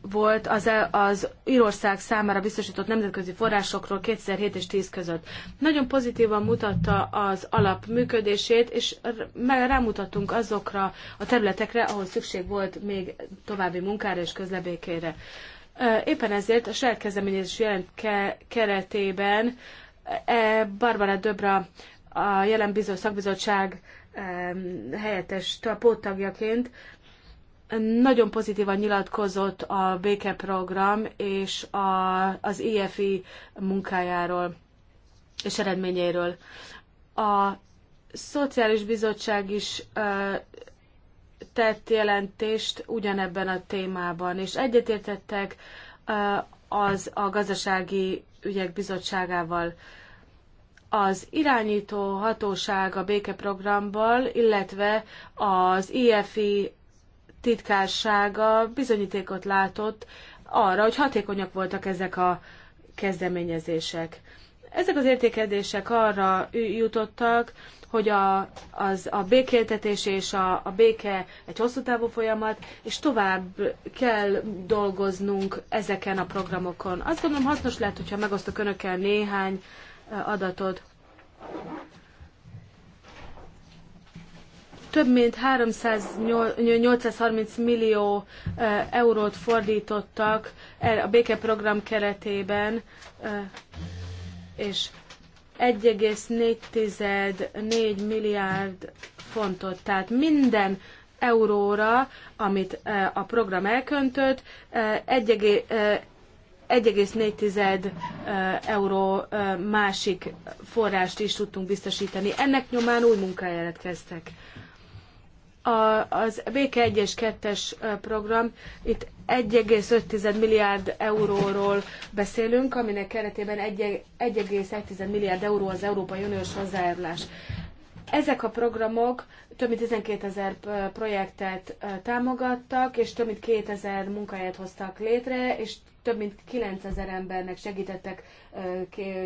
volt az, e, az Írország számára biztosított nemzetközi forrásokról 2007 és 10 között. Nagyon pozitívan mutatta az alap működését, és rámutattunk azokra a területekre, ahol szükség volt még további munkára és közlebékére. Eh, éppen ezért a saját kezdeményezés jelent keretében Barbara Döbra a jelen bizony szakbizottság helyettes póttagjaként nagyon pozitívan nyilatkozott a békeprogram és a, az IFI munkájáról és eredményeiről. A Szociális Bizottság is ö, tett jelentést ugyanebben a témában, és egyetértettek ö, az a Gazdasági Ügyek Bizottságával. Ö, az irányító hatóság a békeprogramból, illetve az IFI titkársága bizonyítékot látott arra, hogy hatékonyak voltak ezek a kezdeményezések. Ezek az értékedések arra jutottak, hogy a, az, a békéltetés és a, a béke egy hosszú távú folyamat, és tovább kell dolgoznunk ezeken a programokon. Azt gondolom hasznos lehet, hogyha megosztok önökkel néhány uh, adatot. Több mint 330 millió eurót fordítottak a békeprogram keretében, és 1,4 milliárd fontot. Tehát minden euróra, amit a program elköntött, 1,4 euró másik forrást is tudtunk biztosítani. Ennek nyomán új munkára kezdtek. A, az Béke 1 és 2-es program, itt 1,5 milliárd euróról beszélünk, aminek keretében 1,1 milliárd euró az Európai Uniós hozzájárulás. Ezek a programok több mint 12 ezer projektet támogattak, és több mint 2000 munkáját hoztak létre, és több mint 9000 embernek segítettek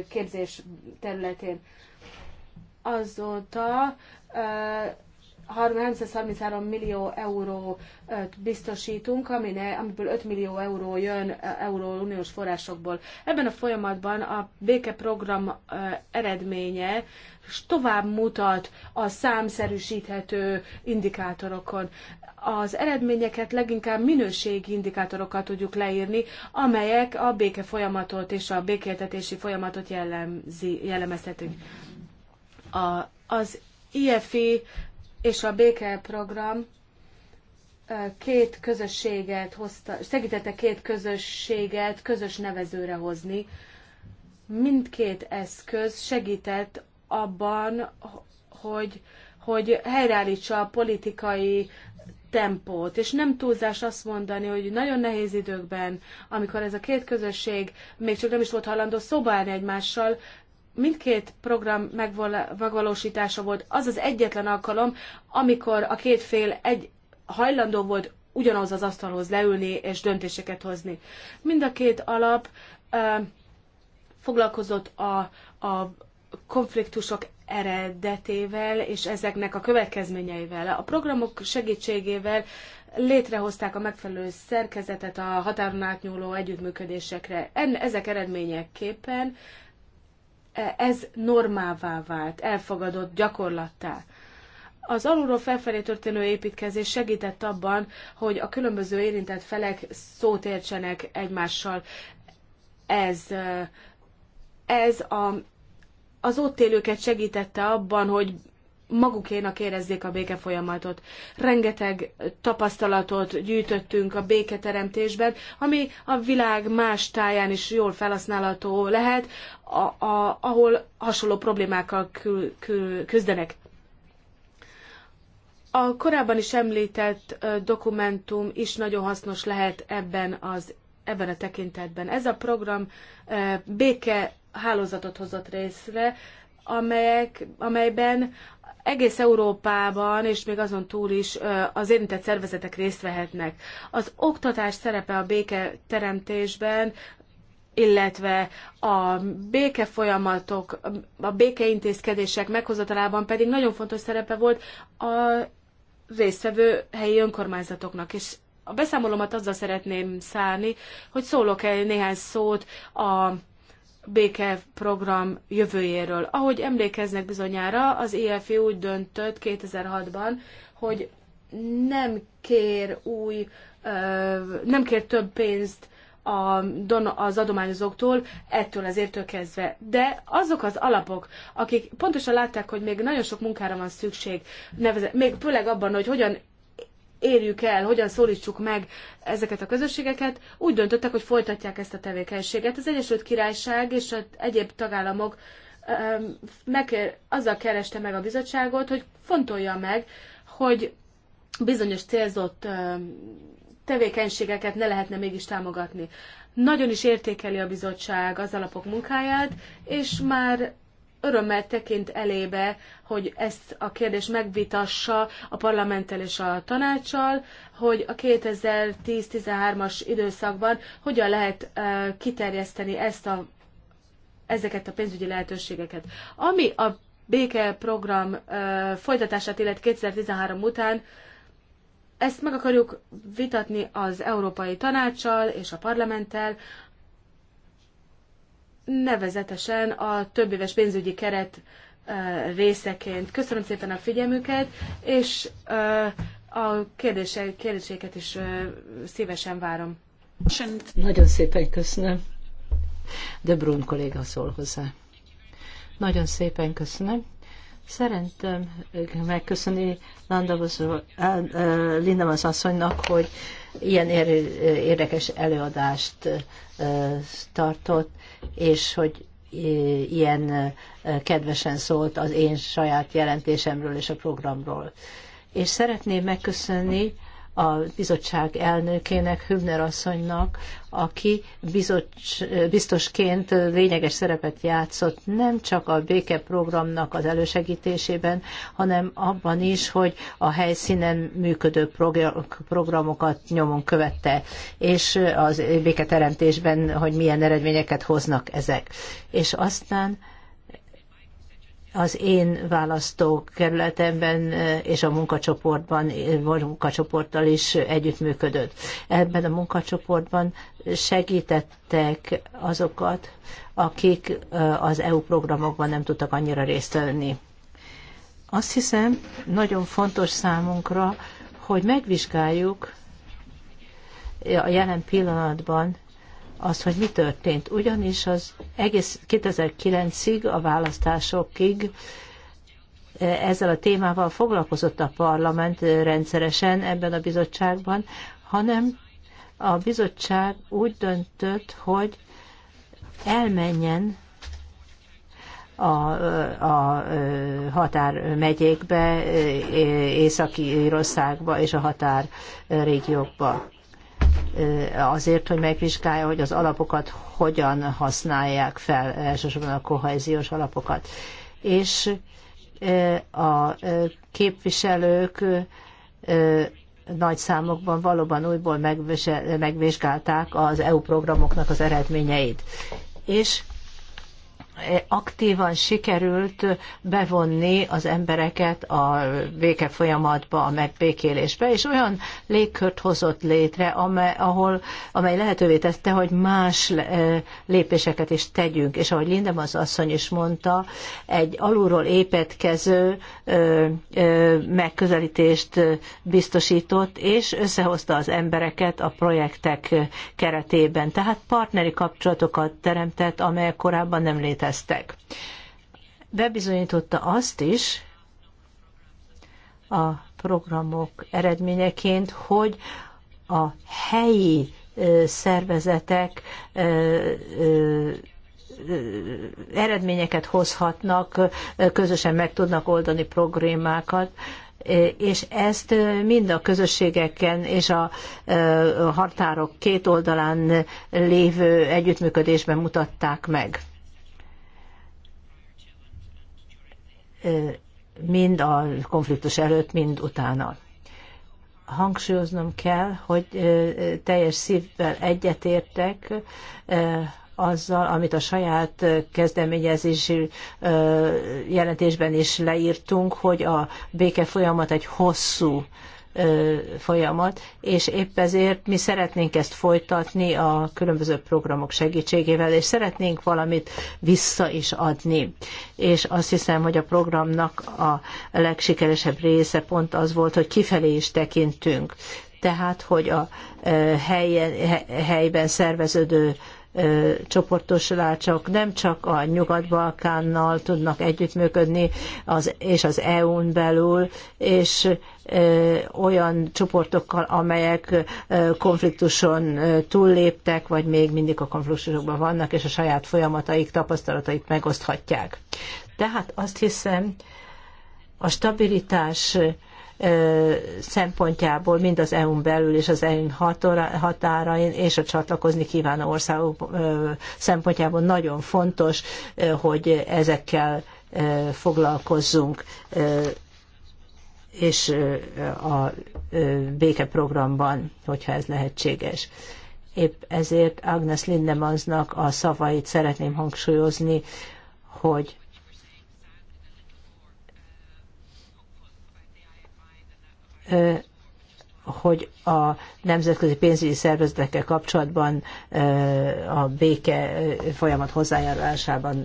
képzés területén. Azóta 333 millió euró biztosítunk, amine, amiből 5 millió euró jön euró uniós forrásokból. Ebben a folyamatban a békeprogram eredménye és tovább mutat a számszerűsíthető indikátorokon. Az eredményeket leginkább minőségi indikátorokkal tudjuk leírni, amelyek a béke folyamatot és a békéltetési folyamatot jellemzi, jellemezhetik. A, az IFI és a béke program két közösséget hozta, segítette két közösséget közös nevezőre hozni. Mindkét eszköz segített abban, hogy, hogy helyreállítsa a politikai tempót, és nem túlzás azt mondani, hogy nagyon nehéz időkben, amikor ez a két közösség még csak nem is volt hajlandó szobálni egymással, mindkét program megvalósítása volt az az egyetlen alkalom, amikor a két fél egy hajlandó volt ugyanaz az asztalhoz leülni és döntéseket hozni. Mind a két alap ö, foglalkozott a, a, konfliktusok eredetével és ezeknek a következményeivel. A programok segítségével létrehozták a megfelelő szerkezetet a határon átnyúló együttműködésekre. En, ezek eredményeképpen e, ez normává vált, elfogadott gyakorlattá. Az alulról felfelé történő építkezés segített abban, hogy a különböző érintett felek szót értsenek egymással. Ez, e, ez a az ott élőket segítette abban, hogy magukénak érezzék a békefolyamatot. Rengeteg tapasztalatot gyűjtöttünk a béketeremtésben, ami a világ más táján is jól felhasználható lehet, a, a, ahol hasonló problémákkal kül, kül, küzdenek. A korábban is említett dokumentum is nagyon hasznos lehet ebben az ebben a tekintetben. Ez a program béke hálózatot hozott részre, amelyek, amelyben egész Európában és még azon túl is az érintett szervezetek részt vehetnek. Az oktatás szerepe a béke teremtésben illetve a béke folyamatok, a békeintézkedések meghozatalában pedig nagyon fontos szerepe volt a résztvevő helyi önkormányzatoknak. És a beszámolomat azzal szeretném szállni, hogy szólok-e néhány szót a béke program jövőjéről. Ahogy emlékeznek bizonyára, az IFI úgy döntött 2006-ban, hogy nem kér új, nem kér több pénzt a, az adományozóktól, ettől az évtől kezdve. De azok az alapok, akik pontosan látták, hogy még nagyon sok munkára van szükség, Nevezet, még főleg abban, hogy hogyan érjük el, hogyan szólítsuk meg ezeket a közösségeket, úgy döntöttek, hogy folytatják ezt a tevékenységet. Az Egyesült Királyság és az egyéb tagállamok meg, azzal kereste meg a bizottságot, hogy fontolja meg, hogy bizonyos célzott tevékenységeket ne lehetne mégis támogatni. Nagyon is értékeli a bizottság az alapok munkáját, és már örömmel tekint elébe, hogy ezt a kérdést megvitassa a parlamenttel és a tanácssal, hogy a 2010-13-as időszakban hogyan lehet kiterjeszteni ezt a, ezeket a pénzügyi lehetőségeket. Ami a békeprogram folytatását illet 2013 után, ezt meg akarjuk vitatni az Európai Tanácssal és a parlamenttel, nevezetesen a éves pénzügyi keret részeként. Köszönöm szépen a figyelmüket, és a kérdéseket is szívesen várom. Nagyon szépen köszönöm. De Brun kolléga szól hozzá. Nagyon szépen köszönöm. Szerintem megköszöni Lindemans asszonynak, hogy ilyen érdekes előadást tartott és hogy ilyen kedvesen szólt az én saját jelentésemről és a programról. És szeretném megköszönni a bizottság elnökének, Hübner asszonynak, aki bizotts, biztosként lényeges szerepet játszott nem csak a békeprogramnak az elősegítésében, hanem abban is, hogy a helyszínen működő programokat nyomon követte, és az béketeremtésben, hogy milyen eredményeket hoznak ezek. És aztán az én választókerületemben eh, és a munkacsoportban, eh, munkacsoporttal is együttműködött. Ebben a munkacsoportban segítettek azokat, akik eh, az EU programokban nem tudtak annyira részt venni. Azt hiszem, nagyon fontos számunkra, hogy megvizsgáljuk a jelen pillanatban az, hogy mi történt. Ugyanis az egész 2009-ig, a választásokig e, ezzel a témával foglalkozott a parlament e, rendszeresen ebben a bizottságban, hanem a bizottság úgy döntött, hogy elmenjen a, e, a határmegyékbe, Északi írországba és a régiókba. Eh, azért, hogy megvizsgálja, hogy az alapokat hogyan használják fel, elsősorban a kohéziós alapokat. És eh, a eh, képviselők nagy számokban valóban újból megvizsgálták az EU programoknak az eredményeit. És aktívan sikerült bevonni az embereket a béke folyamatba, a megbékélésbe, és olyan légkört hozott létre, amely, ahol, amely lehetővé tette, hogy más eh, lépéseket is tegyünk. És ahogy Lindem az asszony is mondta, egy alulról építkező megközelítést biztosított, és összehozta az embereket a projektek keretében. Tehát partneri kapcsolatokat teremtett, amelyek korábban nem léteztek. Bebizonyította azt is a programok eredményeként, hogy a helyi szervezetek eredményeket hozhatnak, közösen meg tudnak oldani problémákat, és ezt mind a közösségeken és a határok két oldalán lévő együttműködésben mutatták meg. Mind a konfliktus előtt, mind utána hangsúlyoznom kell, hogy teljes szívvel egyetértek azzal, amit a saját kezdeményezési jelentésben is leírtunk, hogy a béke folyamat egy hosszú folyamat, és épp ezért mi szeretnénk ezt folytatni a különböző programok segítségével, és szeretnénk valamit vissza is adni. És azt hiszem, hogy a programnak a legsikeresebb része pont az volt, hogy kifelé is tekintünk. Tehát, hogy a helyen, helyben szerveződő csoportosulások nem csak a Nyugat-Balkánnal tudnak együttműködni, az, és az EU-n belül, és olyan csoportokkal, amelyek konfliktuson túlléptek, vagy még mindig a konfliktusokban vannak, és a saját folyamataik, tapasztalataik megoszthatják. Tehát azt hiszem, a stabilitás szempontjából mind az EU-n belül és az EU-n határain és a csatlakozni kívánó országok szempontjából nagyon fontos, hogy ezekkel foglalkozzunk és a békeprogramban, hogyha ez lehetséges. Épp ezért Agnes Lindemannsnak a szavait szeretném hangsúlyozni, hogy hogy a nemzetközi pénzügyi szervezetekkel kapcsolatban a béke folyamat hozzájárulásában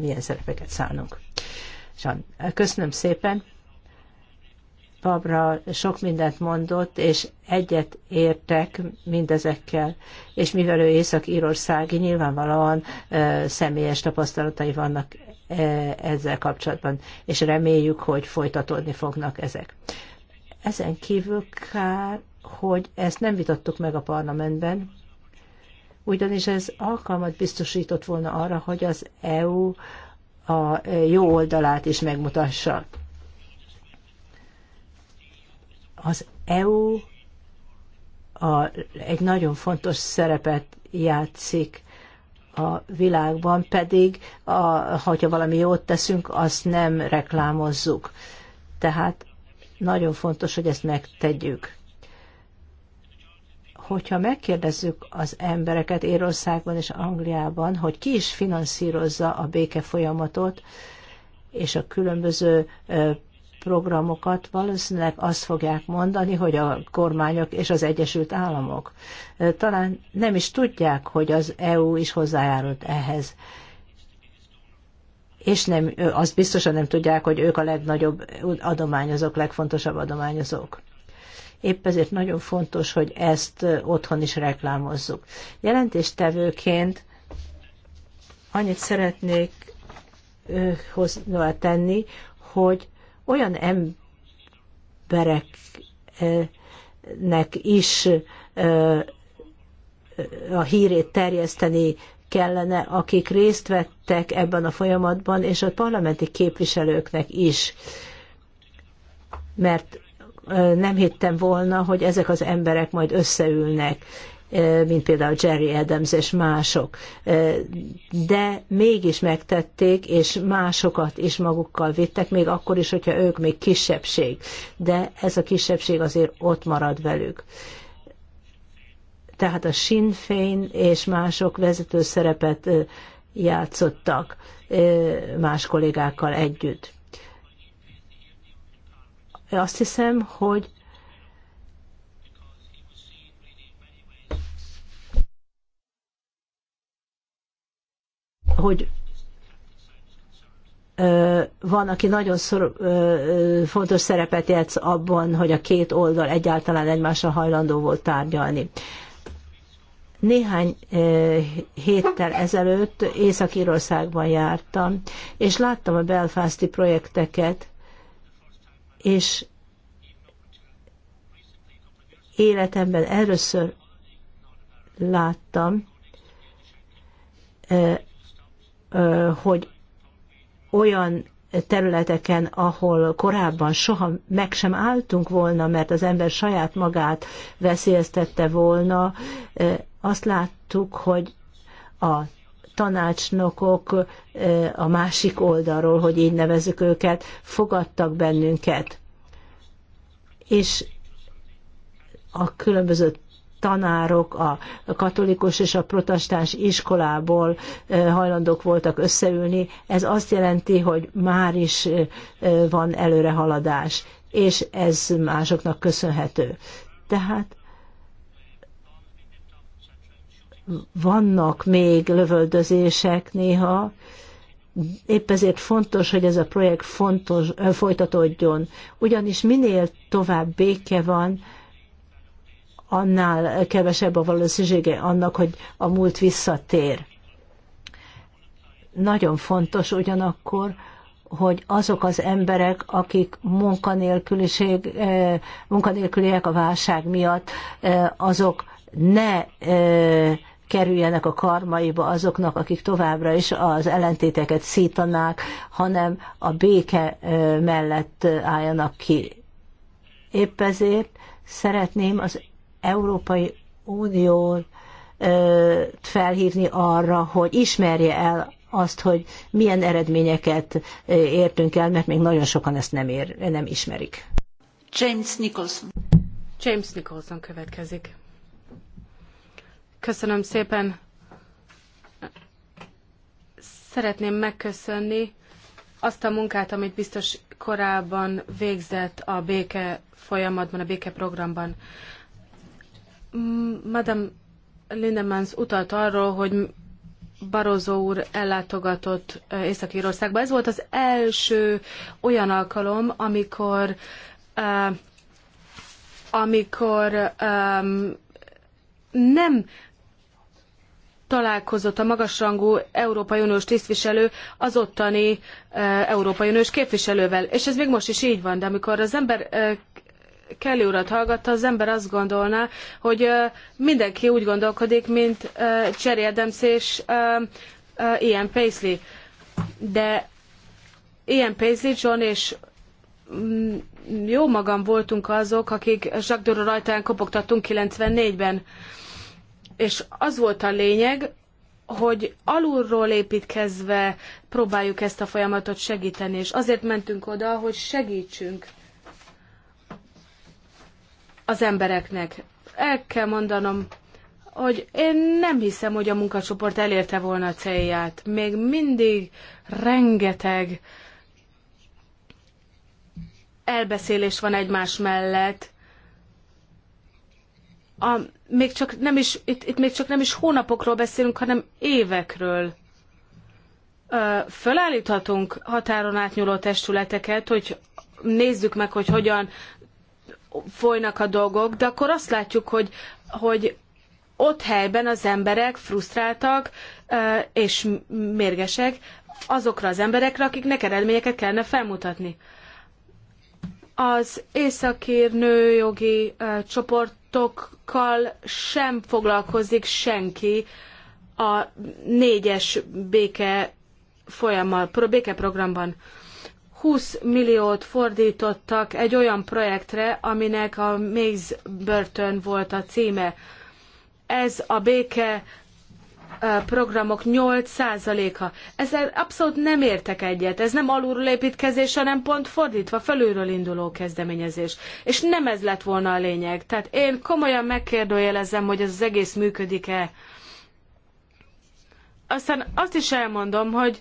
milyen szerepeket szánunk. Köszönöm szépen. Pabra sok mindent mondott, és egyet értek mindezekkel, és mivel ő Észak-Írországi, nyilvánvalóan e, személyes tapasztalatai vannak e, ezzel kapcsolatban, és reméljük, hogy folytatódni fognak ezek. Ezen kívül kár, hogy ezt nem vitattuk meg a parlamentben, ugyanis ez alkalmat biztosított volna arra, hogy az EU a jó oldalát is megmutassa. Az EU a, egy nagyon fontos szerepet játszik a világban, pedig a, hogyha valami jót teszünk, azt nem reklámozzuk. Tehát nagyon fontos, hogy ezt megtegyük. Hogyha megkérdezzük az embereket Érországban és Angliában, hogy ki is finanszírozza a béke folyamatot és a különböző programokat, valószínűleg azt fogják mondani, hogy a kormányok és az Egyesült Államok. Talán nem is tudják, hogy az EU is hozzájárult ehhez és nem, azt biztosan nem tudják, hogy ők a legnagyobb adományozók, legfontosabb adományozók. Épp ezért nagyon fontos, hogy ezt otthon is reklámozzuk. Jelentéstevőként annyit szeretnék hozzá tenni, hogy olyan embereknek is a hírét terjeszteni kellene, akik részt vettek ebben a folyamatban, és a parlamenti képviselőknek is. Mert nem hittem volna, hogy ezek az emberek majd összeülnek, mint például Jerry Adams és mások. De mégis megtették, és másokat is magukkal vittek, még akkor is, hogyha ők még kisebbség. De ez a kisebbség azért ott marad velük tehát a Sinn Féin és mások vezető szerepet játszottak más kollégákkal együtt. Azt hiszem, hogy hogy van, aki nagyon szor, fontos szerepet játsz abban, hogy a két oldal egyáltalán egymással hajlandó volt tárgyalni. Néhány eh, héttel ezelőtt Észak-Írországban jártam, és láttam a belfászti projekteket, és életemben először láttam, eh, eh, hogy olyan területeken, ahol korábban soha meg sem álltunk volna, mert az ember saját magát veszélyeztette volna, azt láttuk, hogy a tanácsnokok a másik oldalról, hogy így nevezük őket, fogadtak bennünket. És a különböző tanárok a katolikus és a protestáns iskolából hajlandók voltak összeülni. Ez azt jelenti, hogy már is van előrehaladás, és ez másoknak köszönhető. Tehát vannak még lövöldözések néha, épp ezért fontos, hogy ez a projekt fontos, folytatódjon. Ugyanis minél tovább béke van, annál kevesebb a valószínűsége annak, hogy a múlt visszatér. Nagyon fontos ugyanakkor, hogy azok az emberek, akik munkanélküliség, munkanélküliek a válság miatt, azok ne kerüljenek a karmaiba azoknak, akik továbbra is az ellentéteket szítanák, hanem a béke mellett álljanak ki. Épp ezért szeretném az Európai Uniót felhívni arra, hogy ismerje el azt, hogy milyen eredményeket értünk el, mert még nagyon sokan ezt nem, ér, nem ismerik. James Nicholson. James Nicholson következik. Köszönöm szépen. Szeretném megköszönni azt a munkát, amit biztos korábban végzett a béke folyamatban, a béke programban. Madame Lindemans utalt arról, hogy Barozó úr ellátogatott Észak-Írországba. Ez volt az első olyan alkalom, amikor uh, amikor um, nem találkozott a magasrangú Európai Uniós tisztviselő az ottani e, Európai Uniós képviselővel. És ez még most is így van, de amikor az ember e, Kelly urat hallgatta, az ember azt gondolná, hogy e, mindenki úgy gondolkodik, mint Cherry Adams és Ian Paisley. De Ian Paisley, John és mm, jó magam voltunk azok, akik Jacques Doro rajtán kopogtattunk 94-ben és az volt a lényeg, hogy alulról építkezve próbáljuk ezt a folyamatot segíteni, és azért mentünk oda, hogy segítsünk az embereknek. El kell mondanom, hogy én nem hiszem, hogy a munkacsoport elérte volna a célját. Még mindig rengeteg elbeszélés van egymás mellett. A, még csak nem is, itt, itt még csak nem is hónapokról beszélünk, hanem évekről. Fölállíthatunk határon átnyúló testületeket, hogy nézzük meg, hogy hogyan folynak a dolgok, de akkor azt látjuk, hogy, hogy ott helyben az emberek frusztráltak és mérgesek azokra az emberekre, akiknek eredményeket kellene felmutatni. Az északír nőjogi csoport adatokkal sem foglalkozik senki a négyes béke folyammal, békeprogramban. 20 milliót fordítottak egy olyan projektre, aminek a Maze Burton volt a címe. Ez a béke programok 8%-a. Ezzel abszolút nem értek egyet. Ez nem alulról építkezés, hanem pont fordítva, felülről induló kezdeményezés. És nem ez lett volna a lényeg. Tehát én komolyan megkérdőjelezem, hogy ez az egész működik-e. Aztán azt is elmondom, hogy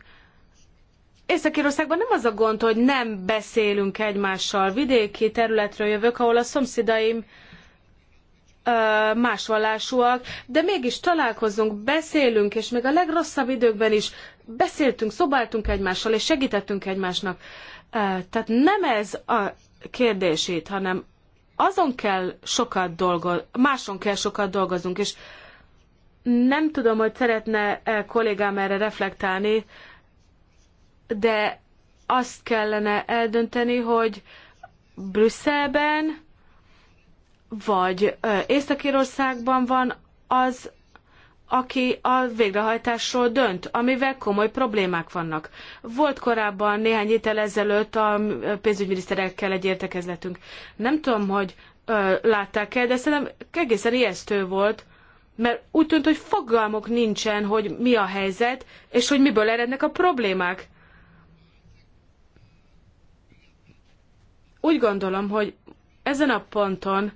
Észak-Írországban nem az a gond, hogy nem beszélünk egymással. Vidéki területről jövök, ahol a szomszédaim más vallásúak, de mégis találkozunk, beszélünk, és még a legrosszabb időkben is beszéltünk, szobáltunk egymással, és segítettünk egymásnak. Tehát nem ez a kérdés itt, hanem azon kell sokat dolgozni, máson kell sokat dolgozunk, és nem tudom, hogy szeretne -e kollégám erre reflektálni, de azt kellene eldönteni, hogy Brüsszelben vagy Észak-Írországban van az, aki a végrehajtásról dönt, amivel komoly problémák vannak. Volt korábban néhány héttel ezelőtt a pénzügyminiszterekkel egy értekezletünk. Nem tudom, hogy látták-e, de szerintem egészen ijesztő volt, mert úgy tűnt, hogy fogalmok nincsen, hogy mi a helyzet, és hogy miből erednek a problémák. Úgy gondolom, hogy ezen a ponton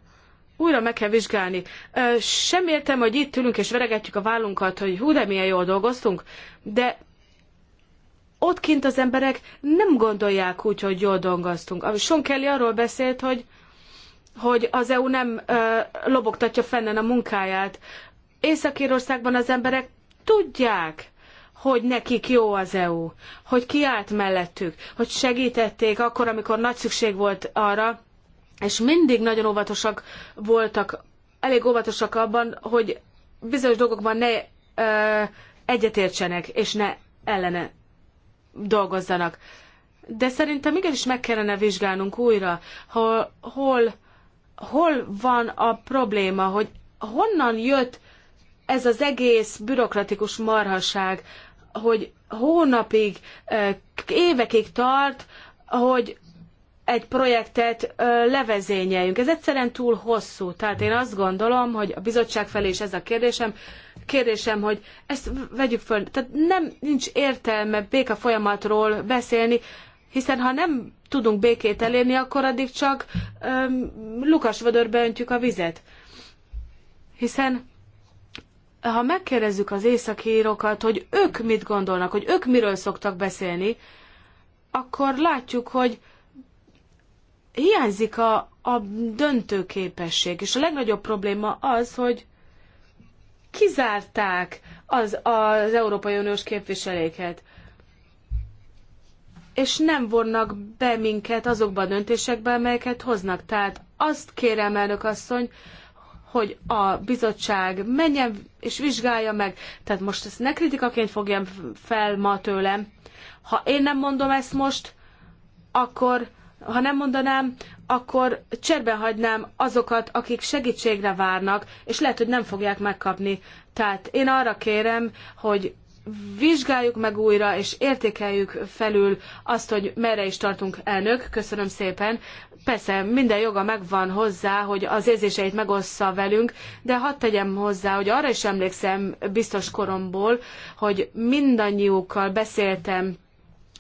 újra meg kell vizsgálni. Sem értem, hogy itt ülünk és veregetjük a vállunkat, hogy hú, de milyen jól dolgoztunk, de ott kint az emberek nem gondolják úgy, hogy jól dolgoztunk. Sean Kelly arról beszélt, hogy, hogy az EU nem ö, lobogtatja fennen a munkáját. Észak-Írországban az emberek tudják, hogy nekik jó az EU, hogy kiállt mellettük, hogy segítették akkor, amikor nagy szükség volt arra, és mindig nagyon óvatosak voltak, elég óvatosak abban, hogy bizonyos dolgokban ne ö, egyetértsenek, és ne ellene dolgozzanak. De szerintem igenis meg kellene vizsgálnunk újra, hol, hol, hol van a probléma, hogy honnan jött ez az egész bürokratikus marhaság, hogy hónapig, évekig tart, hogy egy projektet ö, levezényeljünk. Ez egyszerűen túl hosszú. Tehát én azt gondolom, hogy a bizottság felé is ez a kérdésem, kérdésem, hogy ezt vegyük föl. Tehát nem nincs értelme béka folyamatról beszélni, hiszen ha nem tudunk békét elérni, akkor addig csak öm, lukas vödörbe öntjük a vizet. Hiszen ha megkérdezzük az északírokat, hogy ők mit gondolnak, hogy ők miről szoktak beszélni, akkor látjuk, hogy hiányzik a, a döntőképesség, és a legnagyobb probléma az, hogy kizárták az, az Európai Uniós képviseléket, és nem vonnak be minket azokba a döntésekbe, amelyeket hoznak. Tehát azt kérem, elnök asszony, hogy a bizottság menjen és vizsgálja meg. Tehát most ezt ne kritikaként fogjam fel ma tőlem. Ha én nem mondom ezt most, akkor ha nem mondanám, akkor cserben hagynám azokat, akik segítségre várnak, és lehet, hogy nem fogják megkapni. Tehát én arra kérem, hogy vizsgáljuk meg újra, és értékeljük felül azt, hogy merre is tartunk elnök. Köszönöm szépen. Persze, minden joga megvan hozzá, hogy az érzéseit megossza velünk, de hadd tegyem hozzá, hogy arra is emlékszem biztos koromból, hogy mindannyiukkal beszéltem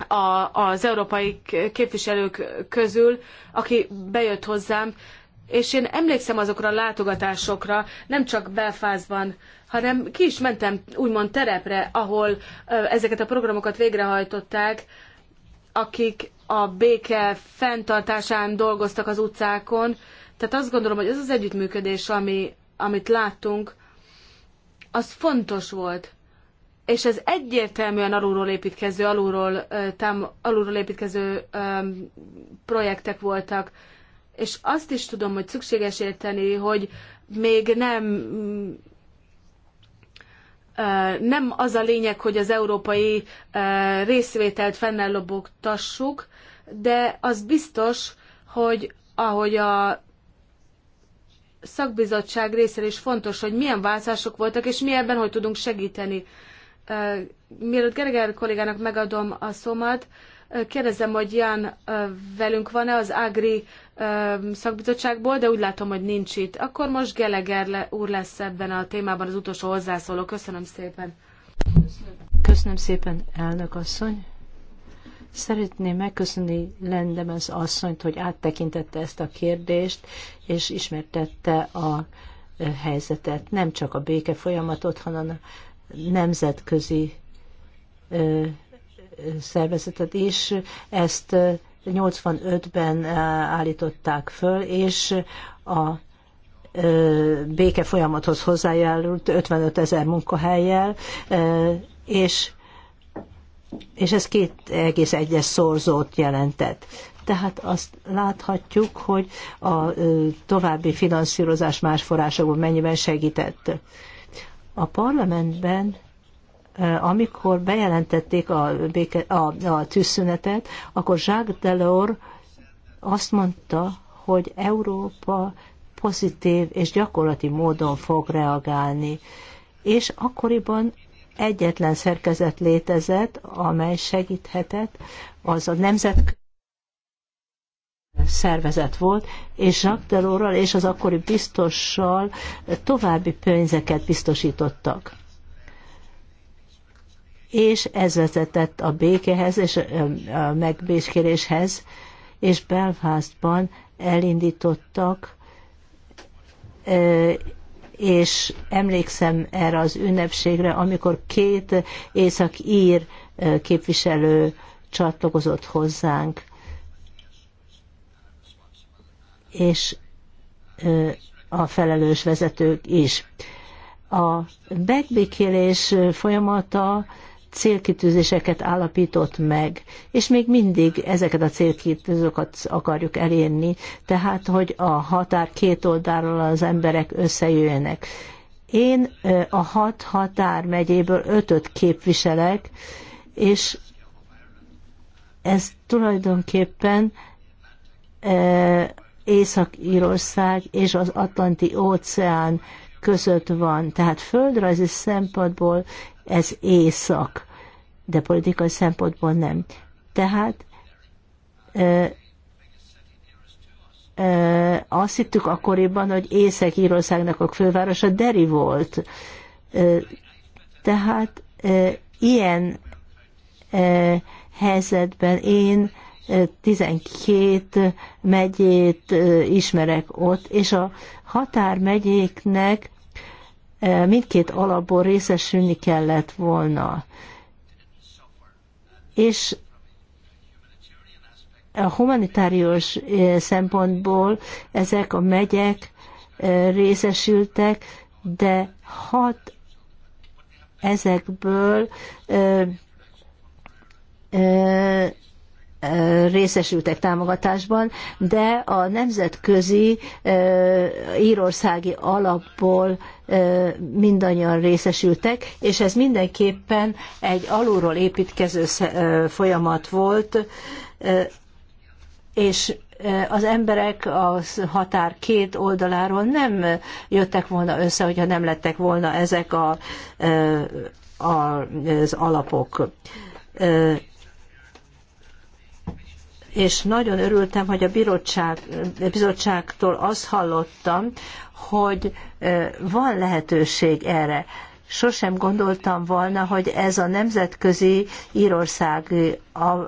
a, az európai képviselők közül, aki bejött hozzám, és én emlékszem azokra a látogatásokra, nem csak Belfastban, hanem ki is mentem úgymond terepre, ahol ezeket a programokat végrehajtották, akik a béke fenntartásán dolgoztak az utcákon. Tehát azt gondolom, hogy ez az együttműködés, ami, amit láttunk, az fontos volt és ez egyértelműen alulról építkező, alulról, tám, alulról építkező um, projektek voltak. És azt is tudom, hogy szükséges érteni, hogy még nem nem az a lényeg, hogy az európai részvételt fennellobogtassuk, de az biztos, hogy ahogy a szakbizottság részéről is fontos, hogy milyen változások voltak, és mi ebben hogy tudunk segíteni. Mielőtt Gerger kollégának megadom a szomat, kérdezem, hogy Jan velünk van-e az Ágri szakbizottságból, de úgy látom, hogy nincs itt. Akkor most Geleger úr lesz ebben a témában az utolsó hozzászóló. Köszönöm szépen. Köszönöm, Köszönöm szépen, elnök asszony. Szeretném megköszönni Lendemez asszonyt, hogy áttekintette ezt a kérdést, és ismertette a helyzetet, nem csak a béke folyamatot, hanem a nemzetközi szervezetet is. Ezt 85-ben állították föl, és a béke folyamathoz hozzájárult 55 ezer munkahelyjel, és, és ez két egész egyes szorzót jelentett. Tehát azt láthatjuk, hogy a további finanszírozás más forrásokból mennyiben segített. A parlamentben amikor bejelentették a, béke, a, a tűzszünetet, akkor Jacques Delors azt mondta, hogy Európa pozitív és gyakorlati módon fog reagálni. És akkoriban egyetlen szerkezet létezett, amely segíthetett, az a nemzet szervezet volt, és Jacques Delorral és az akkori biztossal további pénzeket biztosítottak. És ez vezetett a békehez és a megbéskéréshez, és Belfastban elindítottak, és emlékszem erre az ünnepségre, amikor két észak-ír képviselő csatlakozott hozzánk és a felelős vezetők is. A megbékélés folyamata célkitűzéseket állapított meg, és még mindig ezeket a célkitűzőket akarjuk elérni, tehát hogy a határ két oldalról az emberek összejöjjenek. Én a hat határ megyéből ötöt képviselek, és ez tulajdonképpen Észak-Írország és az Atlanti óceán között van. Tehát földrajzi szempontból ez észak, de politikai szempontból nem. Tehát e, e, azt hittük akkoriban, hogy Észak-Írországnak a fővárosa Deri volt. E, tehát e, ilyen e, helyzetben én 12 megyét ismerek ott, és a határmegyéknek mindkét alapból részesülni kellett volna. És a humanitárius szempontból ezek a megyek részesültek, de hat ezekből részesültek támogatásban, de a nemzetközi írországi alapból mindannyian részesültek, és ez mindenképpen egy alulról építkező folyamat volt, és az emberek a határ két oldaláról nem jöttek volna össze, hogyha nem lettek volna ezek a, a, az alapok és nagyon örültem, hogy a bizottság, bizottságtól azt hallottam, hogy eh, van lehetőség erre. Sosem gondoltam volna, hogy ez a nemzetközi Írország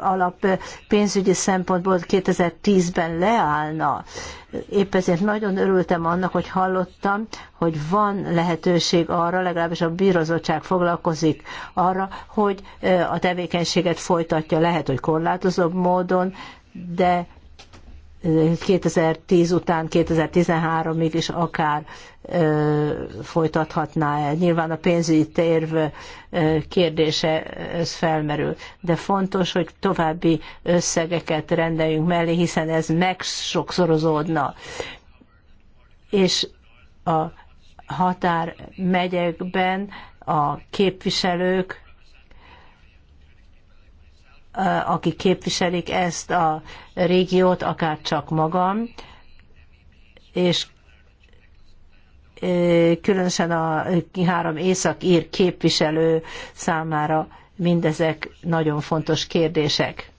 alap pénzügyi szempontból 2010-ben leállna. Épp ezért nagyon örültem annak, hogy hallottam, hogy van lehetőség arra, legalábbis a bírozottság foglalkozik arra, hogy a tevékenységet folytatja, lehet, hogy korlátozóbb módon, de 2010 után 2013-ig is akár folytathatná el. Nyilván a pénzügyi terv kérdése ez felmerül, de fontos, hogy további összegeket rendeljünk mellé, hiszen ez megsokszorozódna. És a határ megyekben a képviselők Eh, akik képviselik ezt a régiót, akár csak magam, és eh, különösen a három észak-ír képviselő számára mindezek nagyon fontos kérdések.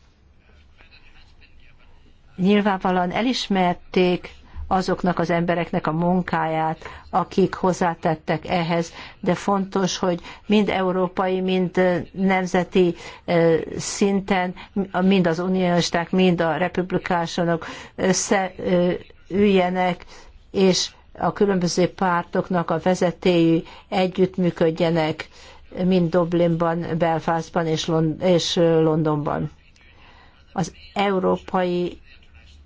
Nyilvánvalóan elismerték azoknak az embereknek a munkáját, akik hozzátettek ehhez, de fontos, hogy mind európai, mind nemzeti szinten, mind az unionisták, mind a republikások összeüljenek, és a különböző pártoknak a vezetői együttműködjenek, mind Dublinban, Belfastban és Londonban. Az európai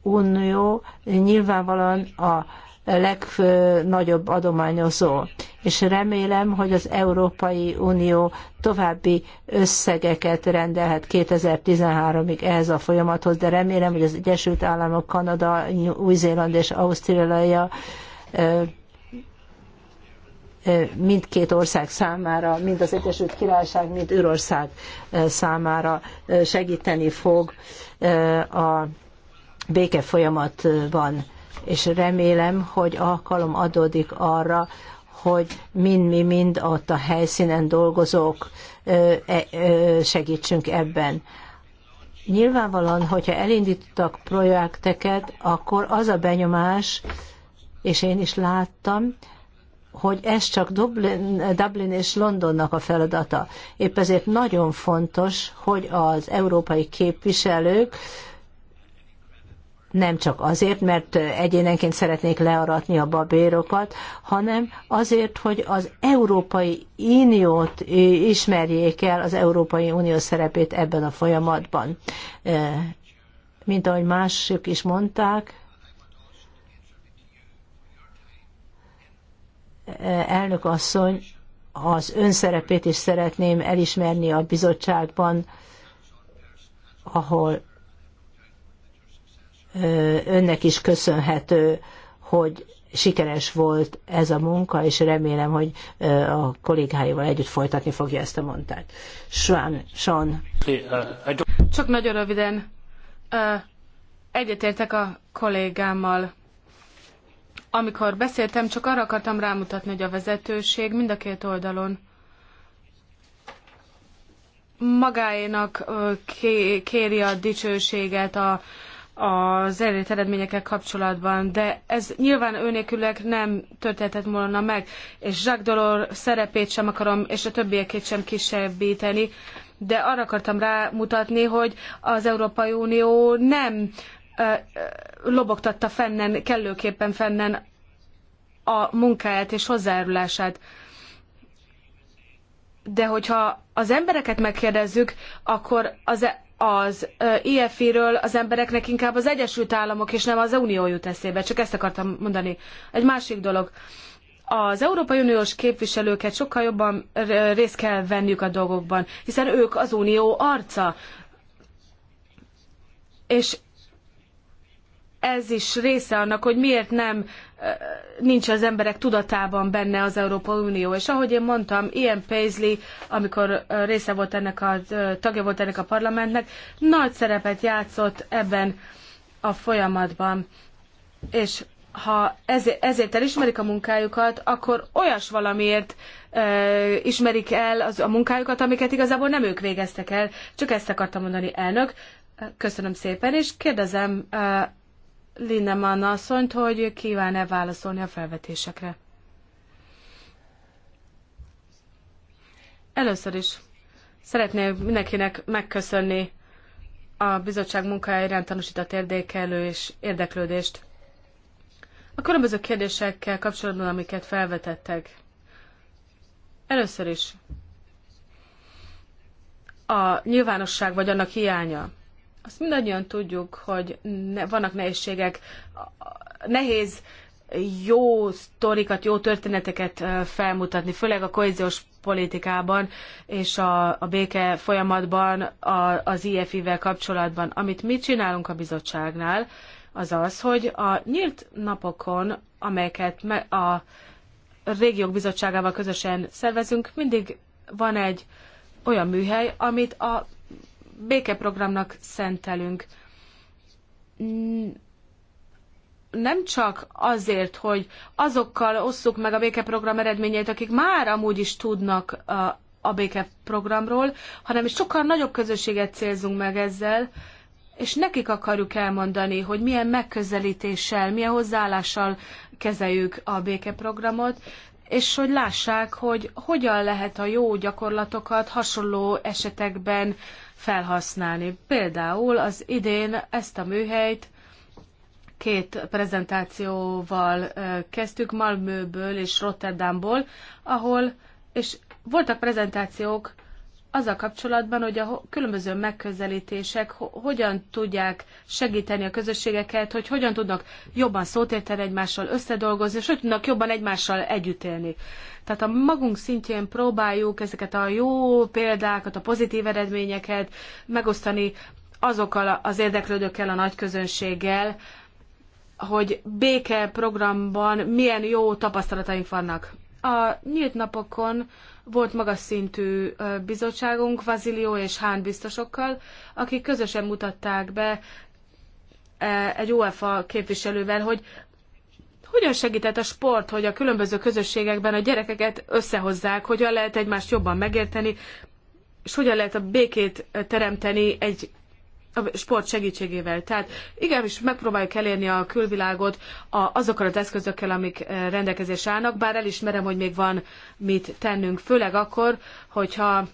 Unió nyilvánvalóan a legnagyobb adományozó. És remélem, hogy az Európai Unió további összegeket rendelhet 2013-ig ehhez a folyamathoz, de remélem, hogy az Egyesült Államok, Kanada, Új-Zéland és Ausztrália mindkét ország számára, mind az Egyesült Királyság, mind Őrország számára segíteni fog a béke van és remélem, hogy alkalom adódik arra, hogy mind-mi-mind ott a helyszínen dolgozók e, segítsünk ebben. Nyilvánvalóan, hogyha elindítottak projekteket, akkor az a benyomás, és én is láttam, hogy ez csak Dublin, Dublin és Londonnak a feladata. Épp ezért nagyon fontos, hogy az európai képviselők nem csak azért, mert egyénenként szeretnék learatni a babérokat, hanem azért, hogy az Európai Uniót ismerjék el, az Európai Unió szerepét ebben a folyamatban. Mint ahogy mások is mondták, elnök asszony, az ön szerepét is szeretném elismerni a bizottságban, ahol önnek is köszönhető, hogy sikeres volt ez a munka, és remélem, hogy a kollégáival együtt folytatni fogja ezt a montát. Sean, Sean. Csak nagyon röviden. Egyetértek a kollégámmal. Amikor beszéltem, csak arra akartam rámutatni, hogy a vezetőség mind a két oldalon magáénak kéri a dicsőséget, a, az elért eredményekkel kapcsolatban, de ez nyilván őnélkülek nem történhetett volna meg, és Jacques Delors szerepét sem akarom, és a többiekét sem kisebbíteni, de arra akartam rámutatni, hogy az Európai Unió nem ö, ö, lobogtatta fennen, kellőképpen fennen a munkáját és hozzájárulását. De hogyha az embereket megkérdezzük, akkor az e- az efi ről az embereknek inkább az Egyesült Államok és nem az Unió jut eszébe. Csak ezt akartam mondani. Egy másik dolog. Az Európai Uniós képviselőket sokkal jobban részt kell venniük a dolgokban, hiszen ők az Unió arca. És ez is része annak, hogy miért nem nincs az emberek tudatában benne az Európa Unió. És ahogy én mondtam, Ian Paisley, amikor része volt ennek a, tagja volt ennek a parlamentnek, nagy szerepet játszott ebben a folyamatban. És ha ezért, elismerik a munkájukat, akkor olyas valamiért ismerik el az, a munkájukat, amiket igazából nem ők végeztek el. Csak ezt akartam mondani, elnök. Köszönöm szépen, és kérdezem Lindemann asszonyt, hogy kíván-e válaszolni a felvetésekre. Először is szeretném mindenkinek megköszönni a bizottság munkája tanúsított érdekelő és érdeklődést. A különböző kérdésekkel kapcsolatban, amiket felvetettek. Először is a nyilvánosság vagy annak hiánya. Azt mindannyian tudjuk, hogy ne, vannak nehézségek, nehéz jó sztorikat, jó történeteket felmutatni, főleg a kohéziós politikában és a, a béke folyamatban, a, az IFI-vel kapcsolatban. Amit mi csinálunk a bizottságnál, az az, hogy a nyílt napokon, amelyeket me, a régiók bizottságával közösen szervezünk, mindig van egy olyan műhely, amit a békeprogramnak szentelünk. Nem csak azért, hogy azokkal osszuk meg a békeprogram eredményeit, akik már amúgy is tudnak a, a békeprogramról, hanem is sokkal nagyobb közösséget célzunk meg ezzel, és nekik akarjuk elmondani, hogy milyen megközelítéssel, milyen hozzáállással kezeljük a békeprogramot, és hogy lássák, hogy hogyan lehet a jó gyakorlatokat hasonló esetekben felhasználni. Például az idén ezt a műhelyt két prezentációval kezdtük Malmöből és Rotterdamból, ahol, és voltak prezentációk azzal kapcsolatban, hogy a különböző megközelítések hogyan tudják segíteni a közösségeket, hogy hogyan tudnak jobban szót érteni egymással, összedolgozni, és hogy tudnak jobban egymással együtt élni. Tehát a magunk szintjén próbáljuk ezeket a jó példákat, a pozitív eredményeket megosztani azokkal az érdeklődőkkel, a nagy közönséggel, hogy béke programban milyen jó tapasztalataink vannak. A nyílt napokon volt magas szintű bizottságunk Vazilió és Hán biztosokkal, akik közösen mutatták be egy UEFA képviselővel, hogy hogyan segített a sport, hogy a különböző közösségekben a gyerekeket összehozzák, hogyan lehet egymást jobban megérteni, és hogyan lehet a békét teremteni egy a sport segítségével. Tehát igenis megpróbáljuk elérni a külvilágot a, azokkal az eszközökkel, amik eh, rendelkezés állnak, bár elismerem, hogy még van mit tennünk, főleg akkor, hogyha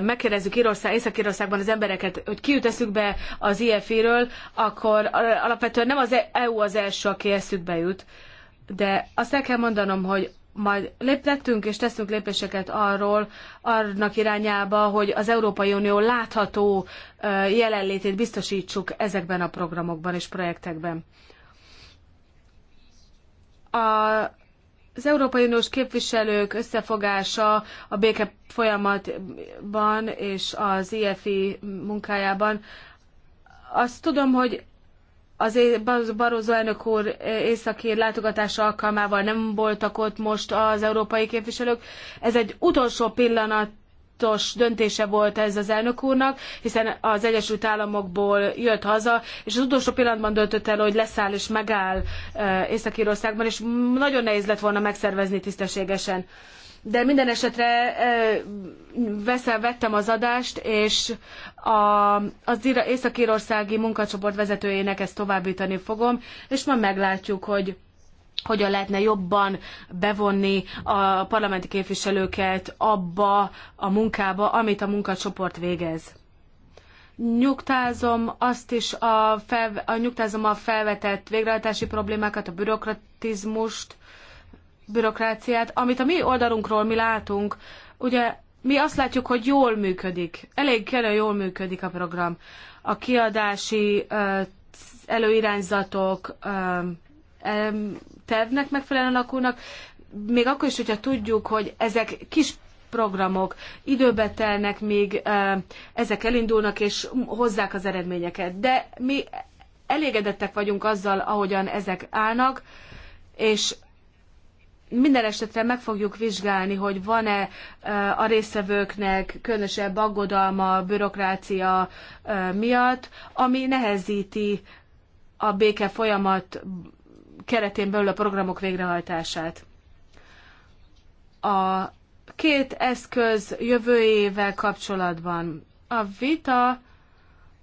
megkérdezzük Írország, Észak-Írországban az embereket, hogy kiüt eszükbe az IFI-ről, akkor alapvetően nem az EU e az első, aki eszükbe jut. De azt el kell mondanom, hogy majd léptettünk és teszünk lépéseket arról, annak irányába, hogy az Európai Unió látható jelenlétét biztosítsuk ezekben a programokban és projektekben. A az Európai Uniós képviselők összefogása a béke folyamatban és az IFI munkájában. Azt tudom, hogy az barózó elnök úr északi látogatása alkalmával nem voltak ott most az európai képviselők. Ez egy utolsó pillanat fontos döntése volt ez az elnök úrnak, hiszen az Egyesült Államokból jött haza, és az utolsó pillanatban döntött el, hogy leszáll és megáll eh, Észak-Írországban, és nagyon nehéz lett volna megszervezni tisztességesen. De minden esetre eh, veszel, vettem az adást, és a, az észak-írországi munkacsoport vezetőjének ezt továbbítani fogom, és majd meglátjuk, hogy hogyan lehetne jobban bevonni a parlamenti képviselőket abba a munkába, amit a munkacsoport végez. Nyugtázom azt is, a, fel, a nyugtázom a felvetett végrehajtási problémákat, a bürokratizmust, bürokráciát, amit a mi oldalunkról mi látunk, ugye mi azt látjuk, hogy jól működik, elég kellően jól működik a program. A kiadási előirányzatok tervnek megfelelően alakulnak, még akkor is, hogyha tudjuk, hogy ezek kis programok időbe telnek, még ezek elindulnak és hozzák az eredményeket. De mi elégedettek vagyunk azzal, ahogyan ezek állnak, és minden esetre meg fogjuk vizsgálni, hogy van-e a résztvevőknek különösebb aggodalma bürokrácia miatt, ami nehezíti a béke folyamat keretén belül a programok végrehajtását. A két eszköz jövőjével kapcsolatban a vita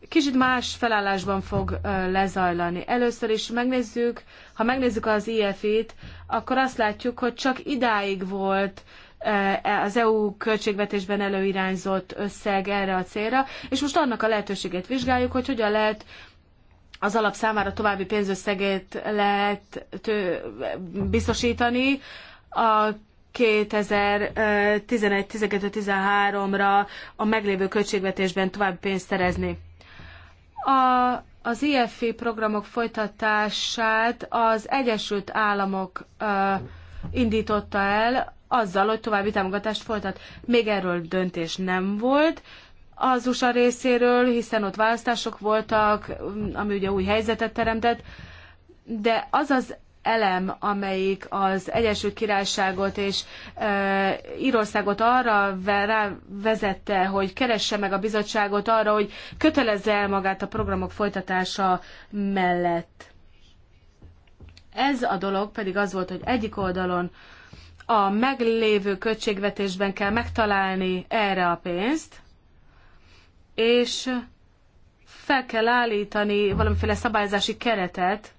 kicsit más felállásban fog lezajlani. Először is megnézzük, ha megnézzük az IF-it, akkor azt látjuk, hogy csak idáig volt e, az EU költségvetésben előirányzott összeg erre a célra, és most annak a lehetőségét vizsgáljuk, hogy hogyan lehet az alap számára további pénzösszeget lehet biztosítani. A 2011-12-13-ra a meglévő költségvetésben további pénzt szerezni. A, az IFI programok folytatását az Egyesült Államok ö, indította el azzal, hogy további támogatást folytat. Még erről döntés nem volt, az USA részéről, hiszen ott választások voltak, ami ugye új helyzetet teremtett, de az az elem, amelyik az Egyesült Királyságot és e, Írországot arra rá vezette, hogy keresse meg a bizottságot arra, hogy kötelezze el magát a programok folytatása mellett. Ez a dolog pedig az volt, hogy egyik oldalon a meglévő költségvetésben kell megtalálni erre a pénzt, és fel kell állítani valamiféle szabályozási keretet,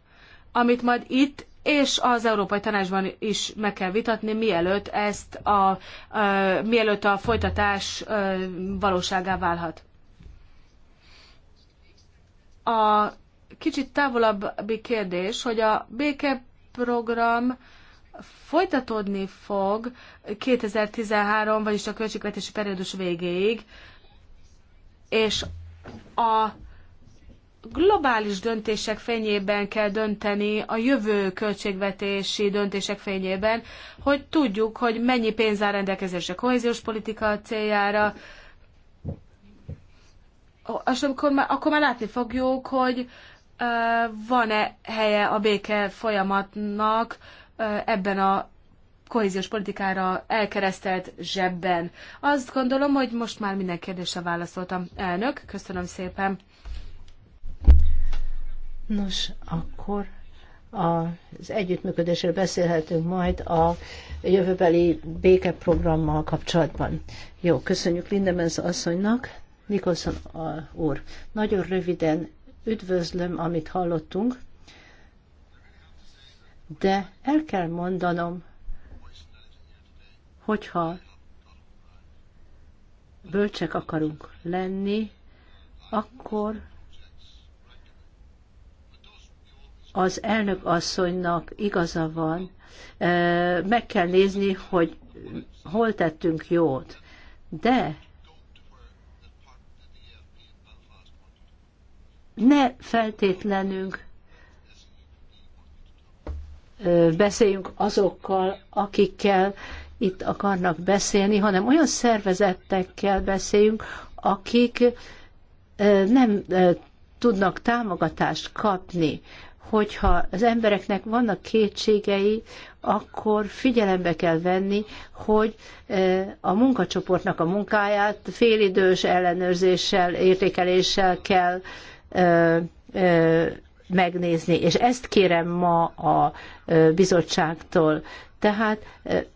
amit majd itt és az Európai Tanácsban is meg kell vitatni, mielőtt ezt a, a mielőtt a folytatás valóságá válhat. A kicsit távolabbi kérdés, hogy a békeprogram folytatódni fog 2013, vagyis a költségvetési periódus végéig és a globális döntések fényében kell dönteni, a jövő költségvetési döntések fényében, hogy tudjuk, hogy mennyi pénz áll rendelkezésre kohéziós politika céljára, és akkor már, akkor már látni fogjuk, hogy van-e helye a béke folyamatnak ebben a kohéziós politikára elkeresztelt zsebben. Azt gondolom, hogy most már minden kérdésre válaszoltam. Elnök, köszönöm szépen. Nos, akkor az együttműködésről beszélhetünk majd a jövőbeli békeprogrammal kapcsolatban. Jó, köszönjük Lindemens asszonynak. Nikolson úr, nagyon röviden üdvözlöm, amit hallottunk, de el kell mondanom, hogyha bölcsek akarunk lenni, akkor az elnök asszonynak igaza van, meg kell nézni, hogy hol tettünk jót. De ne feltétlenünk beszéljünk azokkal, akikkel itt akarnak beszélni, hanem olyan szervezettekkel beszéljünk, akik nem tudnak támogatást kapni. Hogyha az embereknek vannak kétségei, akkor figyelembe kell venni, hogy a munkacsoportnak a munkáját félidős ellenőrzéssel, értékeléssel kell megnézni, és ezt kérem ma a bizottságtól. Tehát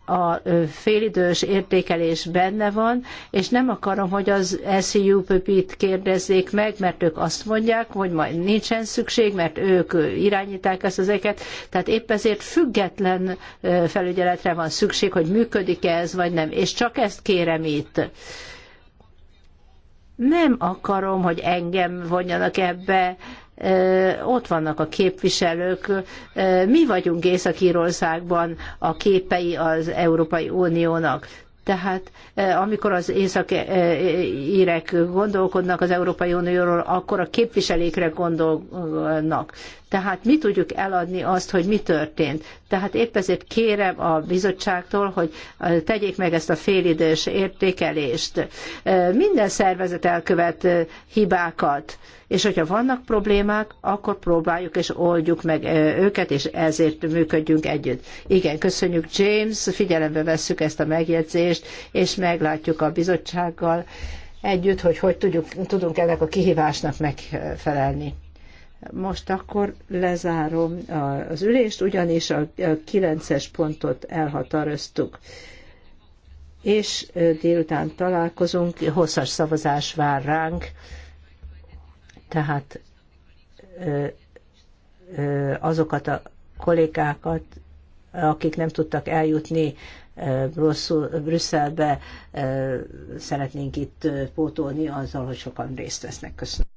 a félidős értékelés benne van, és nem akarom, hogy az SCUPP-t kérdezzék meg, mert ők azt mondják, hogy majd nincsen szükség, mert ők irányítják ezt ezeket. Tehát épp ezért független felügyeletre van szükség, hogy működik-e ez, vagy nem. És csak ezt kérem itt nem akarom, hogy engem vonjanak ebbe, ott vannak a képviselők. Mi vagyunk Észak-Írországban a képei az Európai Uniónak. Tehát amikor az északírek gondolkodnak az Európai Unióról, akkor a képviselékre gondolnak. Tehát mi tudjuk eladni azt, hogy mi történt. Tehát épp ezért kérem a bizottságtól, hogy tegyék meg ezt a félidős értékelést. Minden szervezet elkövet hibákat, és hogyha vannak problémák, akkor próbáljuk és oldjuk meg őket, és ezért működjünk együtt. Igen, köszönjük James, figyelembe vesszük ezt a megjegyzést, és meglátjuk a bizottsággal együtt, hogy hogy tudjuk, tudunk ennek a kihívásnak megfelelni. Most akkor lezárom az ülést, ugyanis a 9-es pontot elhatároztuk. És délután találkozunk, hosszas szavazás vár ránk, tehát azokat a kollégákat, akik nem tudtak eljutni Brüsszelbe, szeretnénk itt pótolni azzal, hogy sokan részt vesznek. Köszönöm.